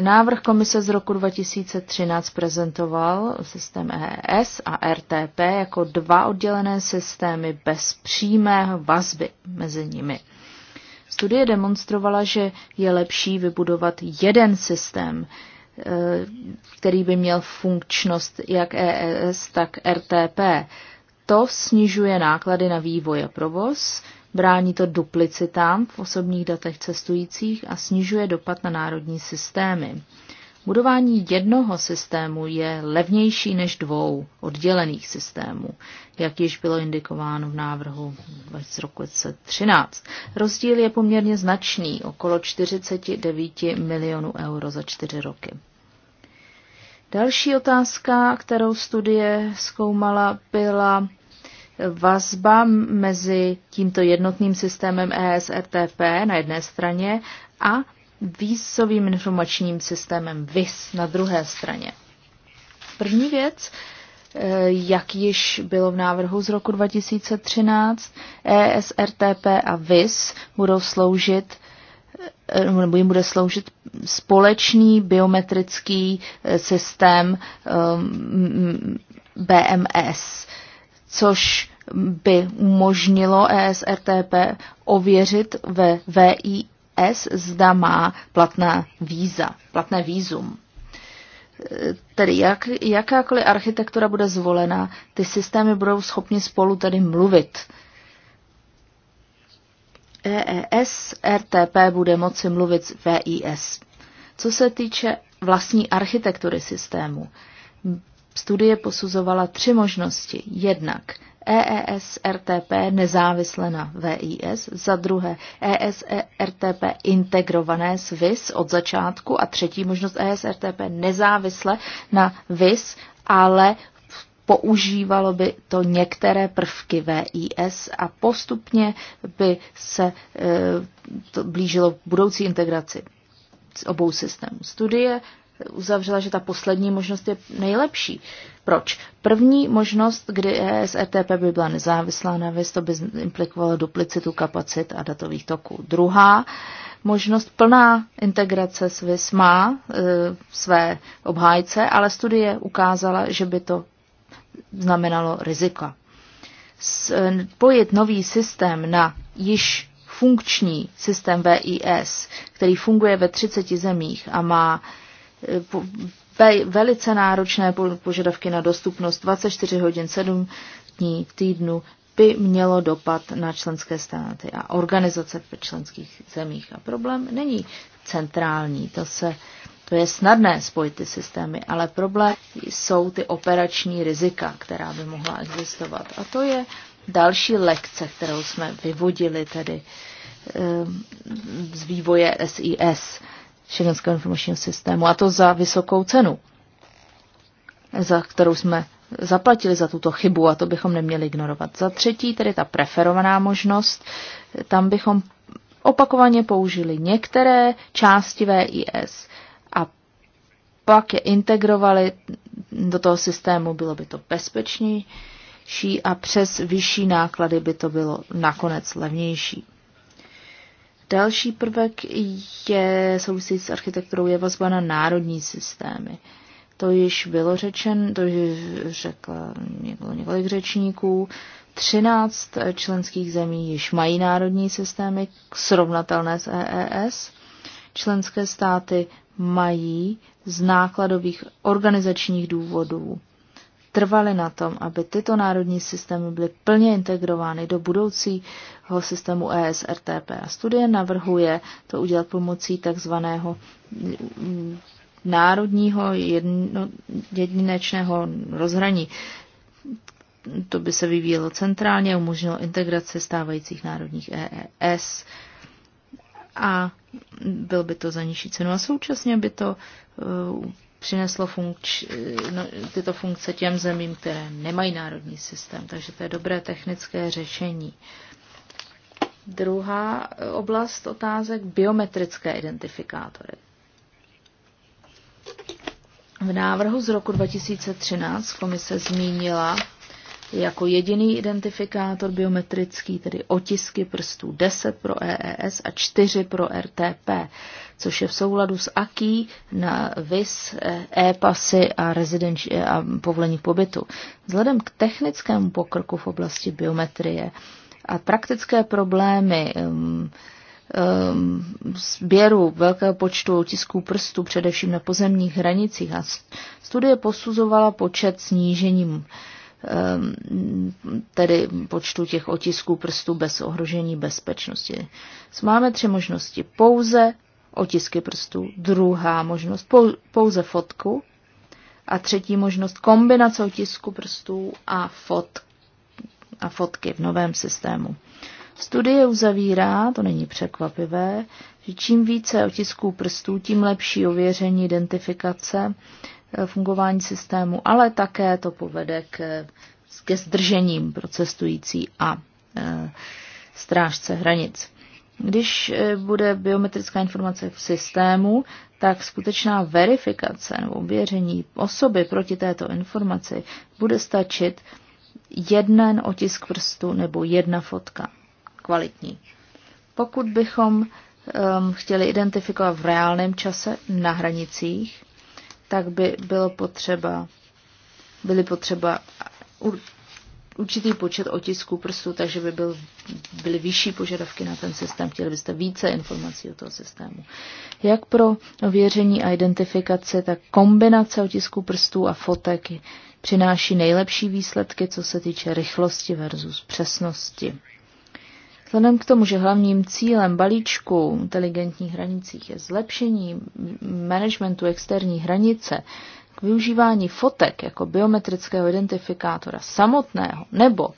Návrh komise z roku 2013 prezentoval systém EES a RTP jako dva oddělené systémy bez přímé vazby mezi nimi. Studie demonstrovala, že je lepší vybudovat jeden systém, e, který by měl funkčnost jak EES, tak RTP. To snižuje náklady na vývoj a provoz, brání to duplicitám v osobních datech cestujících a snižuje dopad na národní systémy. Budování jednoho systému je levnější než dvou oddělených systémů, jak již bylo indikováno v návrhu z roku 2013. Rozdíl je poměrně značný, okolo 49 milionů euro za čtyři roky. Další otázka, kterou studie zkoumala, byla vazba mezi tímto jednotným systémem ESRTP na jedné straně a vízovým informačním systémem VIS na druhé straně. První věc, eh, jak již bylo v návrhu z roku 2013, ESRTP a VIS budou sloužit eh, nebo jim bude sloužit společný biometrický eh, systém BMS e což by umožnilo ESRTP ověřit ve VIS, zda má platná víza, platné vízum. Tedy jak, jakákoliv architektura bude zvolena, ty systémy budou schopni spolu tedy mluvit. EES, RTP bude moci mluvit s VIS. Co se týče vlastní architektury systému, Studie posuzovala tři možnosti. Jednak EES RTP nezávisle na VIS, za druhé EES RTP integrované s VIS od začátku a třetí možnost EES RTP nezávisle na VIS, ale používalo by to některé prvky VIS a postupně by se e, to blížilo budoucí integraci obou systémů. Studie uzavřela, že ta poslední možnost je nejlepší. Proč? První možnost, kdy ESRTP e by byla nezávislá na VIS, to by implikovalo duplicitu kapacit a datových toků. Druhá možnost, plná integrace s VIS má e, své obhájce, ale studie ukázala, že by to znamenalo rizika. Spojit e, nový systém na již funkční systém VIS, který funguje ve 30 zemích a má velice náročné požadavky na dostupnost 24 hodin 7 dní v týdnu by mělo dopad na členské státy a organizace v členských zemích. A problém není centrální, to, se, to je snadné spojit ty systémy, ale problém jsou ty operační rizika, která by mohla existovat. A to je další lekce, kterou jsme vyvodili tedy ehm, z vývoje SIS šengenského informačního systému a to za vysokou cenu, za kterou jsme zaplatili za tuto chybu a to bychom neměli ignorovat. Za třetí, tedy ta preferovaná možnost, tam bychom opakovaně použili některé části VIS a pak je integrovali do toho systému, bylo by to bezpečnější a přes vyšší náklady by to bylo nakonec levnější. Další prvek je souvisí s architekturou je vazba na národní systémy. To již bylo řečen, to již řekla někdo, několik řečníků. 13 členských zemí již mají národní systémy srovnatelné s EES. Členské státy mají z nákladových organizačních důvodů trvali na tom, aby tyto národní systémy byly plně integrovány do budoucí systému ESRTP. A studie navrhuje to udělat pomocí takzvaného mm, národního jedno, jedinečného rozhraní. To by se vyvíjelo centrálně, umožnilo integraci stávajících národních EES a byl by to za nižší cenu. A současně by to uh, přineslo funkč, uh, no, tyto funkce těm zemím, které nemají národní systém. Takže to je dobré technické řešení. Uh, Druhá eh, oblast otázek biometrické identifikátory. V návrhu z roku 2013 komise zmínila jako jediný identifikátor biometrický, tedy otisky prstů 10 pro EES a 4 pro RTP, což je v souladu s AKI na VIS, e-pasy e e a, a povolení pobytu. Vzhledem k technickému pokroku v oblasti biometrie a praktické problémy um, um, sběru velkého počtu otisků prstů, především na pozemních hranicích. A studie posuzovala počet snížením um, tedy počtu těch otisků prstů bez ohrožení bezpečnosti. Máme tři možnosti. Pouze otisky prstů, druhá možnost pouze fotku a třetí možnost kombinace otisku prstů a fotky a fotky v novém systému. Studie uzavírá, to není překvapivé, že čím více otisků prstů, tím lepší ověření identifikace eh, fungování systému, ale také to povede k, eh, ke zdržením pro cestující a e, strážce hranic. Když bude biometrická informace v systému, tak skutečná verifikace nebo ověření osoby proti této informaci bude stačit jeden otisk prstu nebo jedna fotka kvalitní. Pokud bychom um, chtěli identifikovat v reálném čase na hranicích, tak by bylo potřeba, byly potřeba určitý počet otisků prstů, takže by byl, byly vyšší požadavky na ten systém. Chtěli byste více informací o toho systému. Jak pro věření a identifikaci, tak kombinace otisků prstů a fotek přináší nejlepší výsledky, co se týče rychlosti versus přesnosti. Vzhledem k tomu, že hlavním cílem balíčku inteligentních hranicích je zlepšení managementu externí hranice, k využívání fotek jako biometrického identifikátora samotného nebo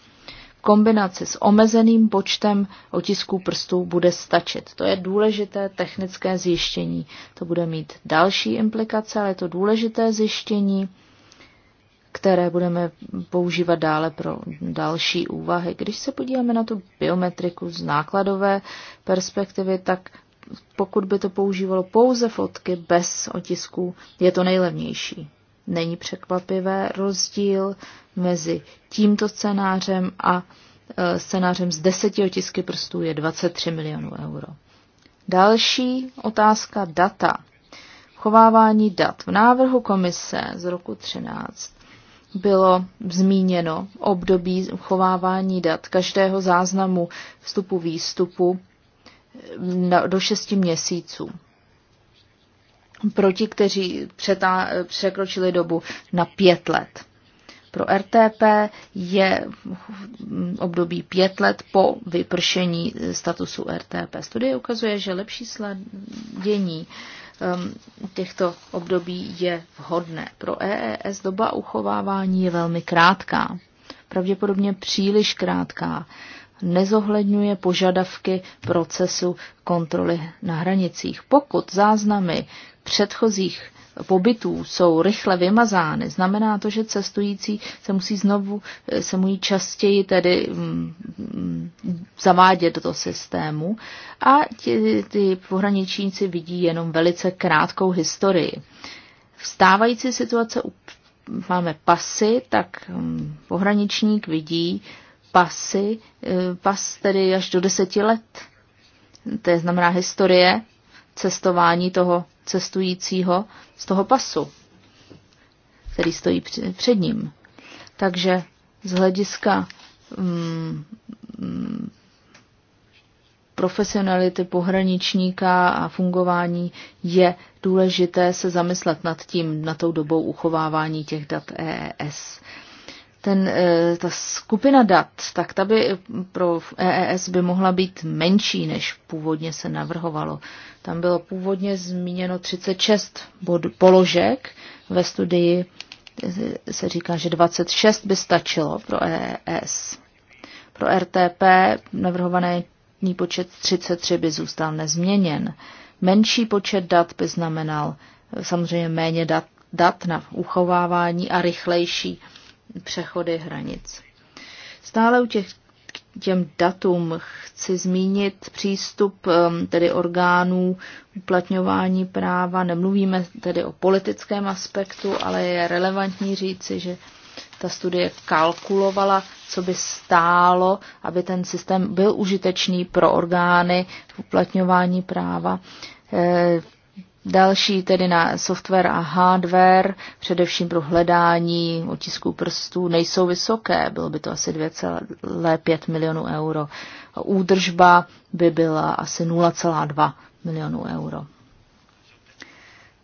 kombinace s omezeným počtem otisků prstů bude stačit. To je důležité technické zjištění. To bude mít další implikace, ale je to důležité zjištění které budeme používat dále pro další úvahy. Když se podíváme na tu biometriku z nákladové perspektivy, tak pokud by to používalo pouze fotky bez otisků, je to nejlevnější. Není překvapivé rozdíl mezi tímto scénářem a e, scénářem z deseti otisky prstů je 23 milionů euro. Další otázka data. Chovávání dat. V návrhu komise z roku 13 bylo zmíněno období chovávání dat každého záznamu vstupu výstupu mm, do šesti měsíců. Pro ti, kteří přetá, překročili dobu na pět let. Pro RTP je období pět let po vypršení statusu RTP. Studie ukazuje, že lepší sladění uh, Um, těchto období je vhodné. Pro EES doba uchovávání je velmi krátká, pravděpodobně příliš krátká. Nezohledňuje požadavky procesu kontroly na hranicích. Pokud záznamy předchozích pobytů jsou rychle vymazány, znamená to, že cestující se musí znovu, se musí častěji tedy mm, mm, zavádět do systému a ti, ty pohraničníci vidí jenom velice krátkou historii. Vstávající situace máme pasy, tak mm, pohraničník vidí pasy, e, pas tedy až do deseti let. To je znamená historie cestování toho cestujícího z toho pasu, který stojí před ním. Takže z hlediska mm, mm, profesionality pohraničníka a fungování je důležité se zamyslet nad tím, na tou dobou uchovávání těch dat EES. Ten, e, ta skupina dat, tak ta by pro EES by mohla být menší, než původně se navrhovalo. Tam bylo původně zmíněno 36 bod, položek. Ve studii se říká, že 26 by stačilo pro EES. Pro RTP navrhovaný počet 33 by zůstal nezměněn. Menší počet dat by znamenal samozřejmě méně dat, dat na uchovávání a rychlejší přechody hranic. Stále u těch těm datům chci zmínit přístup tedy orgánů uplatňování práva. Nemluvíme tedy o politickém aspektu, ale je relevantní říci, že ta studie kalkulovala, co by stálo, aby ten systém byl užitečný pro orgány uplatňování práva. Eh, Další tedy na software a hardware, především pro hledání otisků prstů, nejsou vysoké, bylo by to asi 2,5 milionů euro. údržba by byla asi 0,2 milionů euro.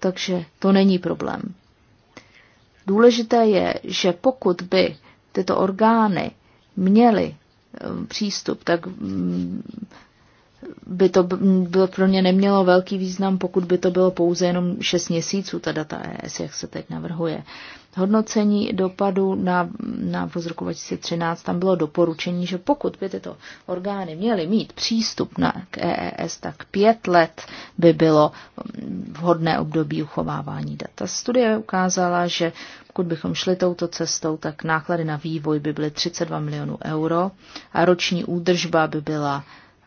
Takže to není problém. Důležité je, že pokud by tyto orgány měly eh, přístup, tak mm, by to bylo pro mě nemělo velký význam, pokud by to bylo pouze jenom 6 měsíců, ta data ES, jak se teď navrhuje. Hodnocení dopadu na, na voz roku 2013, tam bylo doporučení, že pokud by tyto orgány měly mít přístup na, k EES, tak pět let by bylo vhodné období uchovávání dat. studie ukázala, že pokud bychom šli touto cestou, tak náklady na vývoj by byly 32 milionů euro a roční údržba by byla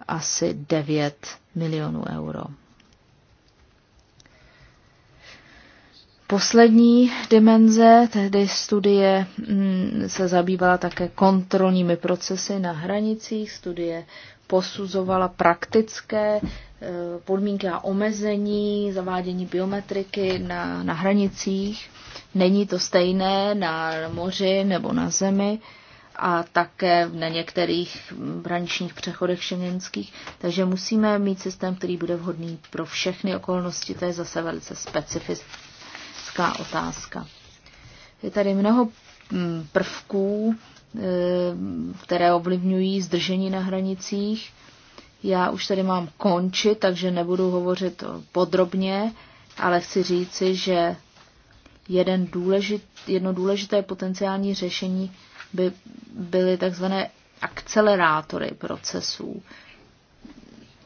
asi 9 milionů euro. Poslední dimenze, tehdy studie mm, se zabývala také kontrolními procesy na hranicích, studie posuzovala praktické eh, podmínky a omezení zavádění biometriky na, na hranicích. Není to stejné na moři nebo na zemi a také na některých hraničních přechodech šengenských. Takže musíme mít systém, který bude vhodný pro všechny okolnosti. To je zase velice specifická otázka. Je tady mnoho mm, prvků, eh, které ovlivňují zdržení na hranicích. Já už tady mám končit, takže nebudu hovořit podrobně, ale chci říci, že jeden důležit, jedno důležité potenciální řešení by byly takzvané akcelerátory procesů.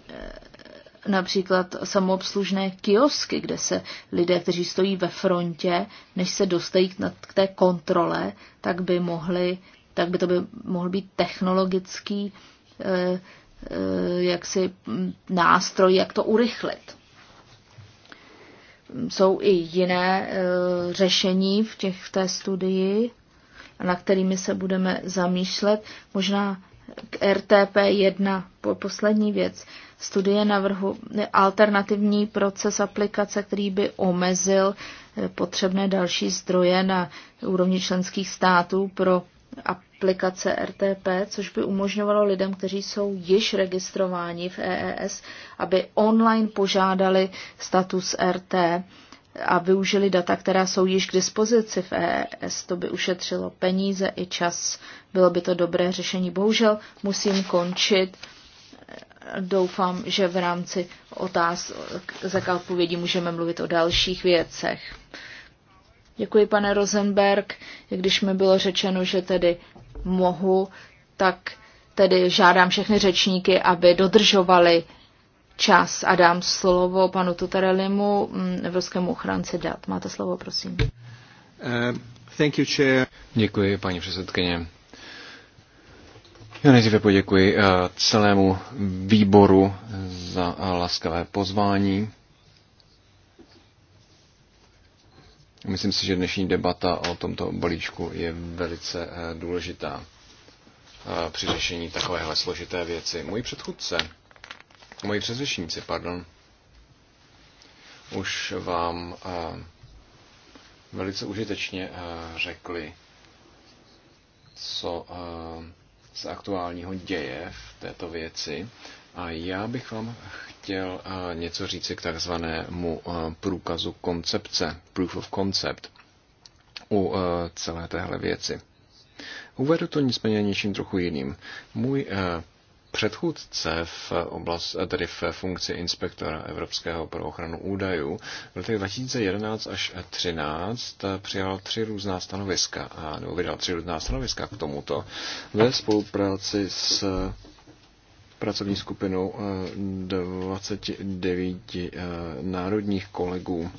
E, například samoobslužné kiosky, kde se lidé, kteří stojí ve frontě, než se dostají k té kontrole, tak by mohli, tak by to by mohl být technologický e, e, jaksi nástroj, jak to urychlit. Jsou i jiné řešení v těch v té studii na kterými se budeme zamýšlet. Možná k RTP 1, poslední věc. Studie navrhu eh, alternativní proces aplikace, který by omezil eh, potřebné další zdroje na úrovni členských států pro aplikace RTP, což by umožňovalo lidem, kteří jsou již registrováni v EES, aby online požádali status RT a využili data, která jsou již k dispozici v EES. To by ušetřilo peníze i čas. Bylo by to dobré řešení. Bohužel musím končit. Doufám, že v rámci otázek za vědí, můžeme mluvit o dalších věcech. Děkuji, pane Rosenberg. Když mi bylo řečeno, že tedy mohu, tak tedy žádám všechny řečníky, aby dodržovali čas a dám slovo panu Tutarelimu, mm, evropskému ochránci dat. Máte slovo, prosím. Uh, thank you, chair. Děkuji, paní předsedkyně. Já nejdříve poděkuji uh, celému výboru za uh, laskavé pozvání. Myslím si, že dnešní debata o tomto balíčku je velice uh, důležitá při řešení takovéhle složité věci. Můj předchůdce moji předřešníci, pardon, už vám eh, velice užitečně eh, řekli, co eh, se aktuálního děje v této věci. A já bych vám chtěl něco říci k takzvanému průkazu koncepce, proof of concept, u celé téhle věci. Uvedu to nicméně něčím trochu jiným. Můj předchůdce v, oblast, eh, tedy v funkci inspektora Evropského pro ochranu údajů v letech 2011 až 2013 eh, přijal tři různá stanoviska, a, nebo vydal tři různá stanoviska k tomuto ve spolupráci s eh, pracovní skupinou 29 národních kolegů.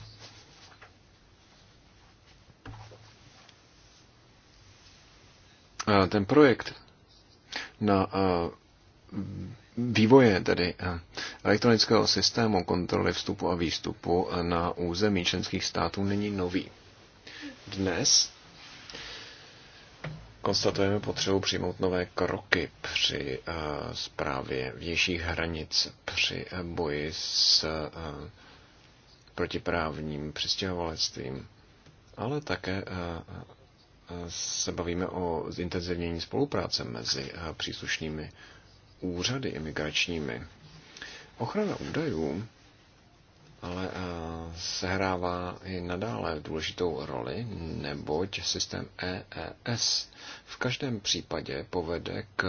Ten projekt na vývoje tedy eh, elektronického systému kontroly vstupu a výstupu eh, na území členských států není nový. Dnes konstatujeme potřebu přijmout nové kroky při zprávě eh, vnějších hranic, při boji s protiprávním přistěhovalectvím, ale také se bavíme o zintenzivnění spolupráce mezi příslušnými úřady imigračními. Ochrana údajů ale eh, sehrává i nadále důležitou roli, neboť systém EES v každém případě povede k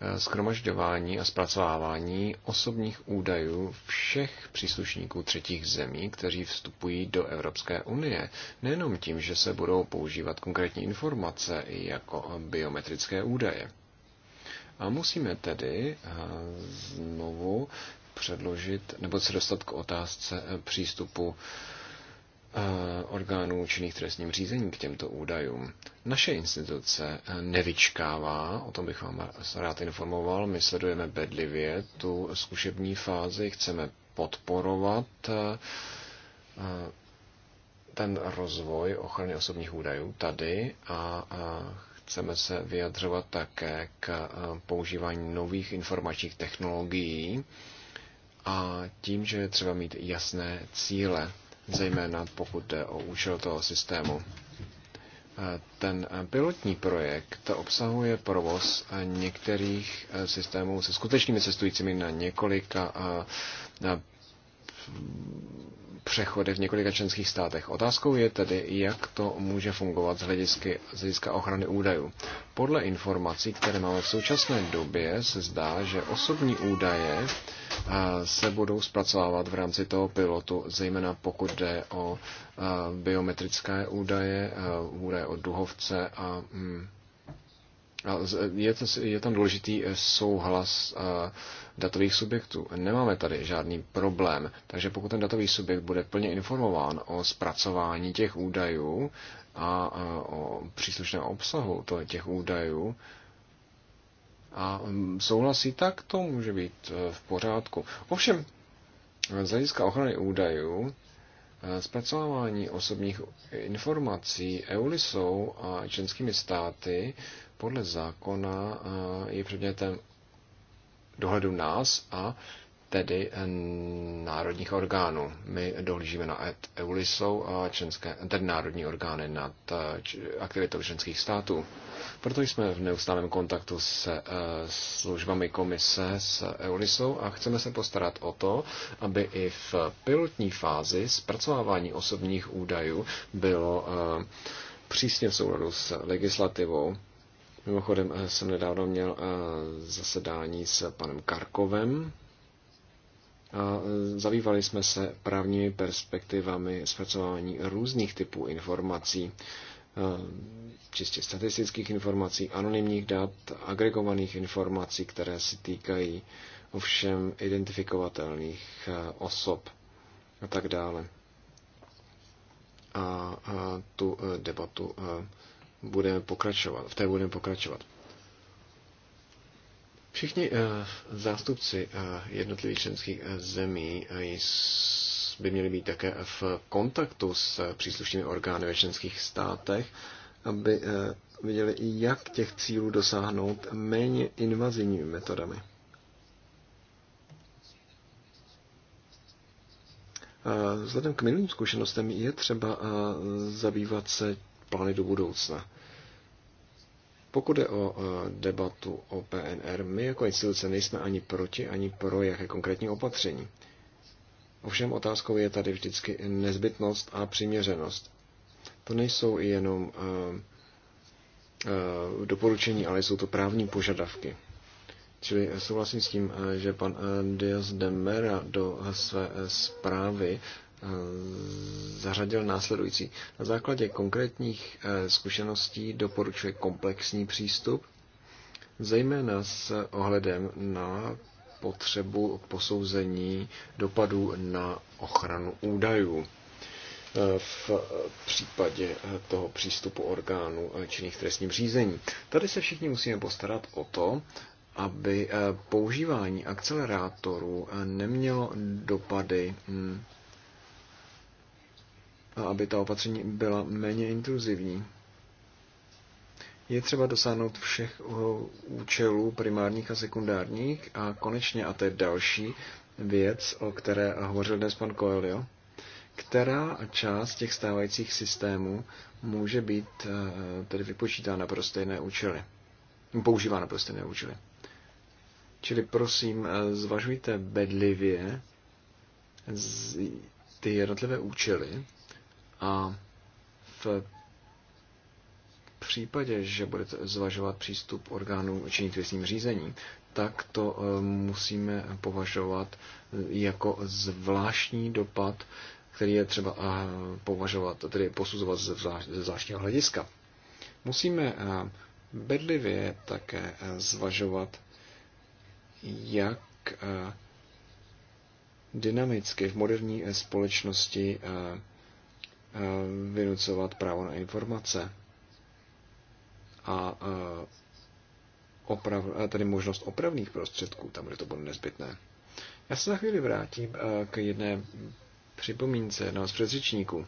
eh, schromažďování a zpracovávání osobních údajů všech příslušníků třetích zemí, kteří vstupují do Evropské unie, nejenom tím, že se budou používat konkrétní informace jako biometrické údaje. A musíme tedy eh, znovu předložit, nebo se dostat k otázce eh, přístupu eh, orgánů činných trestním řízení k těmto údajům. Naše instituce nevyčkává, o tom bych vám rád informoval, my sledujeme bedlivě tu zkušební fázi, chceme podporovat ten rozvoj ochrany osobních údajů tady a chceme se vyjadřovat také k eh, používání nových informačních technologií a tím, že je třeba mít jasné cíle, zejména pokud jde o účel toho systému. Eh, ten eh, pilotní projekt obsahuje provoz některých systémů se skutečnými cestujícími na několika přechody v několika členských státech. Otázkou je tedy, jak to může fungovat z, hledisky, z hlediska ochrany údajů. Podle informací, které máme v současné době, se zdá, že osobní údaje eh, se budou zpracovávat v rámci toho pilotu, zejména pokud jde o eh, biometrické údaje, eh, údaje o duhovce a mm, je, je tam důležitý souhlas datových subjektů. Nemáme tady žádný problém, takže pokud ten datový subjekt bude plně informován o zpracování těch údajů a o příslušném obsahu těch údajů, a souhlasí, tak to může být e, v pořádku. Ovšem, z hlediska ochrany údajů, e, zpracovávání osobních informací EULISou a členskými státy podle zákona e, je předmětem dohledu nás a tedy eh, národních orgánů. My dohlížíme na e EULISou a členské, tedy národní orgány nad eh, aktivitou členských států. Proto jsme v neustálém kontaktu se eh, službami komise s EULISou a chceme se postarat o to, aby i v pilotní fázi zpracovávání osobních údajů bylo přísně v souladu s legislativou Mimochodem eh, jsem nedávno měl eh, zasedání s panem Karkovem a eh, zabývali jsme se právními perspektivami zpracování různých typů informací, čistě statistických informací, anonymních dat, agregovaných informací, které se týkají ovšem identifikovatelných osob a tak dále. A tu debatu budeme pokračovat, v té budeme pokračovat. Všichni eh, zástupci eh, jednotlivých členských eh, zemí by měli být také v kontaktu s příslušnými orgány ve členských státech, aby viděli, jak těch cílů dosáhnout méně invazivními metodami. Vzhledem k minulým zkušenostem je třeba zabývat se plány do budoucna. Pokud je o eh, debatu o PNR, my jako instituce nejsme ani proti, ani pro jaké konkrétní opatření. Ovšem otázkou je tady vždycky nezbytnost a přiměřenost. To nejsou jenom eh, eh, doporučení, ale jsou to právní požadavky. Čili souhlasím s tím, že pan Diaz de Mera do své zprávy Eh, zařadil následující. Na základě konkrétních eh, zkušeností doporučuje komplexní přístup, zejména s ohledem na potřebu posouzení dopadů na ochranu údajů eh, v případě toho přístupu orgánů činných trestním řízení. Tady se všichni musíme postarat o to, aby používání akcelerátoru nemělo dopady hm, a aby ta opatření byla méně intruzivní. Je třeba dosáhnout všech účelů primárních a sekundárních a konečně, a to je další věc, o které hovořil dnes pan Coelho, která část těch stávajících systémů může být e, tedy vypočítána pro stejné účely, používána pro stejné účely. Čili prosím, e, zvažujte bedlivě ty jednotlivé účely a v případě, že budete zvažovat přístup orgánů činných trestním řízení, tak to eh, musíme považovat jako zvláštní dopad, který je třeba eh, považovat, tedy posuzovat ze zvláštního hlediska. Musíme eh, bedlivě také zvažovat, jak dynamicky v moderní společnosti Eh, vynucovat právo na informace a eh, oprav, eh, tedy možnost opravných prostředků, tam, kde to bude nezbytné. Já se za chvíli vrátím k jedné připomínce jednoho z předřečníků,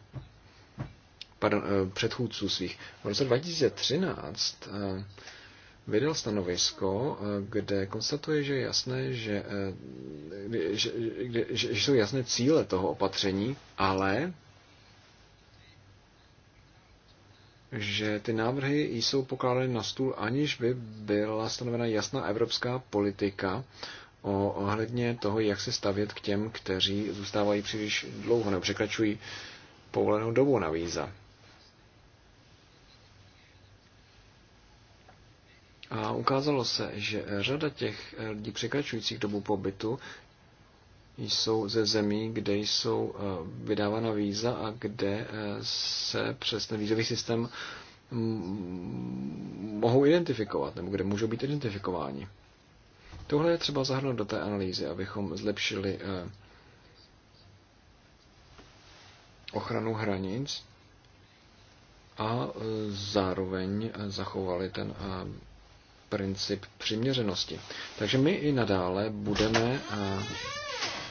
pardon, předchůdců svých. V roce 2013 vydal stanovisko, kde konstatuje, že jasné, že, že, že, že, že jsou jasné cíle toho opatření, ale že ty návrhy jsou pokládány na stůl, aniž by byla stanovena jasná evropská politika o, ohledně toho, jak se stavět k těm, kteří zůstávají příliš dlouho nebo překračují povolenou dobu na víza. A ukázalo se, že řada těch lidí překračujících dobu pobytu jsou ze zemí, kde jsou eh, vydávána víza a kde eh, se přes ten vízový systém mm, mohou identifikovat, nebo kde můžou být identifikováni. Tohle je třeba zahrnout do té analýzy, abychom zlepšili eh, ochranu hranic a zároveň zachovali ten princip přiměřenosti. Takže my i nadále budeme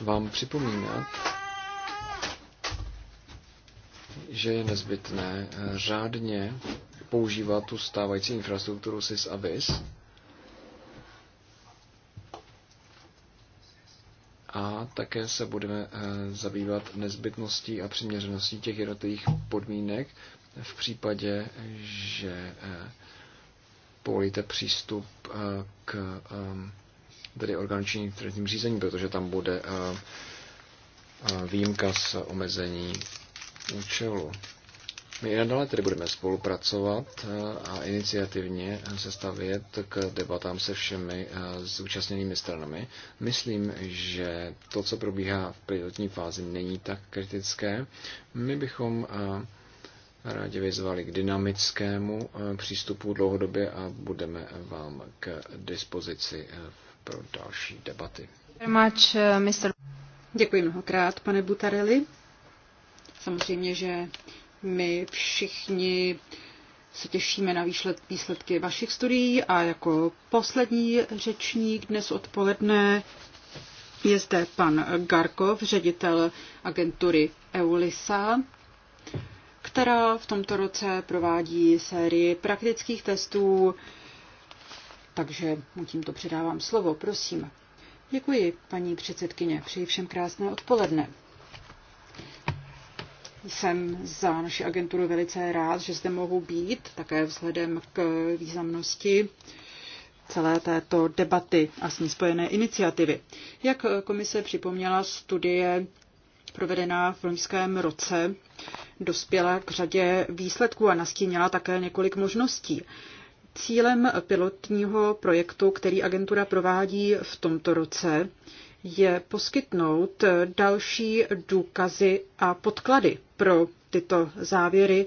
vám připomínat, že je nezbytné eh, řádně používat tu stávající infrastrukturu SIS a VIS a také se budeme eh, zabývat nezbytností a přiměřeností těch jednotlivých podmínek v případě, že eh, povolíte přístup k tedy orgán činný trestním řízení, protože tam bude eh, eh, výjimka z omezení účelu. My i nadále tedy budeme spolupracovat eh, a iniciativně se stavět k debatám se všemi zúčastněnými stranami. Myslím, že to, co probíhá v pilotní fázi, není tak kritické. My bychom rádi vyzvali k dynamickému přístupu dlouhodobě a budeme vám k dispozici v pro další debaty. Uh, Děkuji mnohokrát, pane Butarelli. Samozřejmě, že my všichni se těšíme na výsledky vašich studií a jako poslední řečník dnes odpoledne je zde pan Garkov, ředitel agentury EULISA, která v tomto roce provádí sérii praktických testů takže mu tímto předávám slovo, prosím. Děkuji, paní předsedkyně, přeji všem krásné odpoledne. Jsem za naši agenturu velice rád, že zde mohu být, také vzhledem k významnosti celé této debaty a s ní spojené iniciativy. Jak komise připomněla, studie provedená v loňském roce dospěla k řadě výsledků a nastínila také několik možností. Cílem pilotního projektu, který agentura provádí v tomto roce, je poskytnout další důkazy a podklady pro tyto závěry,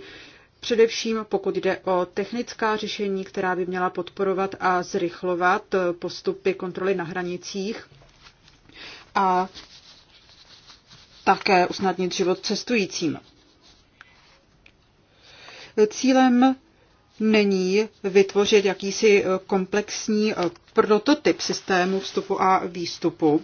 především pokud jde o technická řešení, která by měla podporovat a zrychlovat postupy kontroly na hranicích a také usnadnit život cestujícím. Cílem není vytvořit jakýsi eh, komplexní eh, prototyp systému vstupu a výstupu,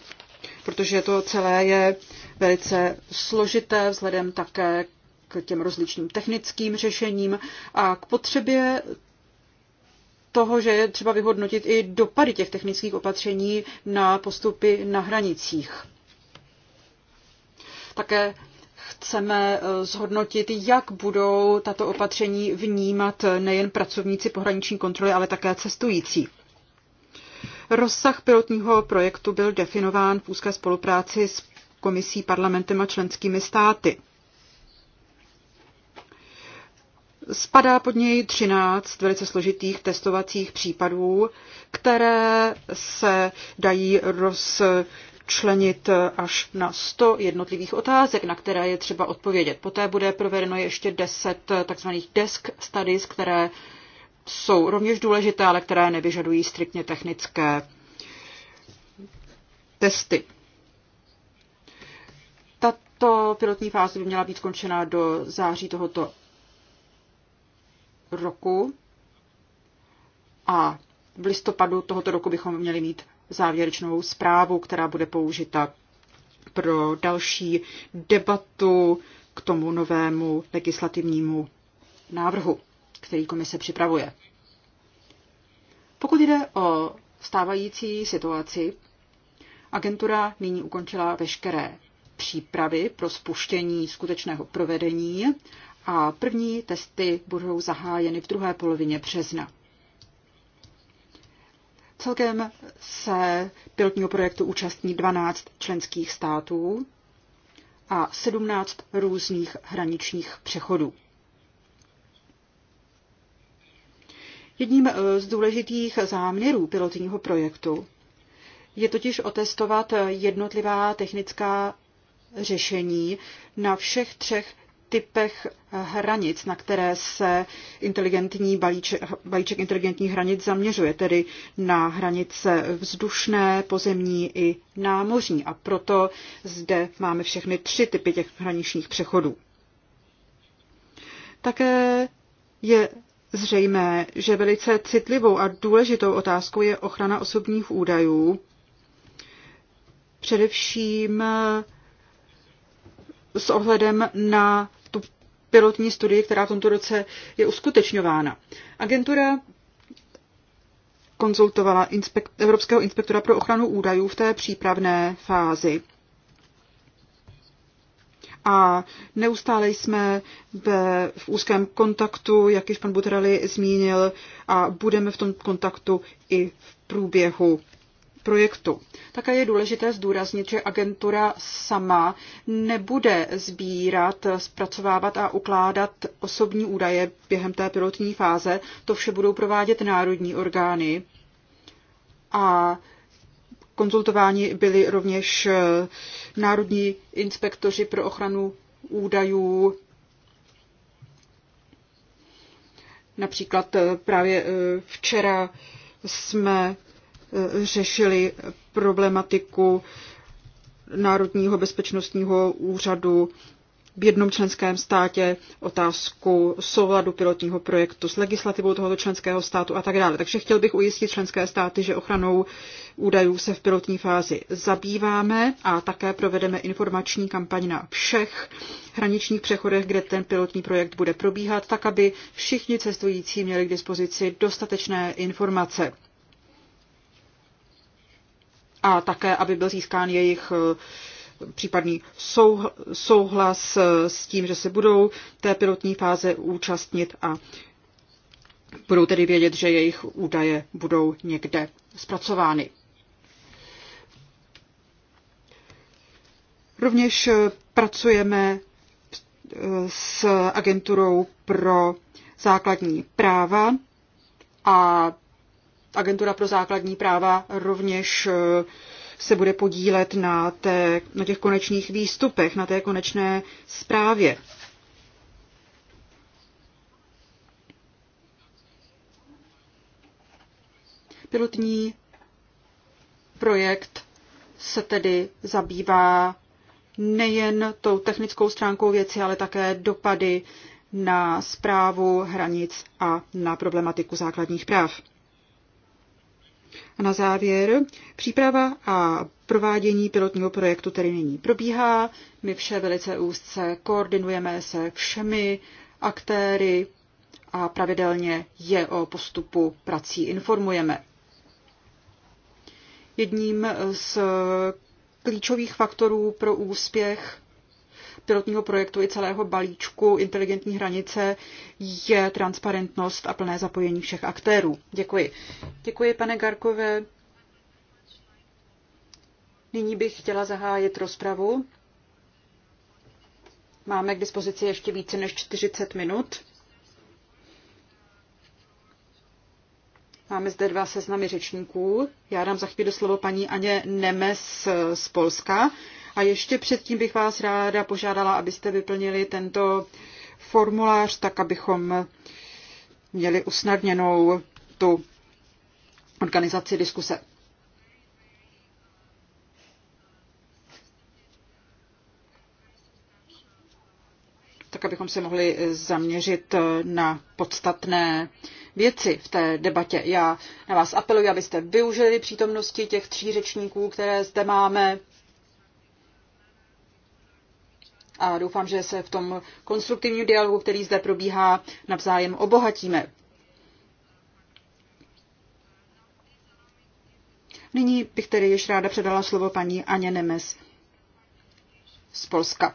protože to celé je velice složité vzhledem také k těm rozličným technickým řešením a k potřebě toho, že je třeba vyhodnotit i dopady těch technických opatření na postupy na hranicích. Také chceme eh, zhodnotit, jak budou tato opatření vnímat nejen pracovníci pohraniční kontroly, ale také cestující. Rozsah pilotního projektu byl definován v úzké spolupráci s komisí, parlamentem a členskými státy. Spadá pod něj 13 velice složitých testovacích případů, které se dají roz, členit eh, až na 100 jednotlivých otázek, na které je třeba odpovědět. Poté bude provedeno ještě 10 eh, tzv. desk studies, které jsou rovněž důležité, ale které nevyžadují striktně technické testy. Tato pilotní fáze by měla být skončena do září tohoto roku a v listopadu tohoto roku bychom měli mít závěrečnou zprávu, která bude použita pro další debatu k tomu novému legislativnímu návrhu, který komise připravuje. Pokud jde o stávající situaci, agentura nyní ukončila veškeré přípravy pro spuštění skutečného provedení a první testy budou zahájeny v druhé polovině března. Celkem se pilotního projektu účastní 12 členských států a 17 různých hraničních přechodů. Jedním eh, z důležitých záměrů pilotního projektu je totiž otestovat jednotlivá technická řešení na všech třech typech hranic, na které se inteligentní balíček, balíček inteligentních hranic zaměřuje, tedy na hranice vzdušné, pozemní i námořní. A proto zde máme všechny tři typy těch hraničních přechodů. Také je zřejmé, že velice citlivou a důležitou otázkou je ochrana osobních údajů, především s ohledem na pilotní studii, která v tomto roce je uskutečňována. Agentura konzultovala inspekt, Evropského inspektora pro ochranu údajů v té přípravné fázi. A neustále jsme ve, v úzkém kontaktu, jak již pan Butrali zmínil, a budeme v tom kontaktu i v průběhu projektu. Také je důležité zdůraznit, že agentura sama nebude sbírat, zpracovávat a ukládat osobní údaje během té pilotní fáze. To vše budou provádět národní orgány. A konzultováni byli rovněž eh, národní inspektoři pro ochranu údajů, Například eh, právě eh, včera jsme Eh, řešili problematiku Národního bezpečnostního úřadu v jednom členském státě, otázku souladu pilotního projektu s legislativou tohoto členského státu a tak dále. Takže chtěl bych ujistit členské státy, že ochranou údajů se v pilotní fázi zabýváme a také provedeme informační kampaň na všech hraničních přechodech, kde ten pilotní projekt bude probíhat, tak aby všichni cestující měli k dispozici dostatečné informace a také, aby byl získán jejich eh, případný souhlas eh, s tím, že se budou té pilotní fáze účastnit a budou tedy vědět, že jejich údaje budou někde zpracovány. Rovněž eh, pracujeme s agenturou pro základní práva a Agentura pro základní práva rovněž eh, se bude podílet na, té, na těch konečných výstupech, na té konečné zprávě. Pilotní projekt se tedy zabývá nejen tou technickou stránkou věci, ale také dopady na zprávu hranic a na problematiku základních práv. A na závěr, příprava a provádění pilotního projektu tedy nyní probíhá. My vše velice úzce koordinujeme se všemi aktéry a pravidelně je o postupu prací informujeme. Jedním z klíčových faktorů pro úspěch pilotního projektu i celého balíčku inteligentní hranice je transparentnost a plné zapojení všech aktérů. Děkuji. Děkuji, pane Garkové. Nyní bych chtěla zahájit rozpravu. Máme k dispozici ještě více než 40 minut. Máme zde dva seznamy řečníků. Já dám za chvíli slovo paní Aně Nemes z Polska, a ještě předtím bych vás ráda požádala, abyste vyplnili tento formulář, tak abychom měli usnadněnou tu organizaci diskuse. tak abychom se mohli zaměřit na podstatné věci v té debatě. Já na vás apeluji, abyste využili přítomnosti těch tří řečníků, které zde máme, a doufám, že se v tom konstruktivním dialogu, který zde probíhá, navzájem obohatíme. Nyní bych tedy již ráda předala slovo paní Aně Nemes z Polska.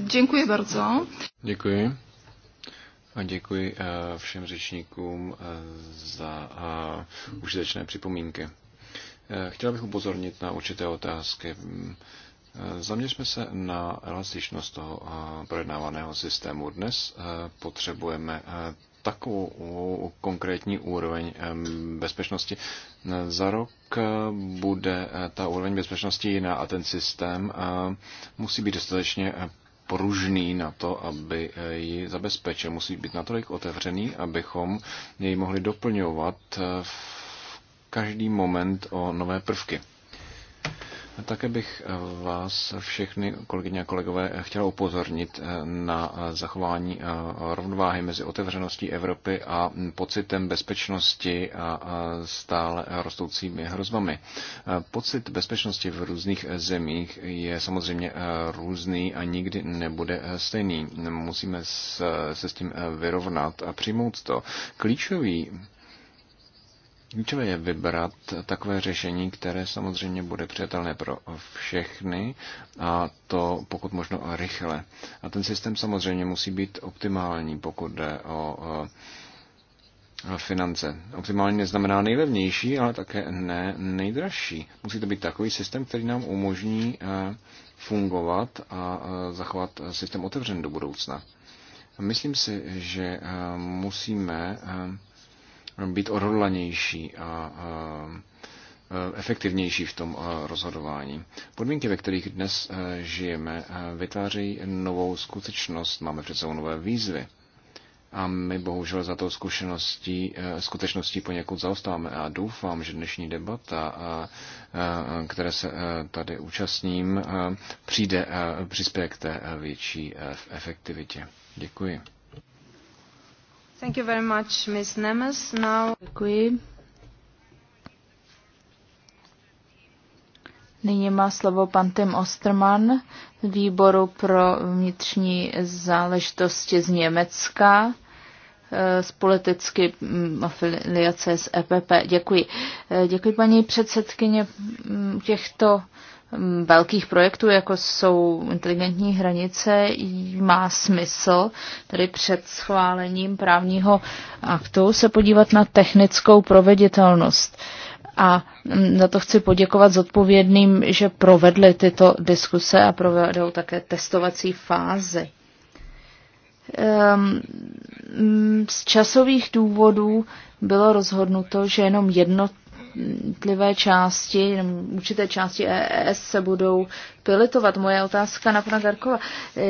Děkuji bardzo. Děkuji. A děkuji eh, všem řečníkům eh, za eh, užitečné připomínky. Chtěl bych upozornit na určité otázky. Zaměřme se na elastičnost toho eh, projednávaného systému. Dnes eh, potřebujeme eh, takovou konkrétní úroveň bezpečnosti. Za rok bude ta úroveň bezpečnosti jiná a ten systém musí být dostatečně pružný na to, aby ji zabezpečil. Musí být natolik otevřený, abychom jej mohli doplňovat v každý moment o nové prvky. Také bych eh, vás všechny, kolegyně a kolegové, chtěl upozornit eh, na eh, zachování rovnováhy mezi otevřeností Evropy a pocitem bezpečnosti a stále rostoucími hrozbami. Pocit bezpečnosti v různých zemích je samozřejmě různý a nikdy nebude stejný. Musíme se s tím vyrovnat a přijmout to. Klíčový Klíčové je vybrat takové řešení, které samozřejmě bude přijatelné pro všechny a to pokud možno rychle. A ten systém samozřejmě musí být optimální, pokud jde o e, finance. Optimální neznamená nejlevnější, ale také ne nejdražší. Musí to být takový systém, který nám umožní e, fungovat a e, zachovat systém otevřen do budoucna. Myslím si, že musíme být odhodlanější a, a e, efektivnější v tom e, rozhodování. Podmínky, ve kterých dnes e, žijeme, vytvářejí novou skutečnost, máme před sebou nové výzvy. A my bohužel za tou zkušeností, skutečností poněkud zaostáváme. A doufám, že dnešní debata, které se tady účastním, přijde, přispěje k té větší efektivitě. Děkuji. Thank you very much, Ms. Nemes. Now... Děkuji. Nyní má slovo pan Tim Osterman z výboru pro vnitřní záležitosti z Německa eh, z politické mm, afiliace z EPP. Děkuji. Eh, děkuji paní předsedkyně mm, těchto Mm, velkých projektů, jako jsou inteligentní hranice, má smysl tedy před schválením právního aktu se podívat na technickou proveditelnost. A mm, za to chci poděkovat zodpovědným, že provedli tyto diskuse a provedou také testovací fázy. Ehm, mm, z časových důvodů bylo rozhodnuto, že jenom jedno jednotlivé části, určité části EES se budou pilitovat. Moje otázka na pana Garkova. E,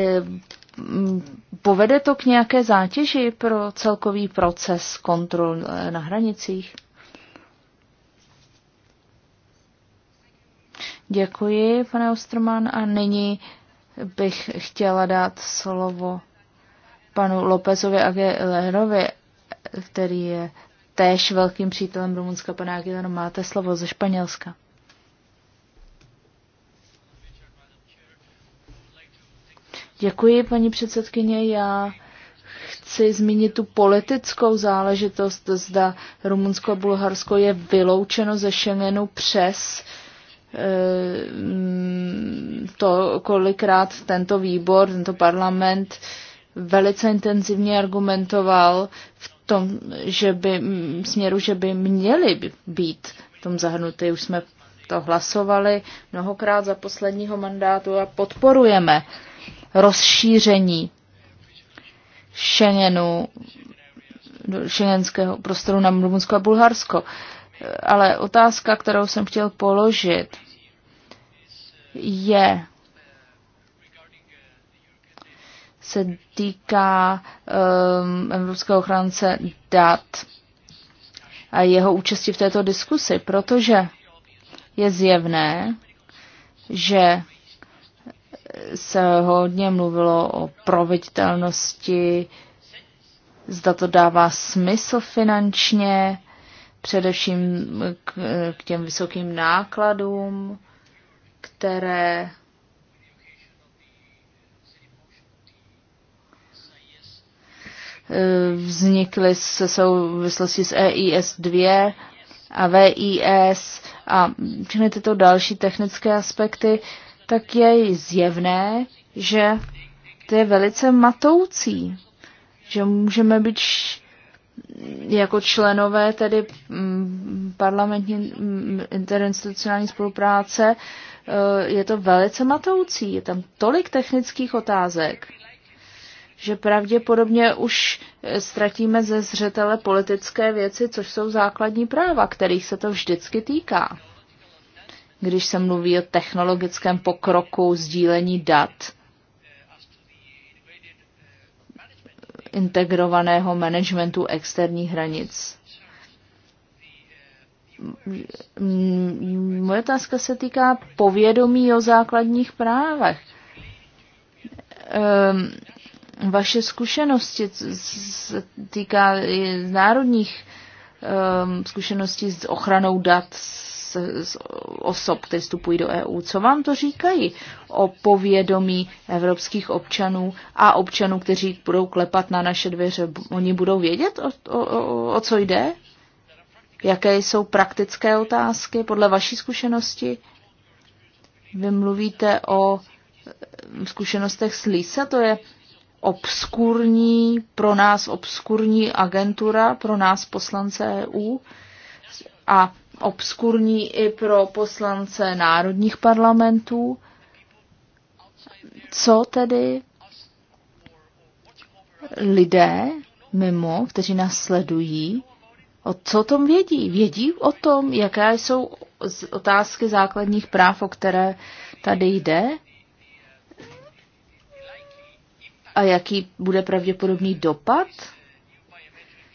povede to k nějaké zátěži pro celkový proces kontrol e, na hranicích? Děkuji, pane Ostrman, a nyní bych chtěla dát slovo panu Lopezovi Aguilerovi, který je též velkým přítelem Rumunska, pane Aguilera, máte slovo ze Španělska. Děkuji, paní předsedkyně. Já chci zmínit tu politickou záležitost, zda Rumunsko a Bulharsko je vyloučeno ze Schengenu přes eh, to, kolikrát tento výbor, tento parlament velice intenzivně argumentoval v tom, že by směru, že by měly být v tom zahrnuty. Už jsme to hlasovali mnohokrát za posledního mandátu a podporujeme rozšíření Schengenu, šengenského prostoru na Rumunsko a Bulharsko. Ale otázka, kterou jsem chtěl položit, je, se týká um, Evropského ochránce dat a jeho účasti v této diskusi, protože je zjevné, že se hodně mluvilo o proveditelnosti, zda to dává smysl finančně, především k, k těm vysokým nákladům, které vznikly se souvislosti s EIS 2 a VIS a všechny tyto další technické aspekty, tak je zjevné, že to je velice matoucí, že můžeme být jako členové tedy mm, parlamentní mm, interinstitucionální spolupráce, eh, je to velice matoucí. Je tam tolik technických otázek že pravděpodobně už eh, ztratíme ze zřetele politické věci, což jsou základní práva, kterých se to vždycky týká. Když se mluví o technologickém pokroku, sdílení dat, integrovaného managementu externích hranic. Moje otázka se týká povědomí o základních právech. Ehm, vaše zkušenosti z, týká národních um, zkušeností s ochranou dat z, z osob, které vstupují do EU. Co vám to říkají o povědomí evropských občanů a občanů, kteří budou klepat na naše dveře? Oni budou vědět, o, o, o, o co jde? Jaké jsou praktické otázky podle vaší zkušenosti? Vy mluvíte o ehm, zkušenostech s LISA, to je obskurní, pro nás obskurní agentura, pro nás poslance EU a obskurní i pro poslance národních parlamentů. Co tedy lidé mimo, kteří nás sledují, o co tom vědí? Vědí o tom, jaké jsou otázky základních práv, o které tady jde? a jaký bude pravděpodobný dopad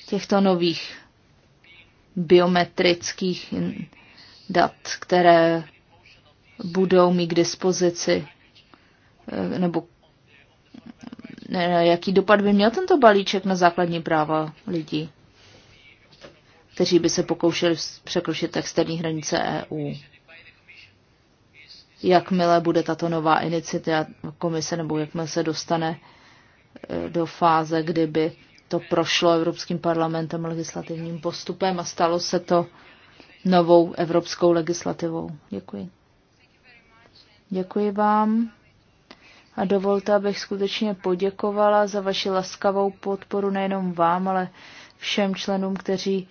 těchto nových biometrických dat, které budou mít k dispozici, eh, nebo jaký dopad by měl tento balíček na základní práva lidí, kteří by se pokoušeli překročit externí hranice EU. Jakmile bude tato nová iniciativa komise, nebo jakmile se dostane Eh, do fáze, kdyby to prošlo Evropským parlamentem legislativním postupem a stalo se to novou evropskou legislativou. Děkuji. Děkuji vám a dovolte, abych skutečně poděkovala za vaši laskavou podporu nejenom vám, ale všem členům, kteří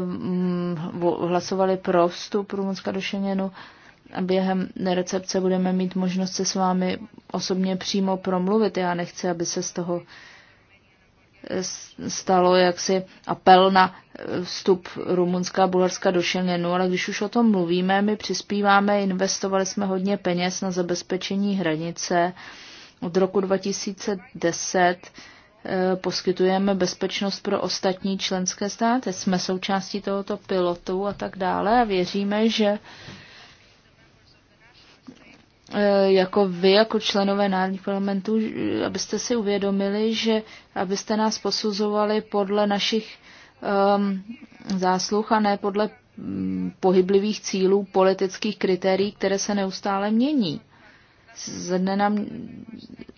um, hlasovali pro vstup Rumunska do Šeněnu během recepce budeme mít možnost se s vámi osobně přímo promluvit. Já nechci, aby se z toho eh, stalo jaksi apel na eh, vstup Rumunska a Bulharska do Schengenu, ale když už o tom mluvíme, my přispíváme, investovali jsme hodně peněz na zabezpečení hranice. Od roku 2010 eh, poskytujeme bezpečnost pro ostatní členské státy. Jsme součástí tohoto pilotu a tak dále a věříme, že Eh, jako vy, jako členové národních parlamentů, abyste si uvědomili, že abyste nás posuzovali podle našich um, zásluh a ne podle um, pohyblivých cílů politických kritérií, které se neustále mění. Ze dne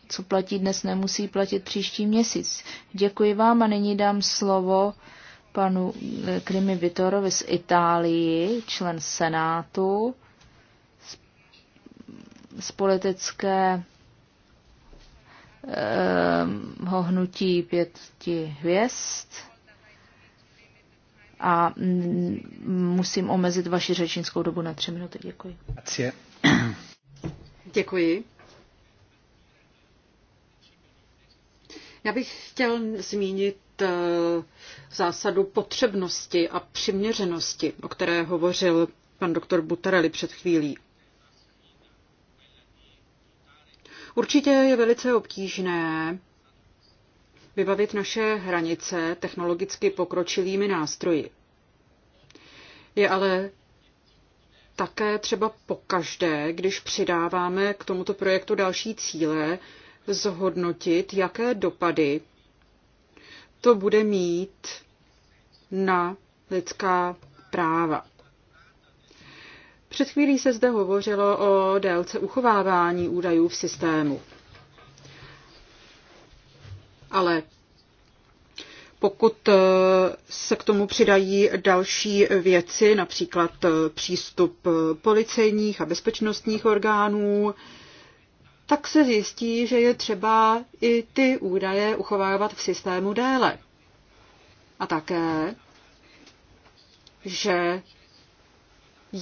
co platí dnes, nemusí platit příští měsíc. Děkuji vám a nyní dám slovo panu eh, Krimi Vitorovi z Itálii, člen Senátu z politické eh, ho hnutí pěti hvězd a musím omezit vaši řečnickou dobu na tři minuty. Děkuji. Děkuji. Já bych chtěl zmínit eh, zásadu potřebnosti a přiměřenosti, o které hovořil pan doktor Butarelli před chvílí. Určitě je velice obtížné vybavit naše hranice technologicky pokročilými nástroji. Je ale také třeba pokaždé, když přidáváme k tomuto projektu další cíle, zhodnotit, jaké dopady to bude mít na lidská práva. Před chvílí se zde hovořilo o délce uchovávání údajů v systému. Ale pokud eh, se k tomu přidají další věci, například eh, přístup eh, policejních a bezpečnostních orgánů, tak se zjistí, že je třeba i ty údaje uchovávat v systému déle. A také, že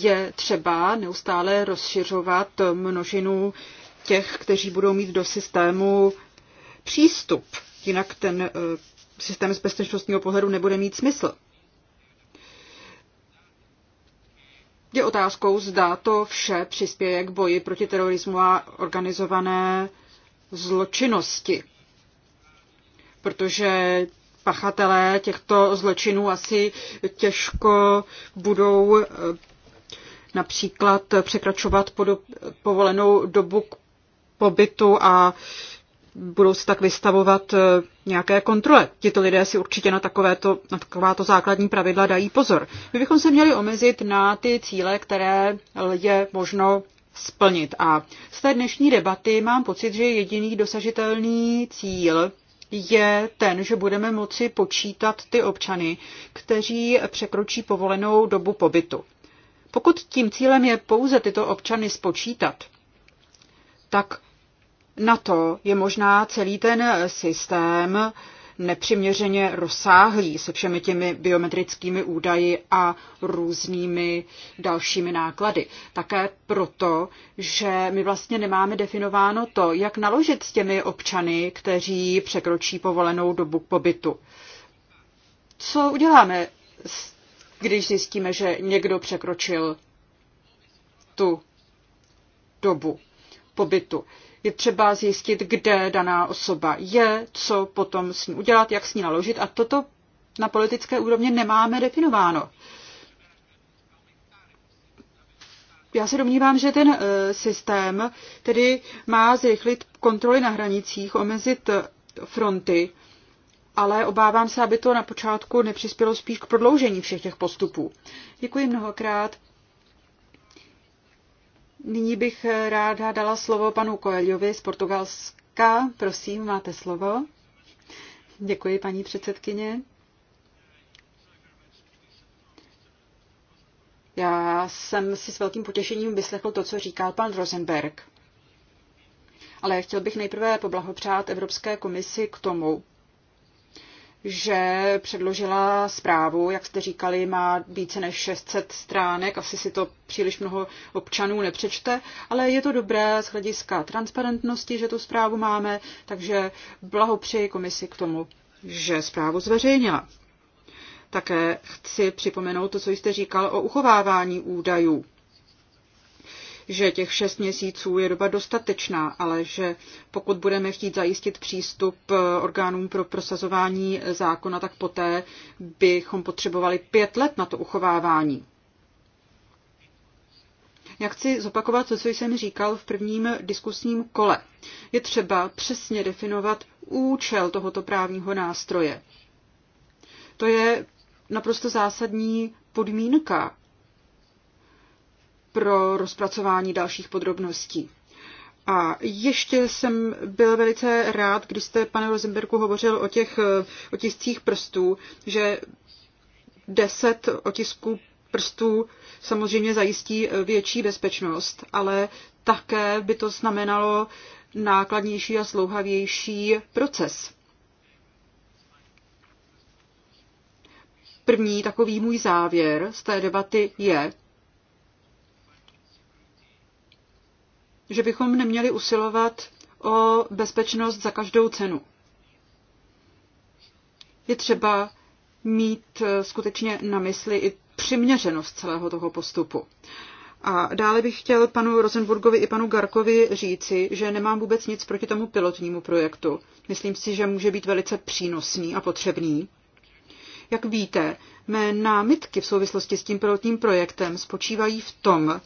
je třeba neustále rozšiřovat množinu těch, kteří budou mít do systému přístup. Jinak ten eh, systém z bezpečnostního pohledu nebude mít smysl. Je otázkou, zda to vše přispěje k boji proti terorismu a organizované zločinnosti. Protože pachatelé těchto zločinů asi těžko budou eh, například překračovat podob, povolenou dobu k pobytu a budou se tak vystavovat eh, nějaké kontrole. Tito lidé si určitě na, takovéto, na takováto základní pravidla dají pozor. My bychom se měli omezit na ty cíle, které je možno splnit. A z té dnešní debaty mám pocit, že jediný dosažitelný cíl je ten, že budeme moci počítat ty občany, kteří překročí povolenou dobu pobytu. Pokud tím cílem je pouze tyto občany spočítat, tak na to je možná celý ten systém nepřiměřeně rozsáhlý se všemi těmi biometrickými údaji a různými dalšími náklady. Také proto, že my vlastně nemáme definováno to, jak naložit s těmi občany, kteří překročí povolenou dobu pobytu. Co uděláme s když zjistíme, že někdo překročil tu dobu pobytu. Je třeba zjistit, kde daná osoba je, co potom s ní udělat, jak s ní naložit a toto na politické úrovni nemáme definováno. Já se domnívám, že ten eh, systém tedy má zrychlit kontroly na hranicích, omezit fronty ale obávám se, aby to na počátku nepřispělo spíš k prodloužení všech těch postupů. Děkuji mnohokrát. Nyní bych ráda dala slovo panu Koeljovi z Portugalska. Prosím, máte slovo. Děkuji, paní předsedkyně. Já jsem si s velkým potěšením vyslechl to, co říkal pan Rosenberg. Ale chtěl bych nejprve poblahopřát Evropské komisi k tomu, že předložila zprávu, jak jste říkali, má více než 600 stránek, asi si to příliš mnoho občanů nepřečte, ale je to dobré z hlediska transparentnosti, že tu zprávu máme, takže blahopřeji komisi k tomu, že zprávu zveřejnila. Také chci připomenout to, co jste říkal o uchovávání údajů že těch šest měsíců je doba dostatečná, ale že pokud budeme chtít zajistit přístup eh, orgánům pro prosazování zákona, tak poté bychom potřebovali pět let na to uchovávání. Já chci zopakovat to, co jsem říkal v prvním diskusním kole. Je třeba přesně definovat účel tohoto právního nástroje. To je naprosto zásadní podmínka pro rozpracování dalších podrobností. A ještě jsem byl velice rád, když jste, pane Rosenbergu, hovořil o těch otiscích prstů, že deset otisků prstů samozřejmě zajistí větší bezpečnost, ale také by to znamenalo nákladnější a slouhavější proces. První takový můj závěr z té debaty je, že bychom neměli usilovat o bezpečnost za každou cenu. Je třeba mít eh, skutečně na mysli i přiměřenost celého toho postupu. A dále bych chtěl panu Rosenburgovi i panu Garkovi říci, že nemám vůbec nic proti tomu pilotnímu projektu. Myslím si, že může být velice přínosný a potřebný. Jak víte, mé námitky v souvislosti s tím pilotním projektem spočívají v tom,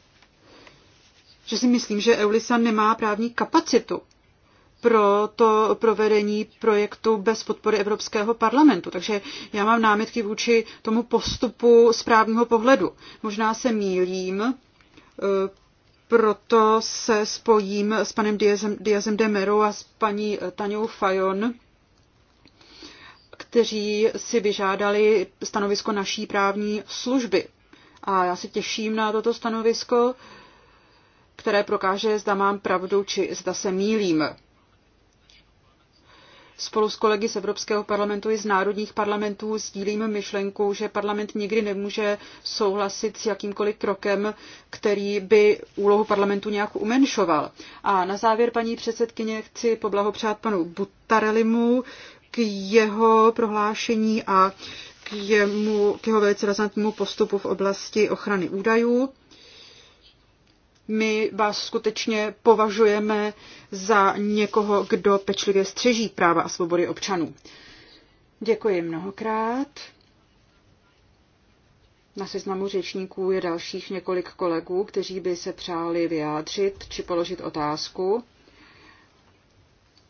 že si myslím, že Eulisa nemá právní kapacitu pro to provedení projektu bez podpory Evropského parlamentu. Takže já mám námitky vůči tomu postupu z právního pohledu. Možná se mílím, e, proto se spojím s panem Diazem, Diazem Demerou a s paní Tanou Fajon, kteří si vyžádali stanovisko naší právní služby. A já se těším na toto stanovisko které prokáže, zda mám pravdu, či zda se mílím. Spolu s kolegy z Evropského parlamentu i z národních parlamentů sdílím myšlenku, že parlament nikdy nemůže souhlasit s jakýmkoliv krokem, který by úlohu parlamentu nějak umenšoval. A na závěr, paní předsedkyně, chci poblahopřát panu Butarelimu k jeho prohlášení a k, jemu, k jeho velice razantnímu postupu v oblasti ochrany údajů my vás skutečně považujeme za někoho, kdo pečlivě střeží práva a svobody občanů. Děkuji mnohokrát. Na seznamu řečníků je dalších několik kolegů, kteří by se přáli vyjádřit či položit otázku.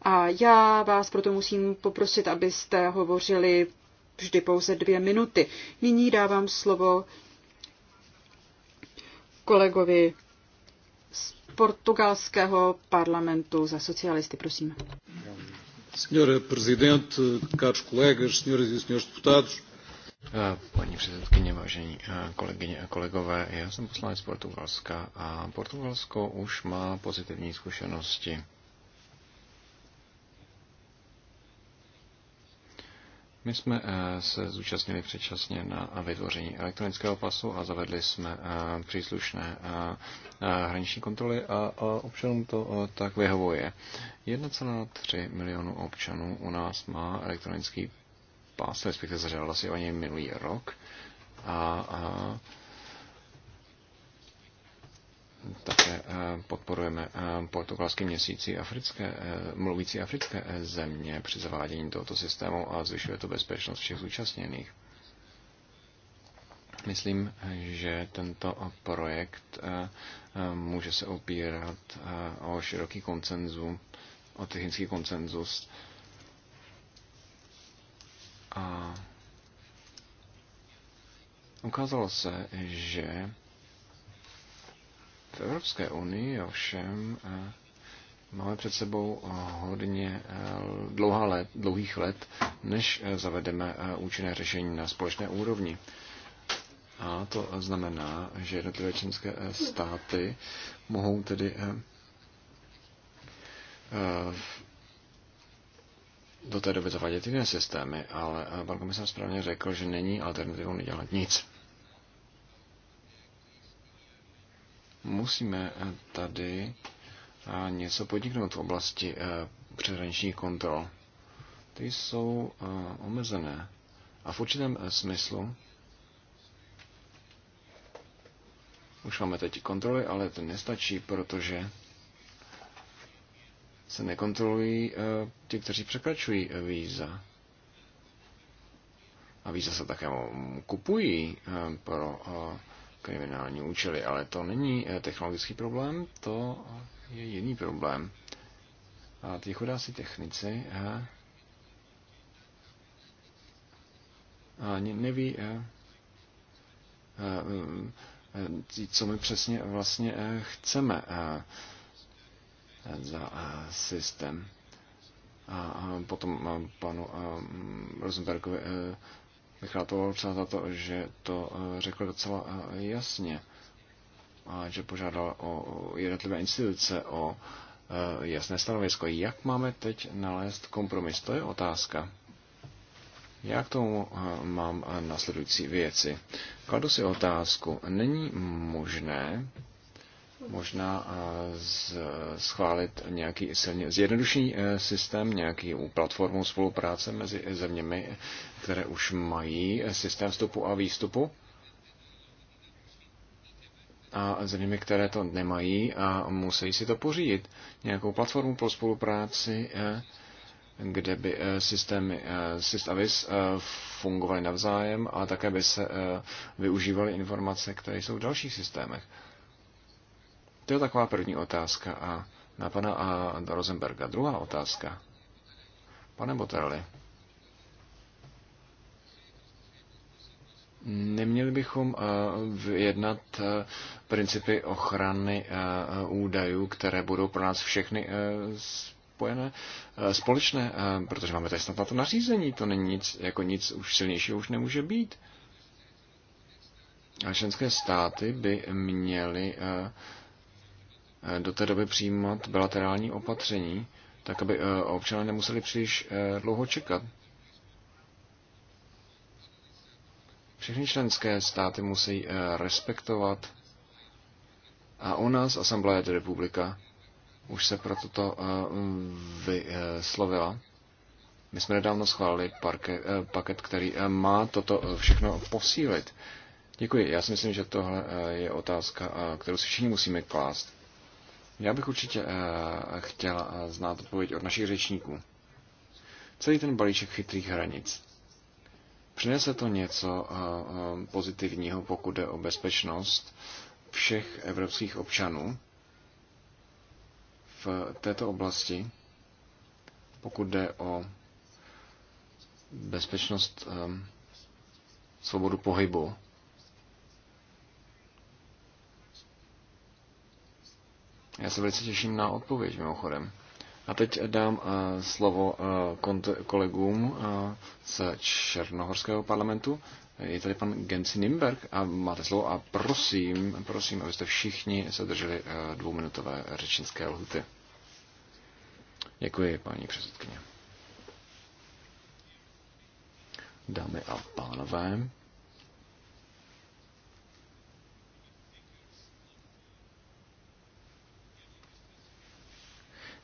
A já vás proto musím poprosit, abyste hovořili vždy pouze dvě minuty. Nyní dávám slovo kolegovi portugalského parlamentu za socialisty. Prosím. Senhora Presidente, caros colegas, senhoras e senhores deputados. Eh, paní předsedkyně, vážení eh, kolegyně a kolegové, já jsem poslanec Portugalska a Portugalsko už má pozitivní zkušenosti My jsme eh, se zúčastnili předčasně na vytvoření elektronického pasu a zavedli jsme eh, příslušné eh, hraniční kontroly a občanům to tak vyhovuje. 1,3 milionu občanů u nás má elektronický pas, respektive zařádala si o něj minulý rok a také eh, podporujeme eh, portugalský měsící africké, eh, mluvící africké země při zavádění tohoto systému a zvyšuje to bezpečnost všech zúčastněných. Myslím, že tento projekt může se opírat o široký koncenzus, o technický koncenzus a ukázalo se, že v Evropské unii ovšem eh, máme před sebou eh, hodně eh, dlouhá let, dlouhých let, než zavedeme účinné řešení na společné úrovni. A to znamená, že jednotlivé členské státy mohou tedy do té doby zavádět jiné systémy, ale pan komisar správně řekl, že není alternativou nedělat nic. Musíme eh, tady eh, něco podniknout v oblasti eh, přeshraničních kontrol. Ty jsou omezené. A v určitém smyslu už máme teď kontroly, ale to nestačí, protože se nekontrolují ti, kteří překračují víza. A víza se také kupují pro kriminální účely. Ale to není eh, technologický problém, to je jiný problém. A ty chudáci technici a eh, ani neví, a, a, a, co my přesně vlastně eh, chceme a, za a, systém. A potom panu Rosenbergovi Michal Tovolca za to, že to eh, řekl docela eh, jasně a že požádal o jednotlivé instituce o eh, jasné stanovisko. Jak máme teď nalézt kompromis? To je otázka. Já k tomu mám následující věci. Kladu si otázku. Není možné možná eh, z, schválit nějaký silně zjednodušený eh, systém, nějaký platformu spolupráce mezi zeměmi, které už mají eh, systém vstupu a výstupu a zeměmi, které to nemají a musí si to pořídit. Nějakou platformu pro spolupráci, kde by systémy SysAvis fungovaly navzájem a také by se využívaly informace, které jsou v dalších systémech. To je taková první otázka a na pana a Rosenberga. Druhá otázka. Pane Botelli, neměli bychom eh, vyjednat eh, principy ochrany eh, údajů, které budou pro nás všechny spojené, společné, protože máme tady snad na to nařízení, to není nic, jako nic už silnějšího už nemůže být. A členské státy by měly uh, Eh, do té doby přijímat bilaterální opatření, tak aby eh, občané nemuseli příliš eh, dlouho čekat. Všechny členské státy musí respektovat a u nás de republika už se pro toto vyslovila. My jsme nedávno schválili parke, paket, který má toto všechno posílit. Děkuji. Já si myslím, že tohle je otázka, kterou si všichni musíme klást. Já bych určitě uh, znát odpověď od našich řečníků. Celý ten balíček chytrých hranic. Přinese to něco eh, pozitivního, pokud jde o bezpečnost všech evropských občanů v této oblasti, pokud jde o bezpečnost, svobodu pohybu Já se velice těším na odpověď mimochodem. A teď dám eh, slovo eh, kolegům eh, z Černohorského parlamentu. Je tady pan Genci Nimberg a máte slovo a prosím, prosím, abyste všichni se drželi dvouminutové řečnické lhuty. Děkuji, paní předsedkyně. Dámy a pánové,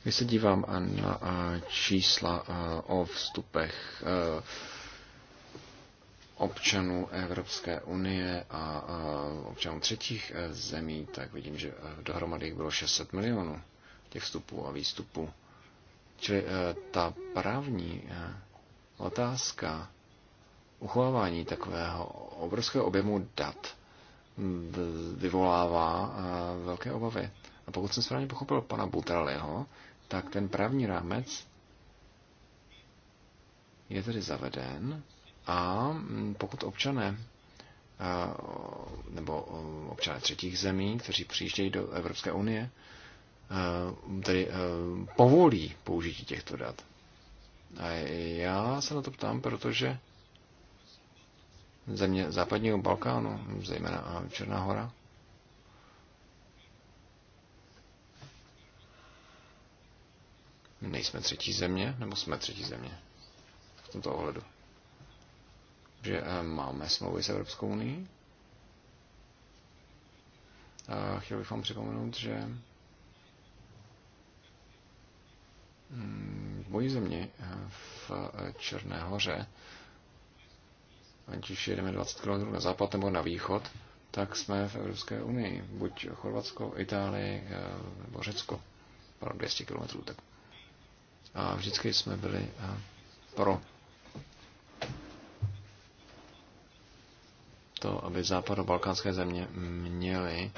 Když se dívám na čísla o vstupech občanů Evropské unie a občanů třetích e, zemí, tak vidím, že e, dohromady jich bylo 600 milionů těch vstupů a výstupů. Čili e, ta právní otázka uchovávání takového obrovského objemu dat vyvolává velké obavy. A pokud jsem správně pochopil pana Butraliho, tak ten právní rámec je tedy zaveden a mm, pokud občané eh, nebo eh, občané třetích zemí, kteří přijíždějí do Evropské unie, eh, tedy povolí použití těchto dat. A já se na to ptám, protože země západního Balkánu, zejména Černá hora, My nejsme třetí země, nebo jsme třetí země v tomto ohledu? Že eh, máme smlouvy s Evropskou unii. A eh, chtěl bych vám připomenout, že mm, v mojí zemi eh, v Černé hoře, ať už jedeme 20 km na západ nebo na východ, tak jsme v Evropské unii, buď Chorvatsko, Itálii nebo Řecko, pár 200 km, tak a vždycky jsme byli eh, pro to, aby západobalkánské země měly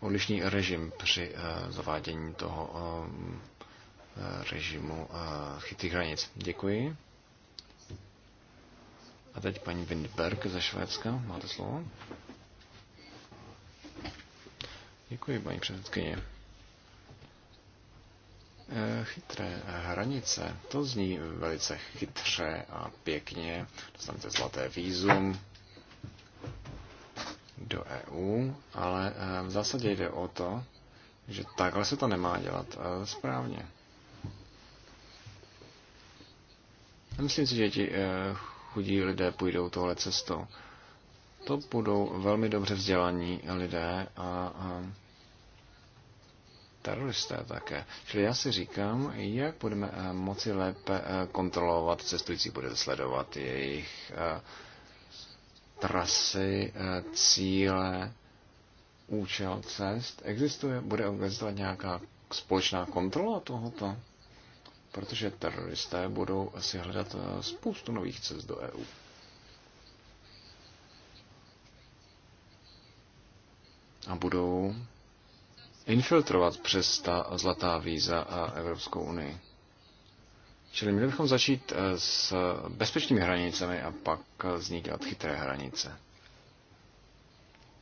odlišný režim při eh, zavádění toho eh, režimu chytých hranic. Děkuji. A teď paní Windberg ze Švédska, máte slovo. Děkuji, paní předsedkyně. Eh, chytré hranice, to zní velice chytře a pěkně. Dostanete zlaté vízum do EU, ale eh, v zásadě jde o to, že takhle se to nemá dělat eh, správně. Myslím si, že ti chudí lidé půjdou tohle cestou. To budou velmi dobře vzdělaní lidé a, a teroristé také. Čili já si říkám, jak budeme eh, moci lépe eh, kontrolovat cestující, bude sledovat jejich eh, trasy, cíle, účel cest. Existuje, bude existovat nějaká společná kontrola tohoto? Protože teroristé budou asi hledat spoustu nových cest do EU. A budou infiltrovat přes ta zlatá víza a Evropskou unii. Čili měli bychom začít eh, s bezpečnými hranicemi a pak eh, vznikat chytré hranice.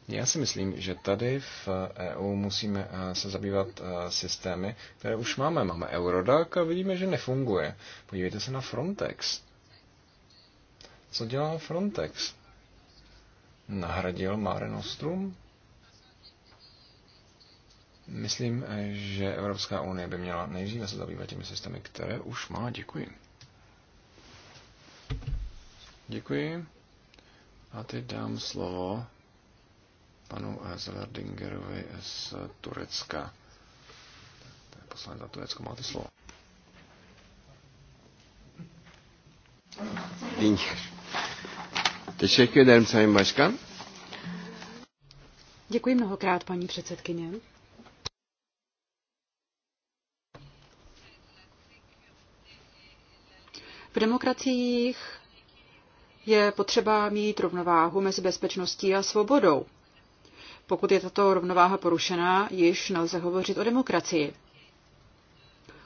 Já si myslím, že tady v EU eh, e musíme se zabývat systémy, které už máme. Máme Eurodac a vidíme, že nefunguje. Podívejte se na Frontex. Co dělá Frontex? Nahradil Mare Nostrum? Myslím, že Evropská unie by měla nejdříve se zabývat těmi systémy, které už má. Děkuji. Děkuji. A teď dám slovo panu Zelardingerovi z Turecka. To je poslanec za Turecko, máte slovo. Děkuji mnohokrát, paní předsedkyně. V demokraciích je potřeba mít rovnováhu mezi bezpečností a svobodou. Pokud je tato rovnováha porušená, již nelze hovořit o demokracii.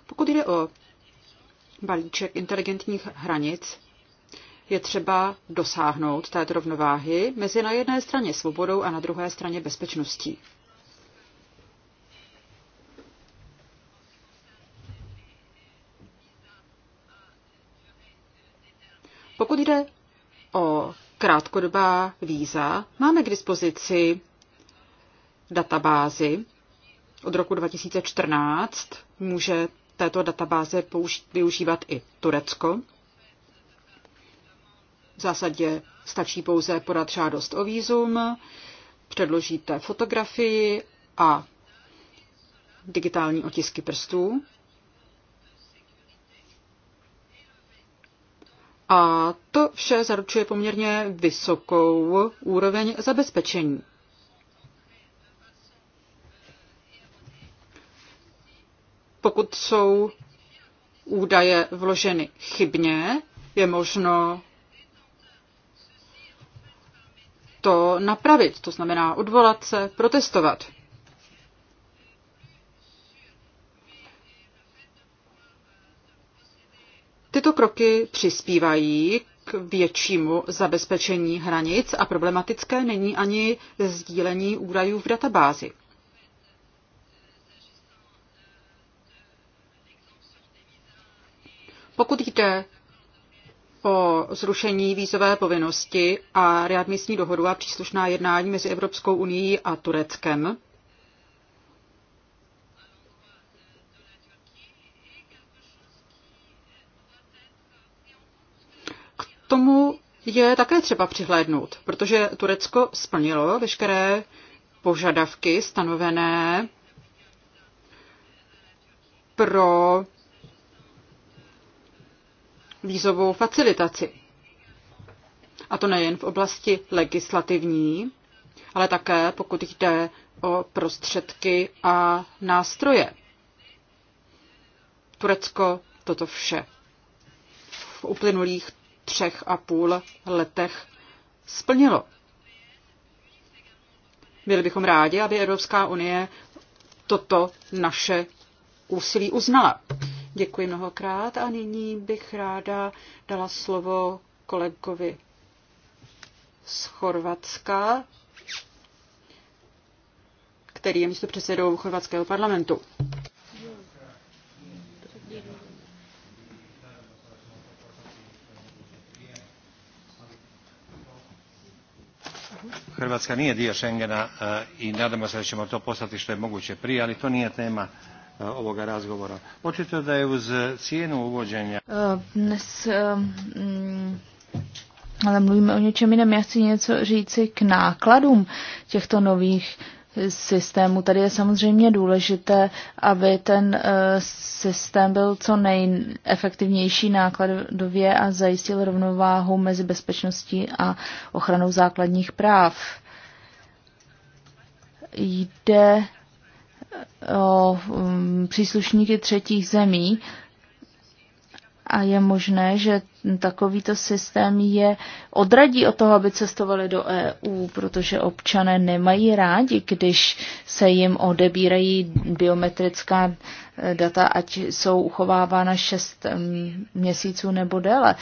Pokud jde o balíček inteligentních hranic, je třeba dosáhnout této rovnováhy mezi na jedné straně svobodou a na druhé straně bezpečností. Pokud jde o krátkodobá víza, máme k dispozici databázi od roku 2014. Může této databáze využívat i Turecko. V zásadě stačí pouze podat žádost o výzum, předložíte fotografii a digitální otisky prstů. A to vše zaručuje poměrně vysokou úroveň zabezpečení. Pokud jsou údaje vloženy chybně, je možno to napravit, to znamená odvolat se, protestovat. Tyto kroky přispívají k většímu zabezpečení hranic a problematické není ani sdílení údajů v databázi. Pokud jde o zrušení vízové povinnosti a readmisní dohodu a příslušná jednání mezi Evropskou unii a Tureckem, tomu je také třeba přihlédnout, protože Turecko splnilo veškeré požadavky stanovené pro vízovou facilitaci. A to nejen v oblasti legislativní, ale také pokud jde o prostředky a nástroje. Turecko toto vše v uplynulých třech a půl letech splnilo. Byli bychom rádi, aby Evropská unie toto naše úsilí uznala. Děkuji mnohokrát a nyní bych ráda dala slovo kolegovi z Chorvatska, který je místopředsedou chorvatského parlamentu. Hrvatska nije dio Schengena e, i nadamo se da ćemo to postati što je moguće prije, ali to nije tema e, ovoga razgovora. Očito da je uz cijenu uvođenja... E, dnes, ale mluvíme o něčem jiném. Já chci něco říci k nákladům těchto nových systému. Tady je samozřejmě důležité, aby ten eh, systém byl co nejefektivnější nákladově a zajistil rovnováhu mezi bezpečností a ochranou základních práv. Jde o mm, příslušníky třetích zemí, a je možné, že takovýto systém je odradí od toho, aby cestovali do EU, protože občané nemají rádi, když se jim odebírají biometrická eh, data, ať jsou uchovávána 6 mm, měsíců nebo déle.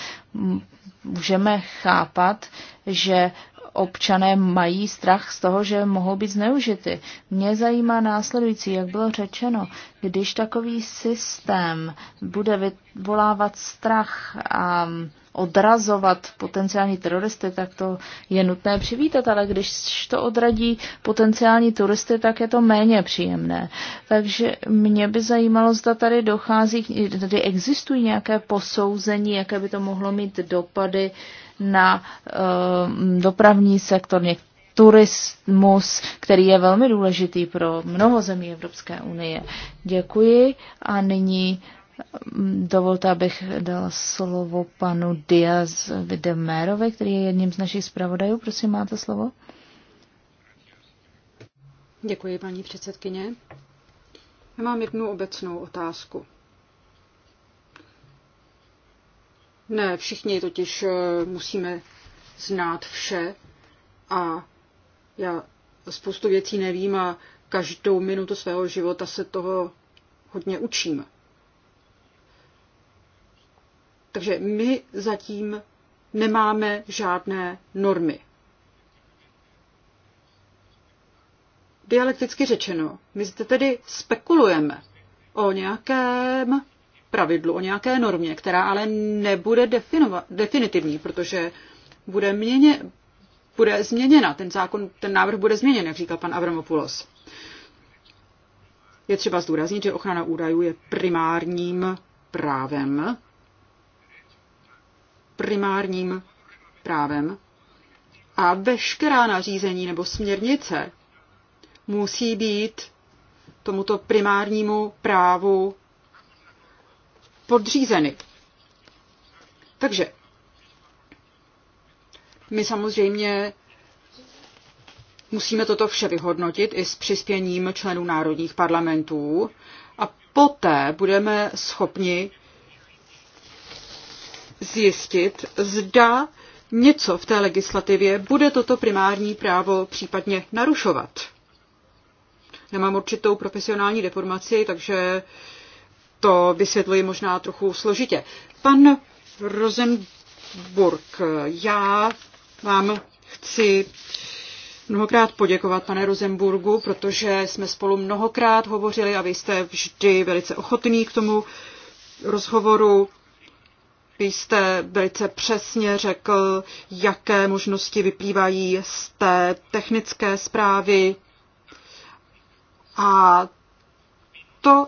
Můžeme chápat, že občané mají strach z toho, že mohou být zneužity. Mě zajímá následující, jak bylo řečeno, když takový systém bude vyvolávat strach a odrazovat potenciální teroristy, tak to je nutné přivítat, ale když to odradí potenciální turisty, tak je to méně příjemné. Takže mě by zajímalo, zda tady dochází, tady existují nějaké posouzení, jaké by to mohlo mít dopady uh, na eh, dopravní sektor, turismus, který je velmi důležitý pro mnoho zemí Evropské unie. Děkuji a nyní mm, dovolte, abych dala slovo panu Diaz Videmérovi, který je jedním z našich zpravodajů. Prosím, máte slovo. Děkuji, paní předsedkyně. Já mám jednu obecnou otázku. Ne, všichni totiž eh, musíme znát vše a já spoustu věcí nevím a každou minutu svého života se toho hodně učím. Takže my zatím nemáme žádné normy. Dialekticky řečeno, my zde tedy spekulujeme o nějakém pravidlu, o nějaké normě, která ale nebude definitivní, protože bude, měně, bude změněna. Ten zákon, ten návrh bude změněn, jak říkal pan Avramopoulos. Je třeba zdůraznit, že ochrana údajů je primárním právem. Primárním právem. A veškerá nařízení nebo směrnice musí být tomuto primárnímu právu podřízeny. Takže my samozřejmě musíme toto vše vyhodnotit i s přispěním členů národních parlamentů a poté budeme schopni zjistit, zda něco v té legislativě bude toto primární právo případně narušovat. Nemám mám určitou profesionální deformaci, takže to vysvětluji možná trochu složitě. Pan Rosenburg, já vám chci mnohokrát poděkovat, pane Rosenburgu, protože jsme spolu mnohokrát hovořili a vy jste vždy velice ochotný k tomu rozhovoru. Vy jste velice přesně řekl, jaké možnosti vyplývají z té technické zprávy a to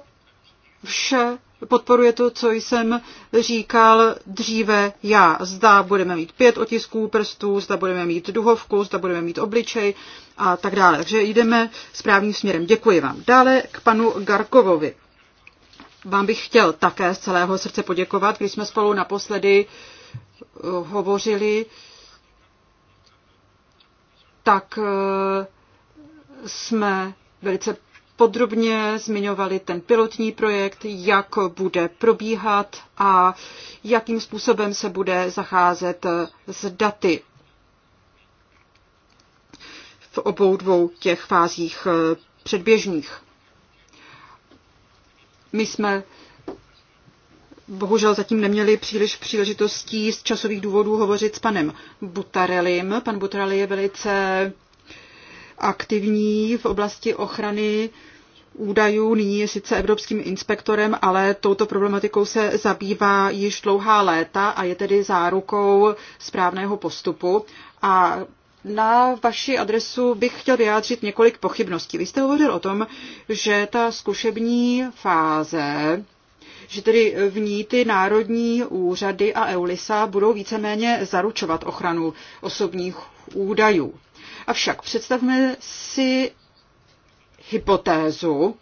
vše podporuje to, co jsem říkal dříve já. Zda budeme mít pět otisků prstů, zda budeme mít duhovku, zda budeme mít obličej a tak dále. Takže jdeme správným směrem. Děkuji vám. Dále k panu Garkovovi. Vám bych chtěl také z celého srdce poděkovat, když jsme spolu naposledy eh, hovořili, tak eh, jsme velice podrobně zmiňovali ten pilotní projekt, jak bude probíhat a jakým způsobem se bude zacházet s daty v obou dvou těch fázích předběžných. My jsme bohužel zatím neměli příliš příležitostí z časových důvodů hovořit s panem Butarelim. Pan Butarelli je velice aktivní v oblasti ochrany údajů. Nyní je sice evropským inspektorem, ale touto problematikou se zabývá již dlouhá léta a je tedy zárukou správného postupu. A na vaši adresu bych chtěl vyjádřit několik pochybností. Vy jste hovořil o tom, že ta zkušební fáze že tedy v ní ty národní úřady a EULISA budou víceméně zaručovat ochranu osobních údajů. Avšak představme si hypotézu,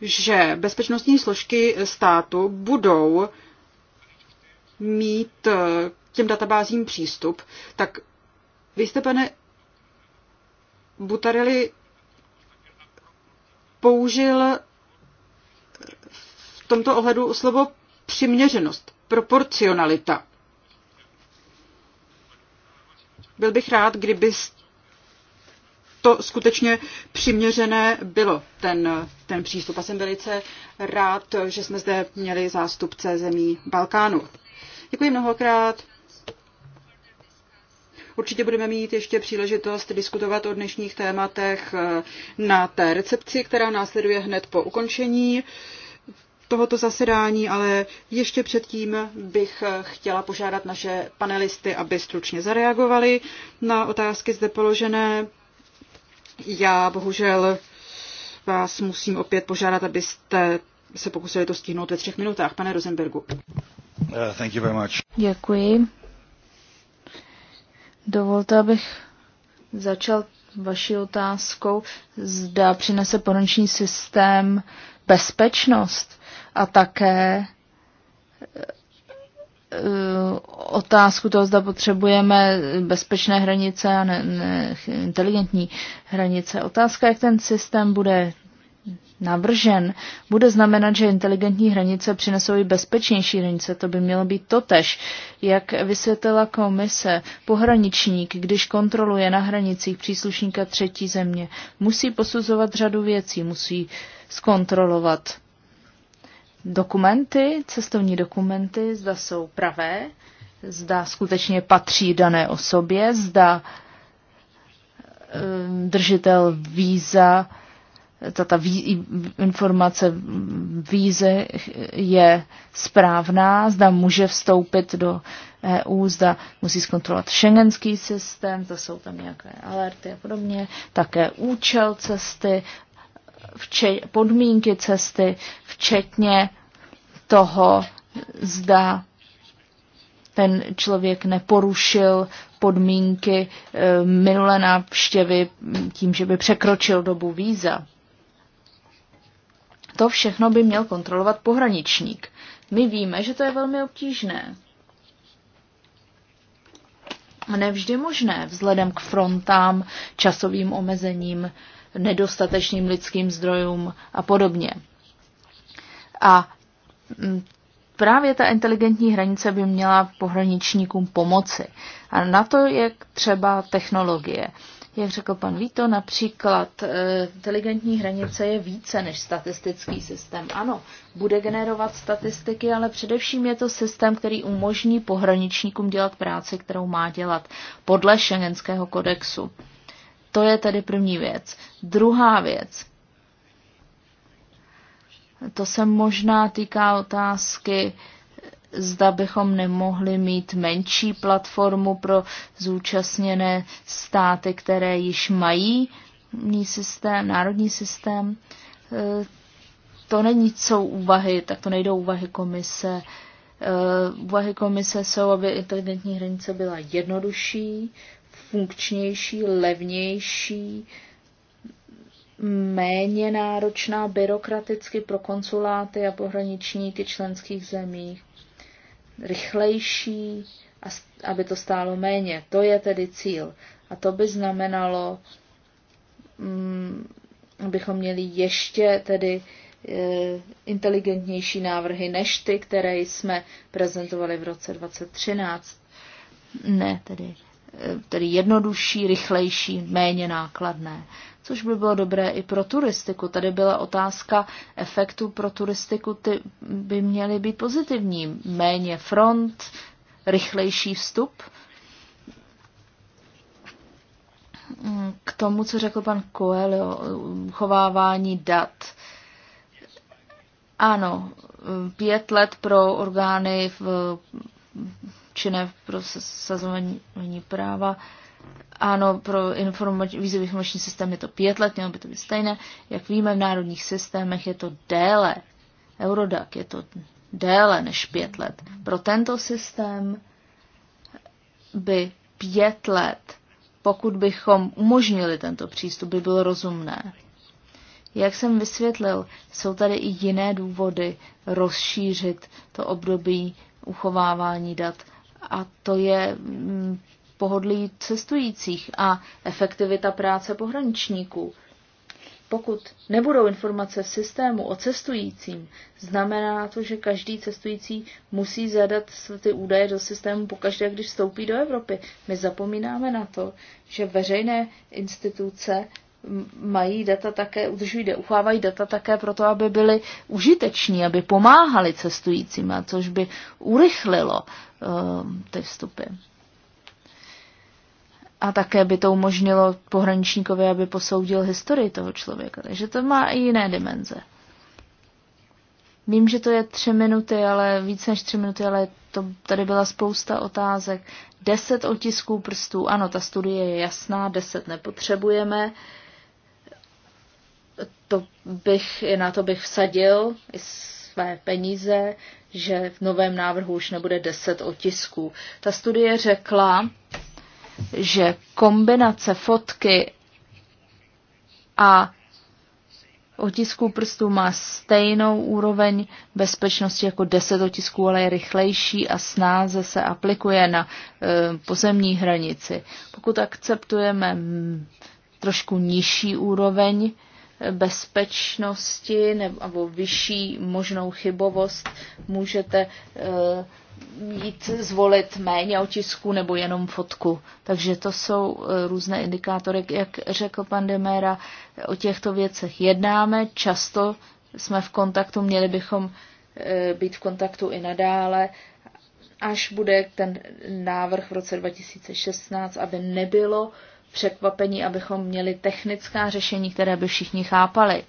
že bezpečnostní složky státu budou mít k těm databázím přístup, tak vy jste, pane Butarelli, použil v tomto ohledu slovo přiměřenost, proporcionalita. Byl bych rád, kdyby to skutečně přiměřené bylo, ten, ten přístup. A jsem velice rád, že jsme zde měli zástupce zemí Balkánu. Děkuji mnohokrát. Určitě budeme mít ještě příležitost diskutovat o dnešních tématech na té recepci, která následuje hned po ukončení tohoto zasedání, ale ještě předtím bych chtěla požádat naše panelisty, aby stručně zareagovali na otázky zde položené. Já bohužel vás musím opět požádat, abyste se pokusili to stihnout ve třech minutách. Pane Rosenbergu. Uh, thank you very much. Děkuji. Dovolte, abych začal vaší otázkou. Zda přinese poruční systém bezpečnost a také eh, otázku toho, zda potřebujeme bezpečné hranice a ne, ne, inteligentní hranice. Otázka, jak ten systém bude navržen, bude znamenat, že inteligentní hranice přinesou i bezpečnější hranice. To by mělo být totež. Jak vysvětlila komise, pohraničník, když kontroluje na hranicích příslušníka třetí země, musí posuzovat řadu věcí, musí zkontrolovat dokumenty, cestovní dokumenty, zda jsou pravé, zda skutečně patří dané osobě, zda eh, držitel víza, ta ví, informace víze je správná, zda může vstoupit do EU, zda musí zkontrolovat šengenský systém, zda jsou tam nějaké alerty a podobně, také účel cesty, vče, podmínky cesty, včetně toho, zda ten člověk neporušil podmínky eh, minulé návštěvy tím, že by překročil dobu víza. To všechno by měl kontrolovat pohraničník. My víme, že to je velmi obtížné. nevždy možné vzhledem k frontám, časovým omezením, nedostatečným lidským zdrojům a podobně. A mm, právě ta inteligentní hranice by měla pohraničníkům pomoci. A na to je třeba technologie. Jak řekl pan Vito, například e, inteligentní hranice je více než statistický systém. Ano, bude generovat statistiky, ale především je to systém, který umožní pohraničníkům dělat práci, kterou má dělat podle šengenského kodexu. To je tedy první věc. Druhá věc. To se možná týká otázky, zda bychom nemohli mít menší platformu pro zúčastněné státy, které již mají systém, národní systém. E, to není co úvahy, tak to nejdou úvahy komise. E, úvahy komise jsou, aby inteligentní hranice byla jednodušší, funkčnější, levnější, méně náročná byrokraticky pro konsuláty a pohraničníky členských zemí, rychlejší, aby to stálo méně. To je tedy cíl. A to by znamenalo, mm, abychom měli ještě tedy e, inteligentnější návrhy než ty, které jsme prezentovali v roce 2013. Ne, tedy tedy jednodušší, rychlejší, méně nákladné. Což by bylo dobré i pro turistiku. Tady byla otázka efektu pro turistiku, ty by měly být pozitivní. Méně front, rychlejší vstup. K tomu, co řekl pan Coelho, chovávání dat. Ano, pět let pro orgány v činné v prosazování práva. Ano, pro informač- vízový informační systém je to pět let, mělo by to být stejné. Jak víme, v národních systémech je to déle. Eurodac je to déle než pět let. Pro tento systém by pět let, pokud bychom umožnili tento přístup, by bylo rozumné. Jak jsem vysvětlil, jsou tady i jiné důvody rozšířit to období uchovávání dat a to je mm, pohodlí cestujících a efektivita práce pohraničníků. Pokud nebudou informace v systému o cestujícím, znamená to, že každý cestující musí zadat ty údaje do systému pokaždé, když vstoupí do Evropy. My zapomínáme na to, že veřejné instituce mají data také, udržují, uchávají data také proto, aby byly užiteční, aby pomáhali cestujícím, a což by urychlilo uh, ty vstupy. A také by to umožnilo pohraničníkovi, aby posoudil historii toho člověka. Takže to má i jiné dimenze. Vím, že to je tři minuty, ale více než tři minuty, ale to, tady byla spousta otázek. Deset otisků prstů, ano, ta studie je jasná, deset nepotřebujeme. Uh, to bych, na to bych vsadil i své peníze, že v novém návrhu už nebude 10 otisků. Ta studie řekla, že kombinace fotky a otisků prstů má stejnou úroveň bezpečnosti jako 10 otisků, ale je rychlejší a snáze se aplikuje na e, pozemní hranici. Pokud akceptujeme m, trošku nižší úroveň bezpečnosti nebo vyšší možnou chybovost můžete mít eh, zvolit méně otisků nebo jenom fotku. Takže to jsou eh, různé indikátory. Jak řekl pan Deméra, o těchto věcech jednáme, často jsme v kontaktu, měli bychom eh, být v kontaktu i nadále, až bude ten návrh v roce 2016, aby nebylo překvapení, abychom měli technická řešení, které by všichni chápali.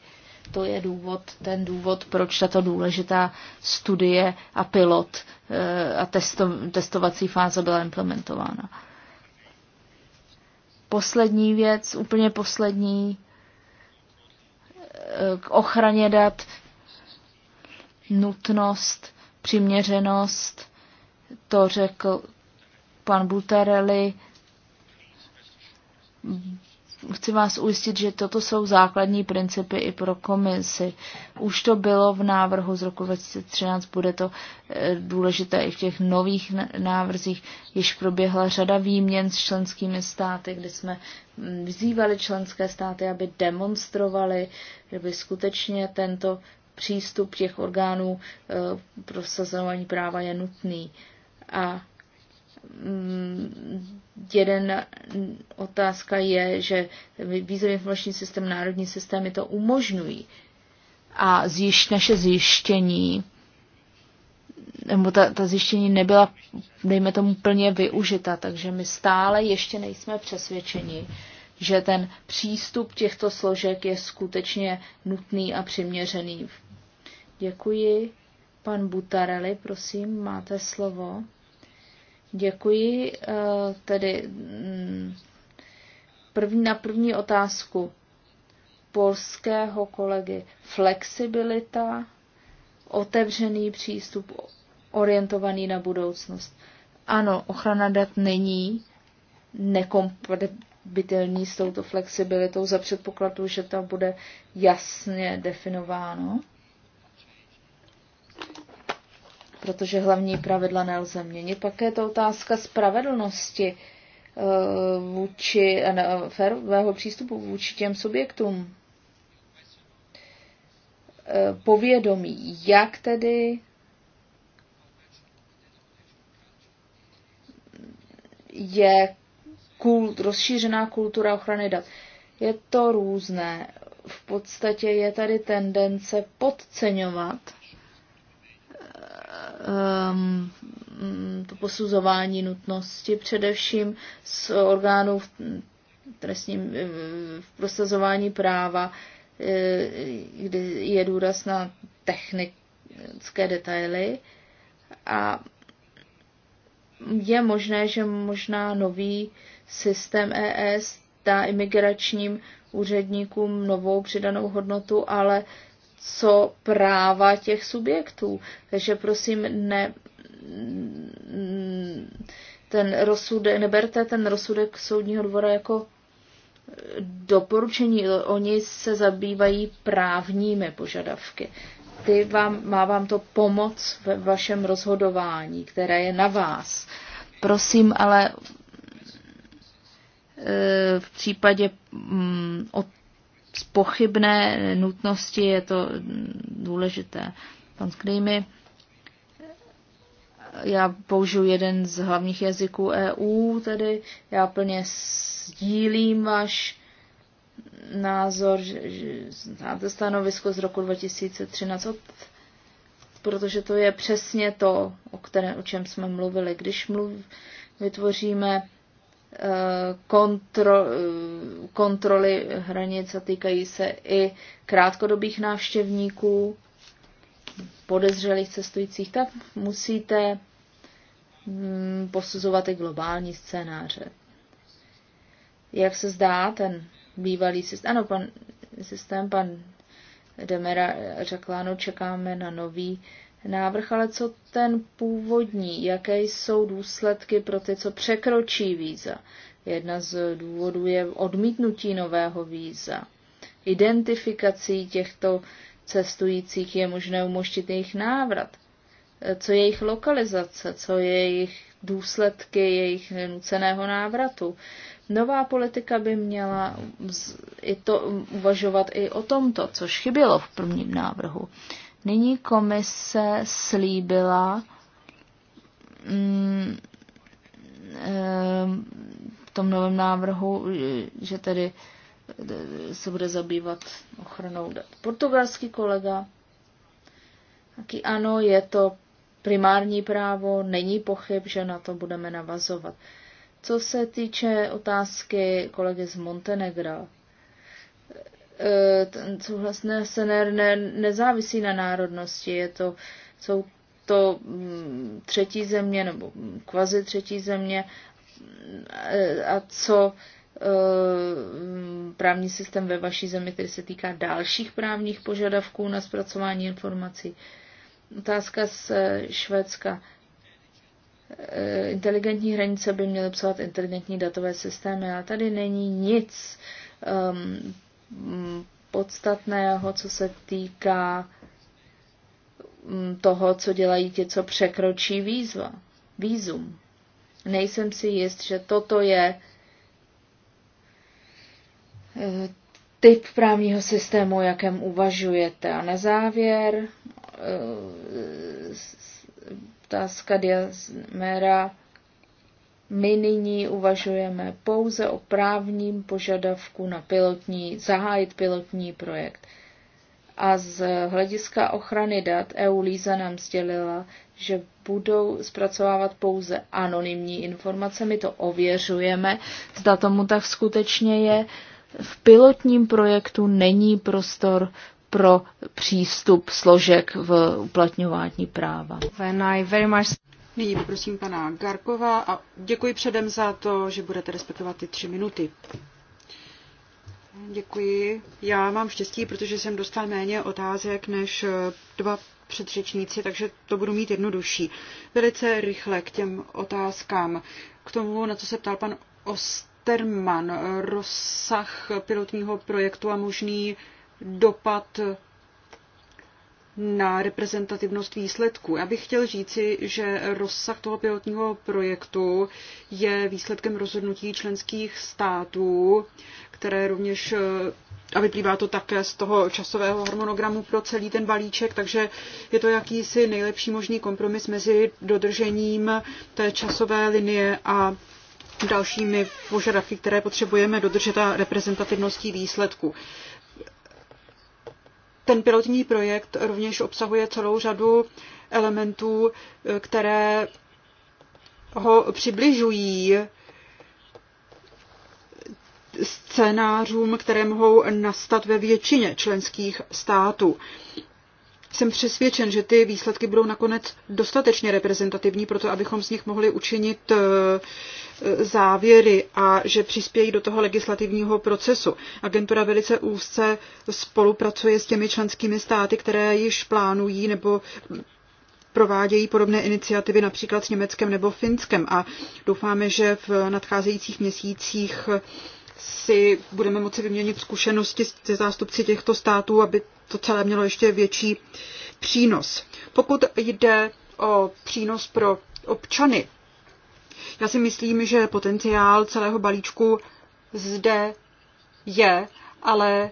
To je důvod, ten důvod, proč tato důležitá studie a pilot eh, a testo, testovací fáze byla implementována. Poslední věc, úplně poslední, eh, k ochraně dat, nutnost, přiměřenost, to řekl pan Butarelli, chci vás ujistit, že toto jsou základní principy i pro komisi. Už to bylo v návrhu z roku 2013, bude to eh, důležité i v těch nových návrzích. Již proběhla řada výměn s členskými státy, kdy jsme mm, vyzývali členské státy, aby demonstrovali, že by skutečně tento přístup těch orgánů eh, prosazování práva je nutný. A Mm, jeden otázka je, že vízový informační systém, národní systémy to umožňují. A zjišť, naše zjištění, nebo ta, ta zjištění nebyla, dejme tomu, plně využita, takže my stále ještě nejsme přesvědčeni, že ten přístup těchto složek je skutečně nutný a přiměřený. Děkuji. Pan Butarelli, prosím, máte slovo. Děkuji. Eh, tedy mm, první, na první otázku polského kolegy. Flexibilita, otevřený přístup, orientovaný na budoucnost. Ano, ochrana dat není nekompatibilní s touto flexibilitou za předpokladu, že to bude jasně definováno protože hlavní pravidla nelze měnit. Pak je to otázka spravedlnosti eh, vůči, eh, ne, férového přístupu vůči těm subjektům. Eh, povědomí, jak tedy je kult, rozšířená kultura ochrany dat. Je to různé. V podstatě je tady tendence podceňovat um, to posuzování nutnosti především z orgánů v trestním v prosazování práva, e, kdy je důraz na technické detaily a je možné, že možná nový systém ES dá imigračním úředníkům novou přidanou hodnotu, ale co práva těch subjektů. Takže prosím, ne, ten rozsudek, neberte ten rozsudek soudního dvora jako doporučení. Oni se zabývají právními požadavky. Ty vám, má vám to pomoc ve vašem rozhodování, které je na vás. Prosím, ale eh, v případě mm, z pochybné nutnosti je to důležité. Pan Skrýmy, já použiju jeden z hlavních jazyků EU, tedy já plně sdílím váš názor, že znáte stanovisko z roku 2013 od protože to je přesně to, o, které, o čem jsme mluvili. Když mluv, vytvoříme kontro, kontroly hranic a týkají se i krátkodobých návštěvníků, podezřelých cestujících, tak musíte mm, posuzovat i globální scénáře. Jak se zdá, ten bývalý systém, ano, pan, systém pan Demera řekl, ano, čekáme na nový návrh, ale co ten původní, jaké jsou důsledky pro ty, co překročí víza. Jedna z důvodů je odmítnutí nového víza. Identifikací těchto cestujících je možné umožnit jejich návrat. Co je jejich lokalizace, co je jejich důsledky jejich nuceného návratu. Nová politika by měla i to, uvažovat i o tomto, což chybělo v prvním návrhu. Nyní komise slíbila mm, eh, v tom novém návrhu, že tedy eh, se bude zabývat ochranou dat. Portugalský kolega, taky ano, je to primární právo, není pochyb, že na to budeme navazovat. Co se týče otázky kolegy z Montenegra, Eh, ten souhlasné SNR ne, nezávisí na národnosti, je to, jsou to mm, třetí země nebo kvazi třetí země eh, a co eh, právní systém ve vaší zemi, který se týká dalších právních požadavků na zpracování informací. Otázka z Švédska. Inteligentní hranice by měly psát inteligentní datové systémy, ale tady není nic ehm, Mm, podstatného, co se týká mm, toho, co dělají ti, co překročí výzva, výzum. Nejsem si jist, že toto je eh, typ právního systému, o jakém uvažujete. A na závěr eh, otázka Diazmera my nyní uvažujeme pouze o právním požadavku na pilotní, zahájit pilotní projekt. A z hlediska ochrany dat EU Líza nám sdělila, že budou zpracovávat pouze anonymní informace. My to ověřujeme, zda tomu tak skutečně je. V pilotním projektu není prostor pro přístup složek v uplatňování práva. Nyní poprosím pana Garkova a děkuji předem za to, že budete respektovat ty tři minuty. Děkuji. Já mám štěstí, protože jsem dostal méně otázek než dva předřečníci, takže to budu mít jednodušší. Velice rychle k těm otázkám. K tomu, na co se ptal pan Osterman, rozsah pilotního projektu a možný dopad na reprezentativnost výsledků. Já bych chtěl říci, že rozsah toho pilotního projektu je výsledkem rozhodnutí členských států, které rovněž eh, a vyplývá to také z toho časového harmonogramu pro celý ten balíček, takže je to jakýsi nejlepší možný kompromis mezi dodržením té časové linie a dalšími požadavky, které potřebujeme dodržet a reprezentativností výsledku. Ten pilotní projekt rovněž obsahuje celou řadu elementů, které ho přibližují scénářům, které mohou nastat ve většině členských států. Jsem přesvědčen, že ty výsledky budou nakonec dostatečně reprezentativní pro to, abychom z nich mohli učinit eh, závěry a že přispějí do toho legislativního procesu. Agentura velice úzce spolupracuje s těmi členskými státy, které již plánují nebo provádějí podobné iniciativy například s Německem nebo Finskem a doufáme, že v nadcházejících měsících si budeme moci vyměnit zkušenosti se zástupci těchto států, aby to celé mělo ještě větší přínos. Pokud jde o přínos pro občany, já si myslím, že potenciál celého balíčku zde je, ale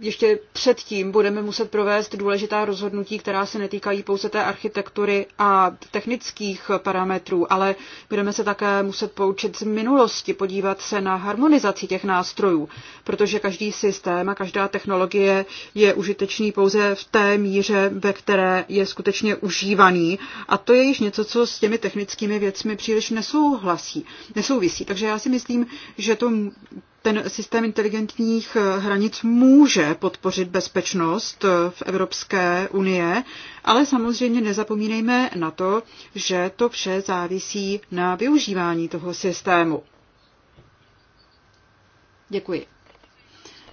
ještě předtím budeme muset provést důležitá rozhodnutí, která se netýkají pouze té architektury a technických parametrů, ale budeme se také muset poučit z minulosti, podívat se na harmonizaci těch nástrojů, protože každý systém a každá technologie je užitečný pouze v té míře, ve které je skutečně užívaný. A to je již něco, co s těmi technickými věcmi příliš nesouhlasí, nesouvisí. Takže já si myslím, že to ten systém inteligentních eh, hranic může podpořit bezpečnost eh, v Evropské unie, ale samozřejmě nezapomínejme na to, že to vše závisí na využívání toho systému. Děkuji.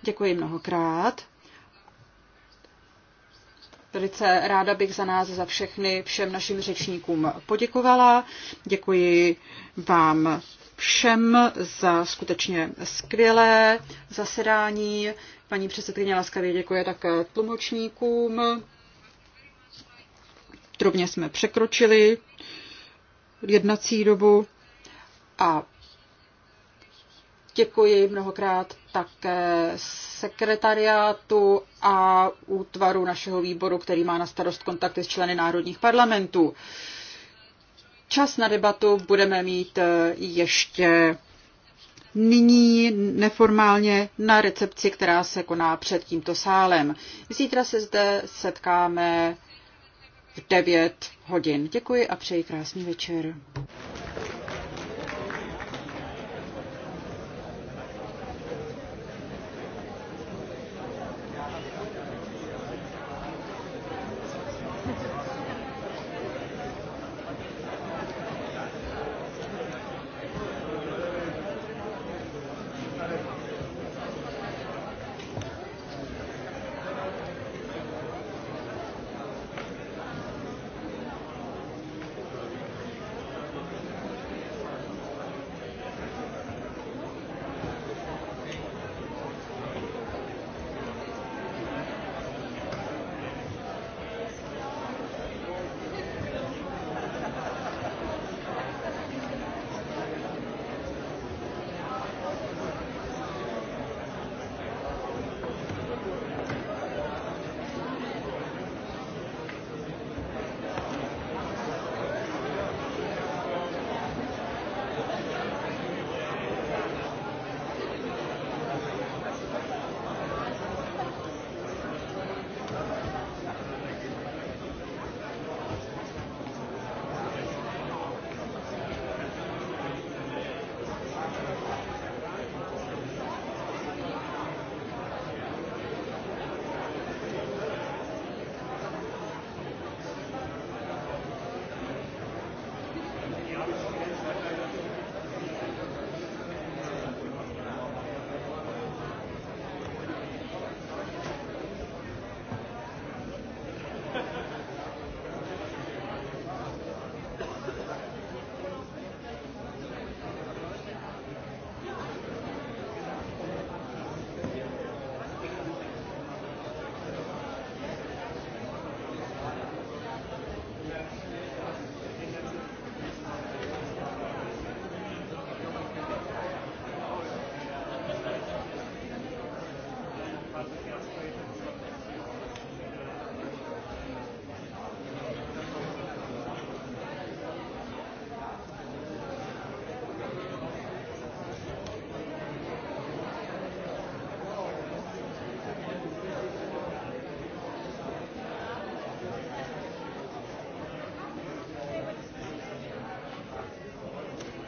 Děkuji mnohokrát. Velice ráda bych za nás, za všechny, všem našim řečníkům poděkovala. Děkuji vám všem za skutečně skvělé zasedání. Paní předsedkyně laskavě děkuje také tlumočníkům. Drobně jsme překročili jednací dobu a Děkuji mnohokrát také sekretariátu a útvaru našeho výboru, který má na starost kontakty s členy národních parlamentů. Čas na debatu budeme mít e, ještě nyní neformálně na recepci, která se koná před tímto sálem. Zítra se zde setkáme v 9 hodin. Děkuji a přeji krásný večer.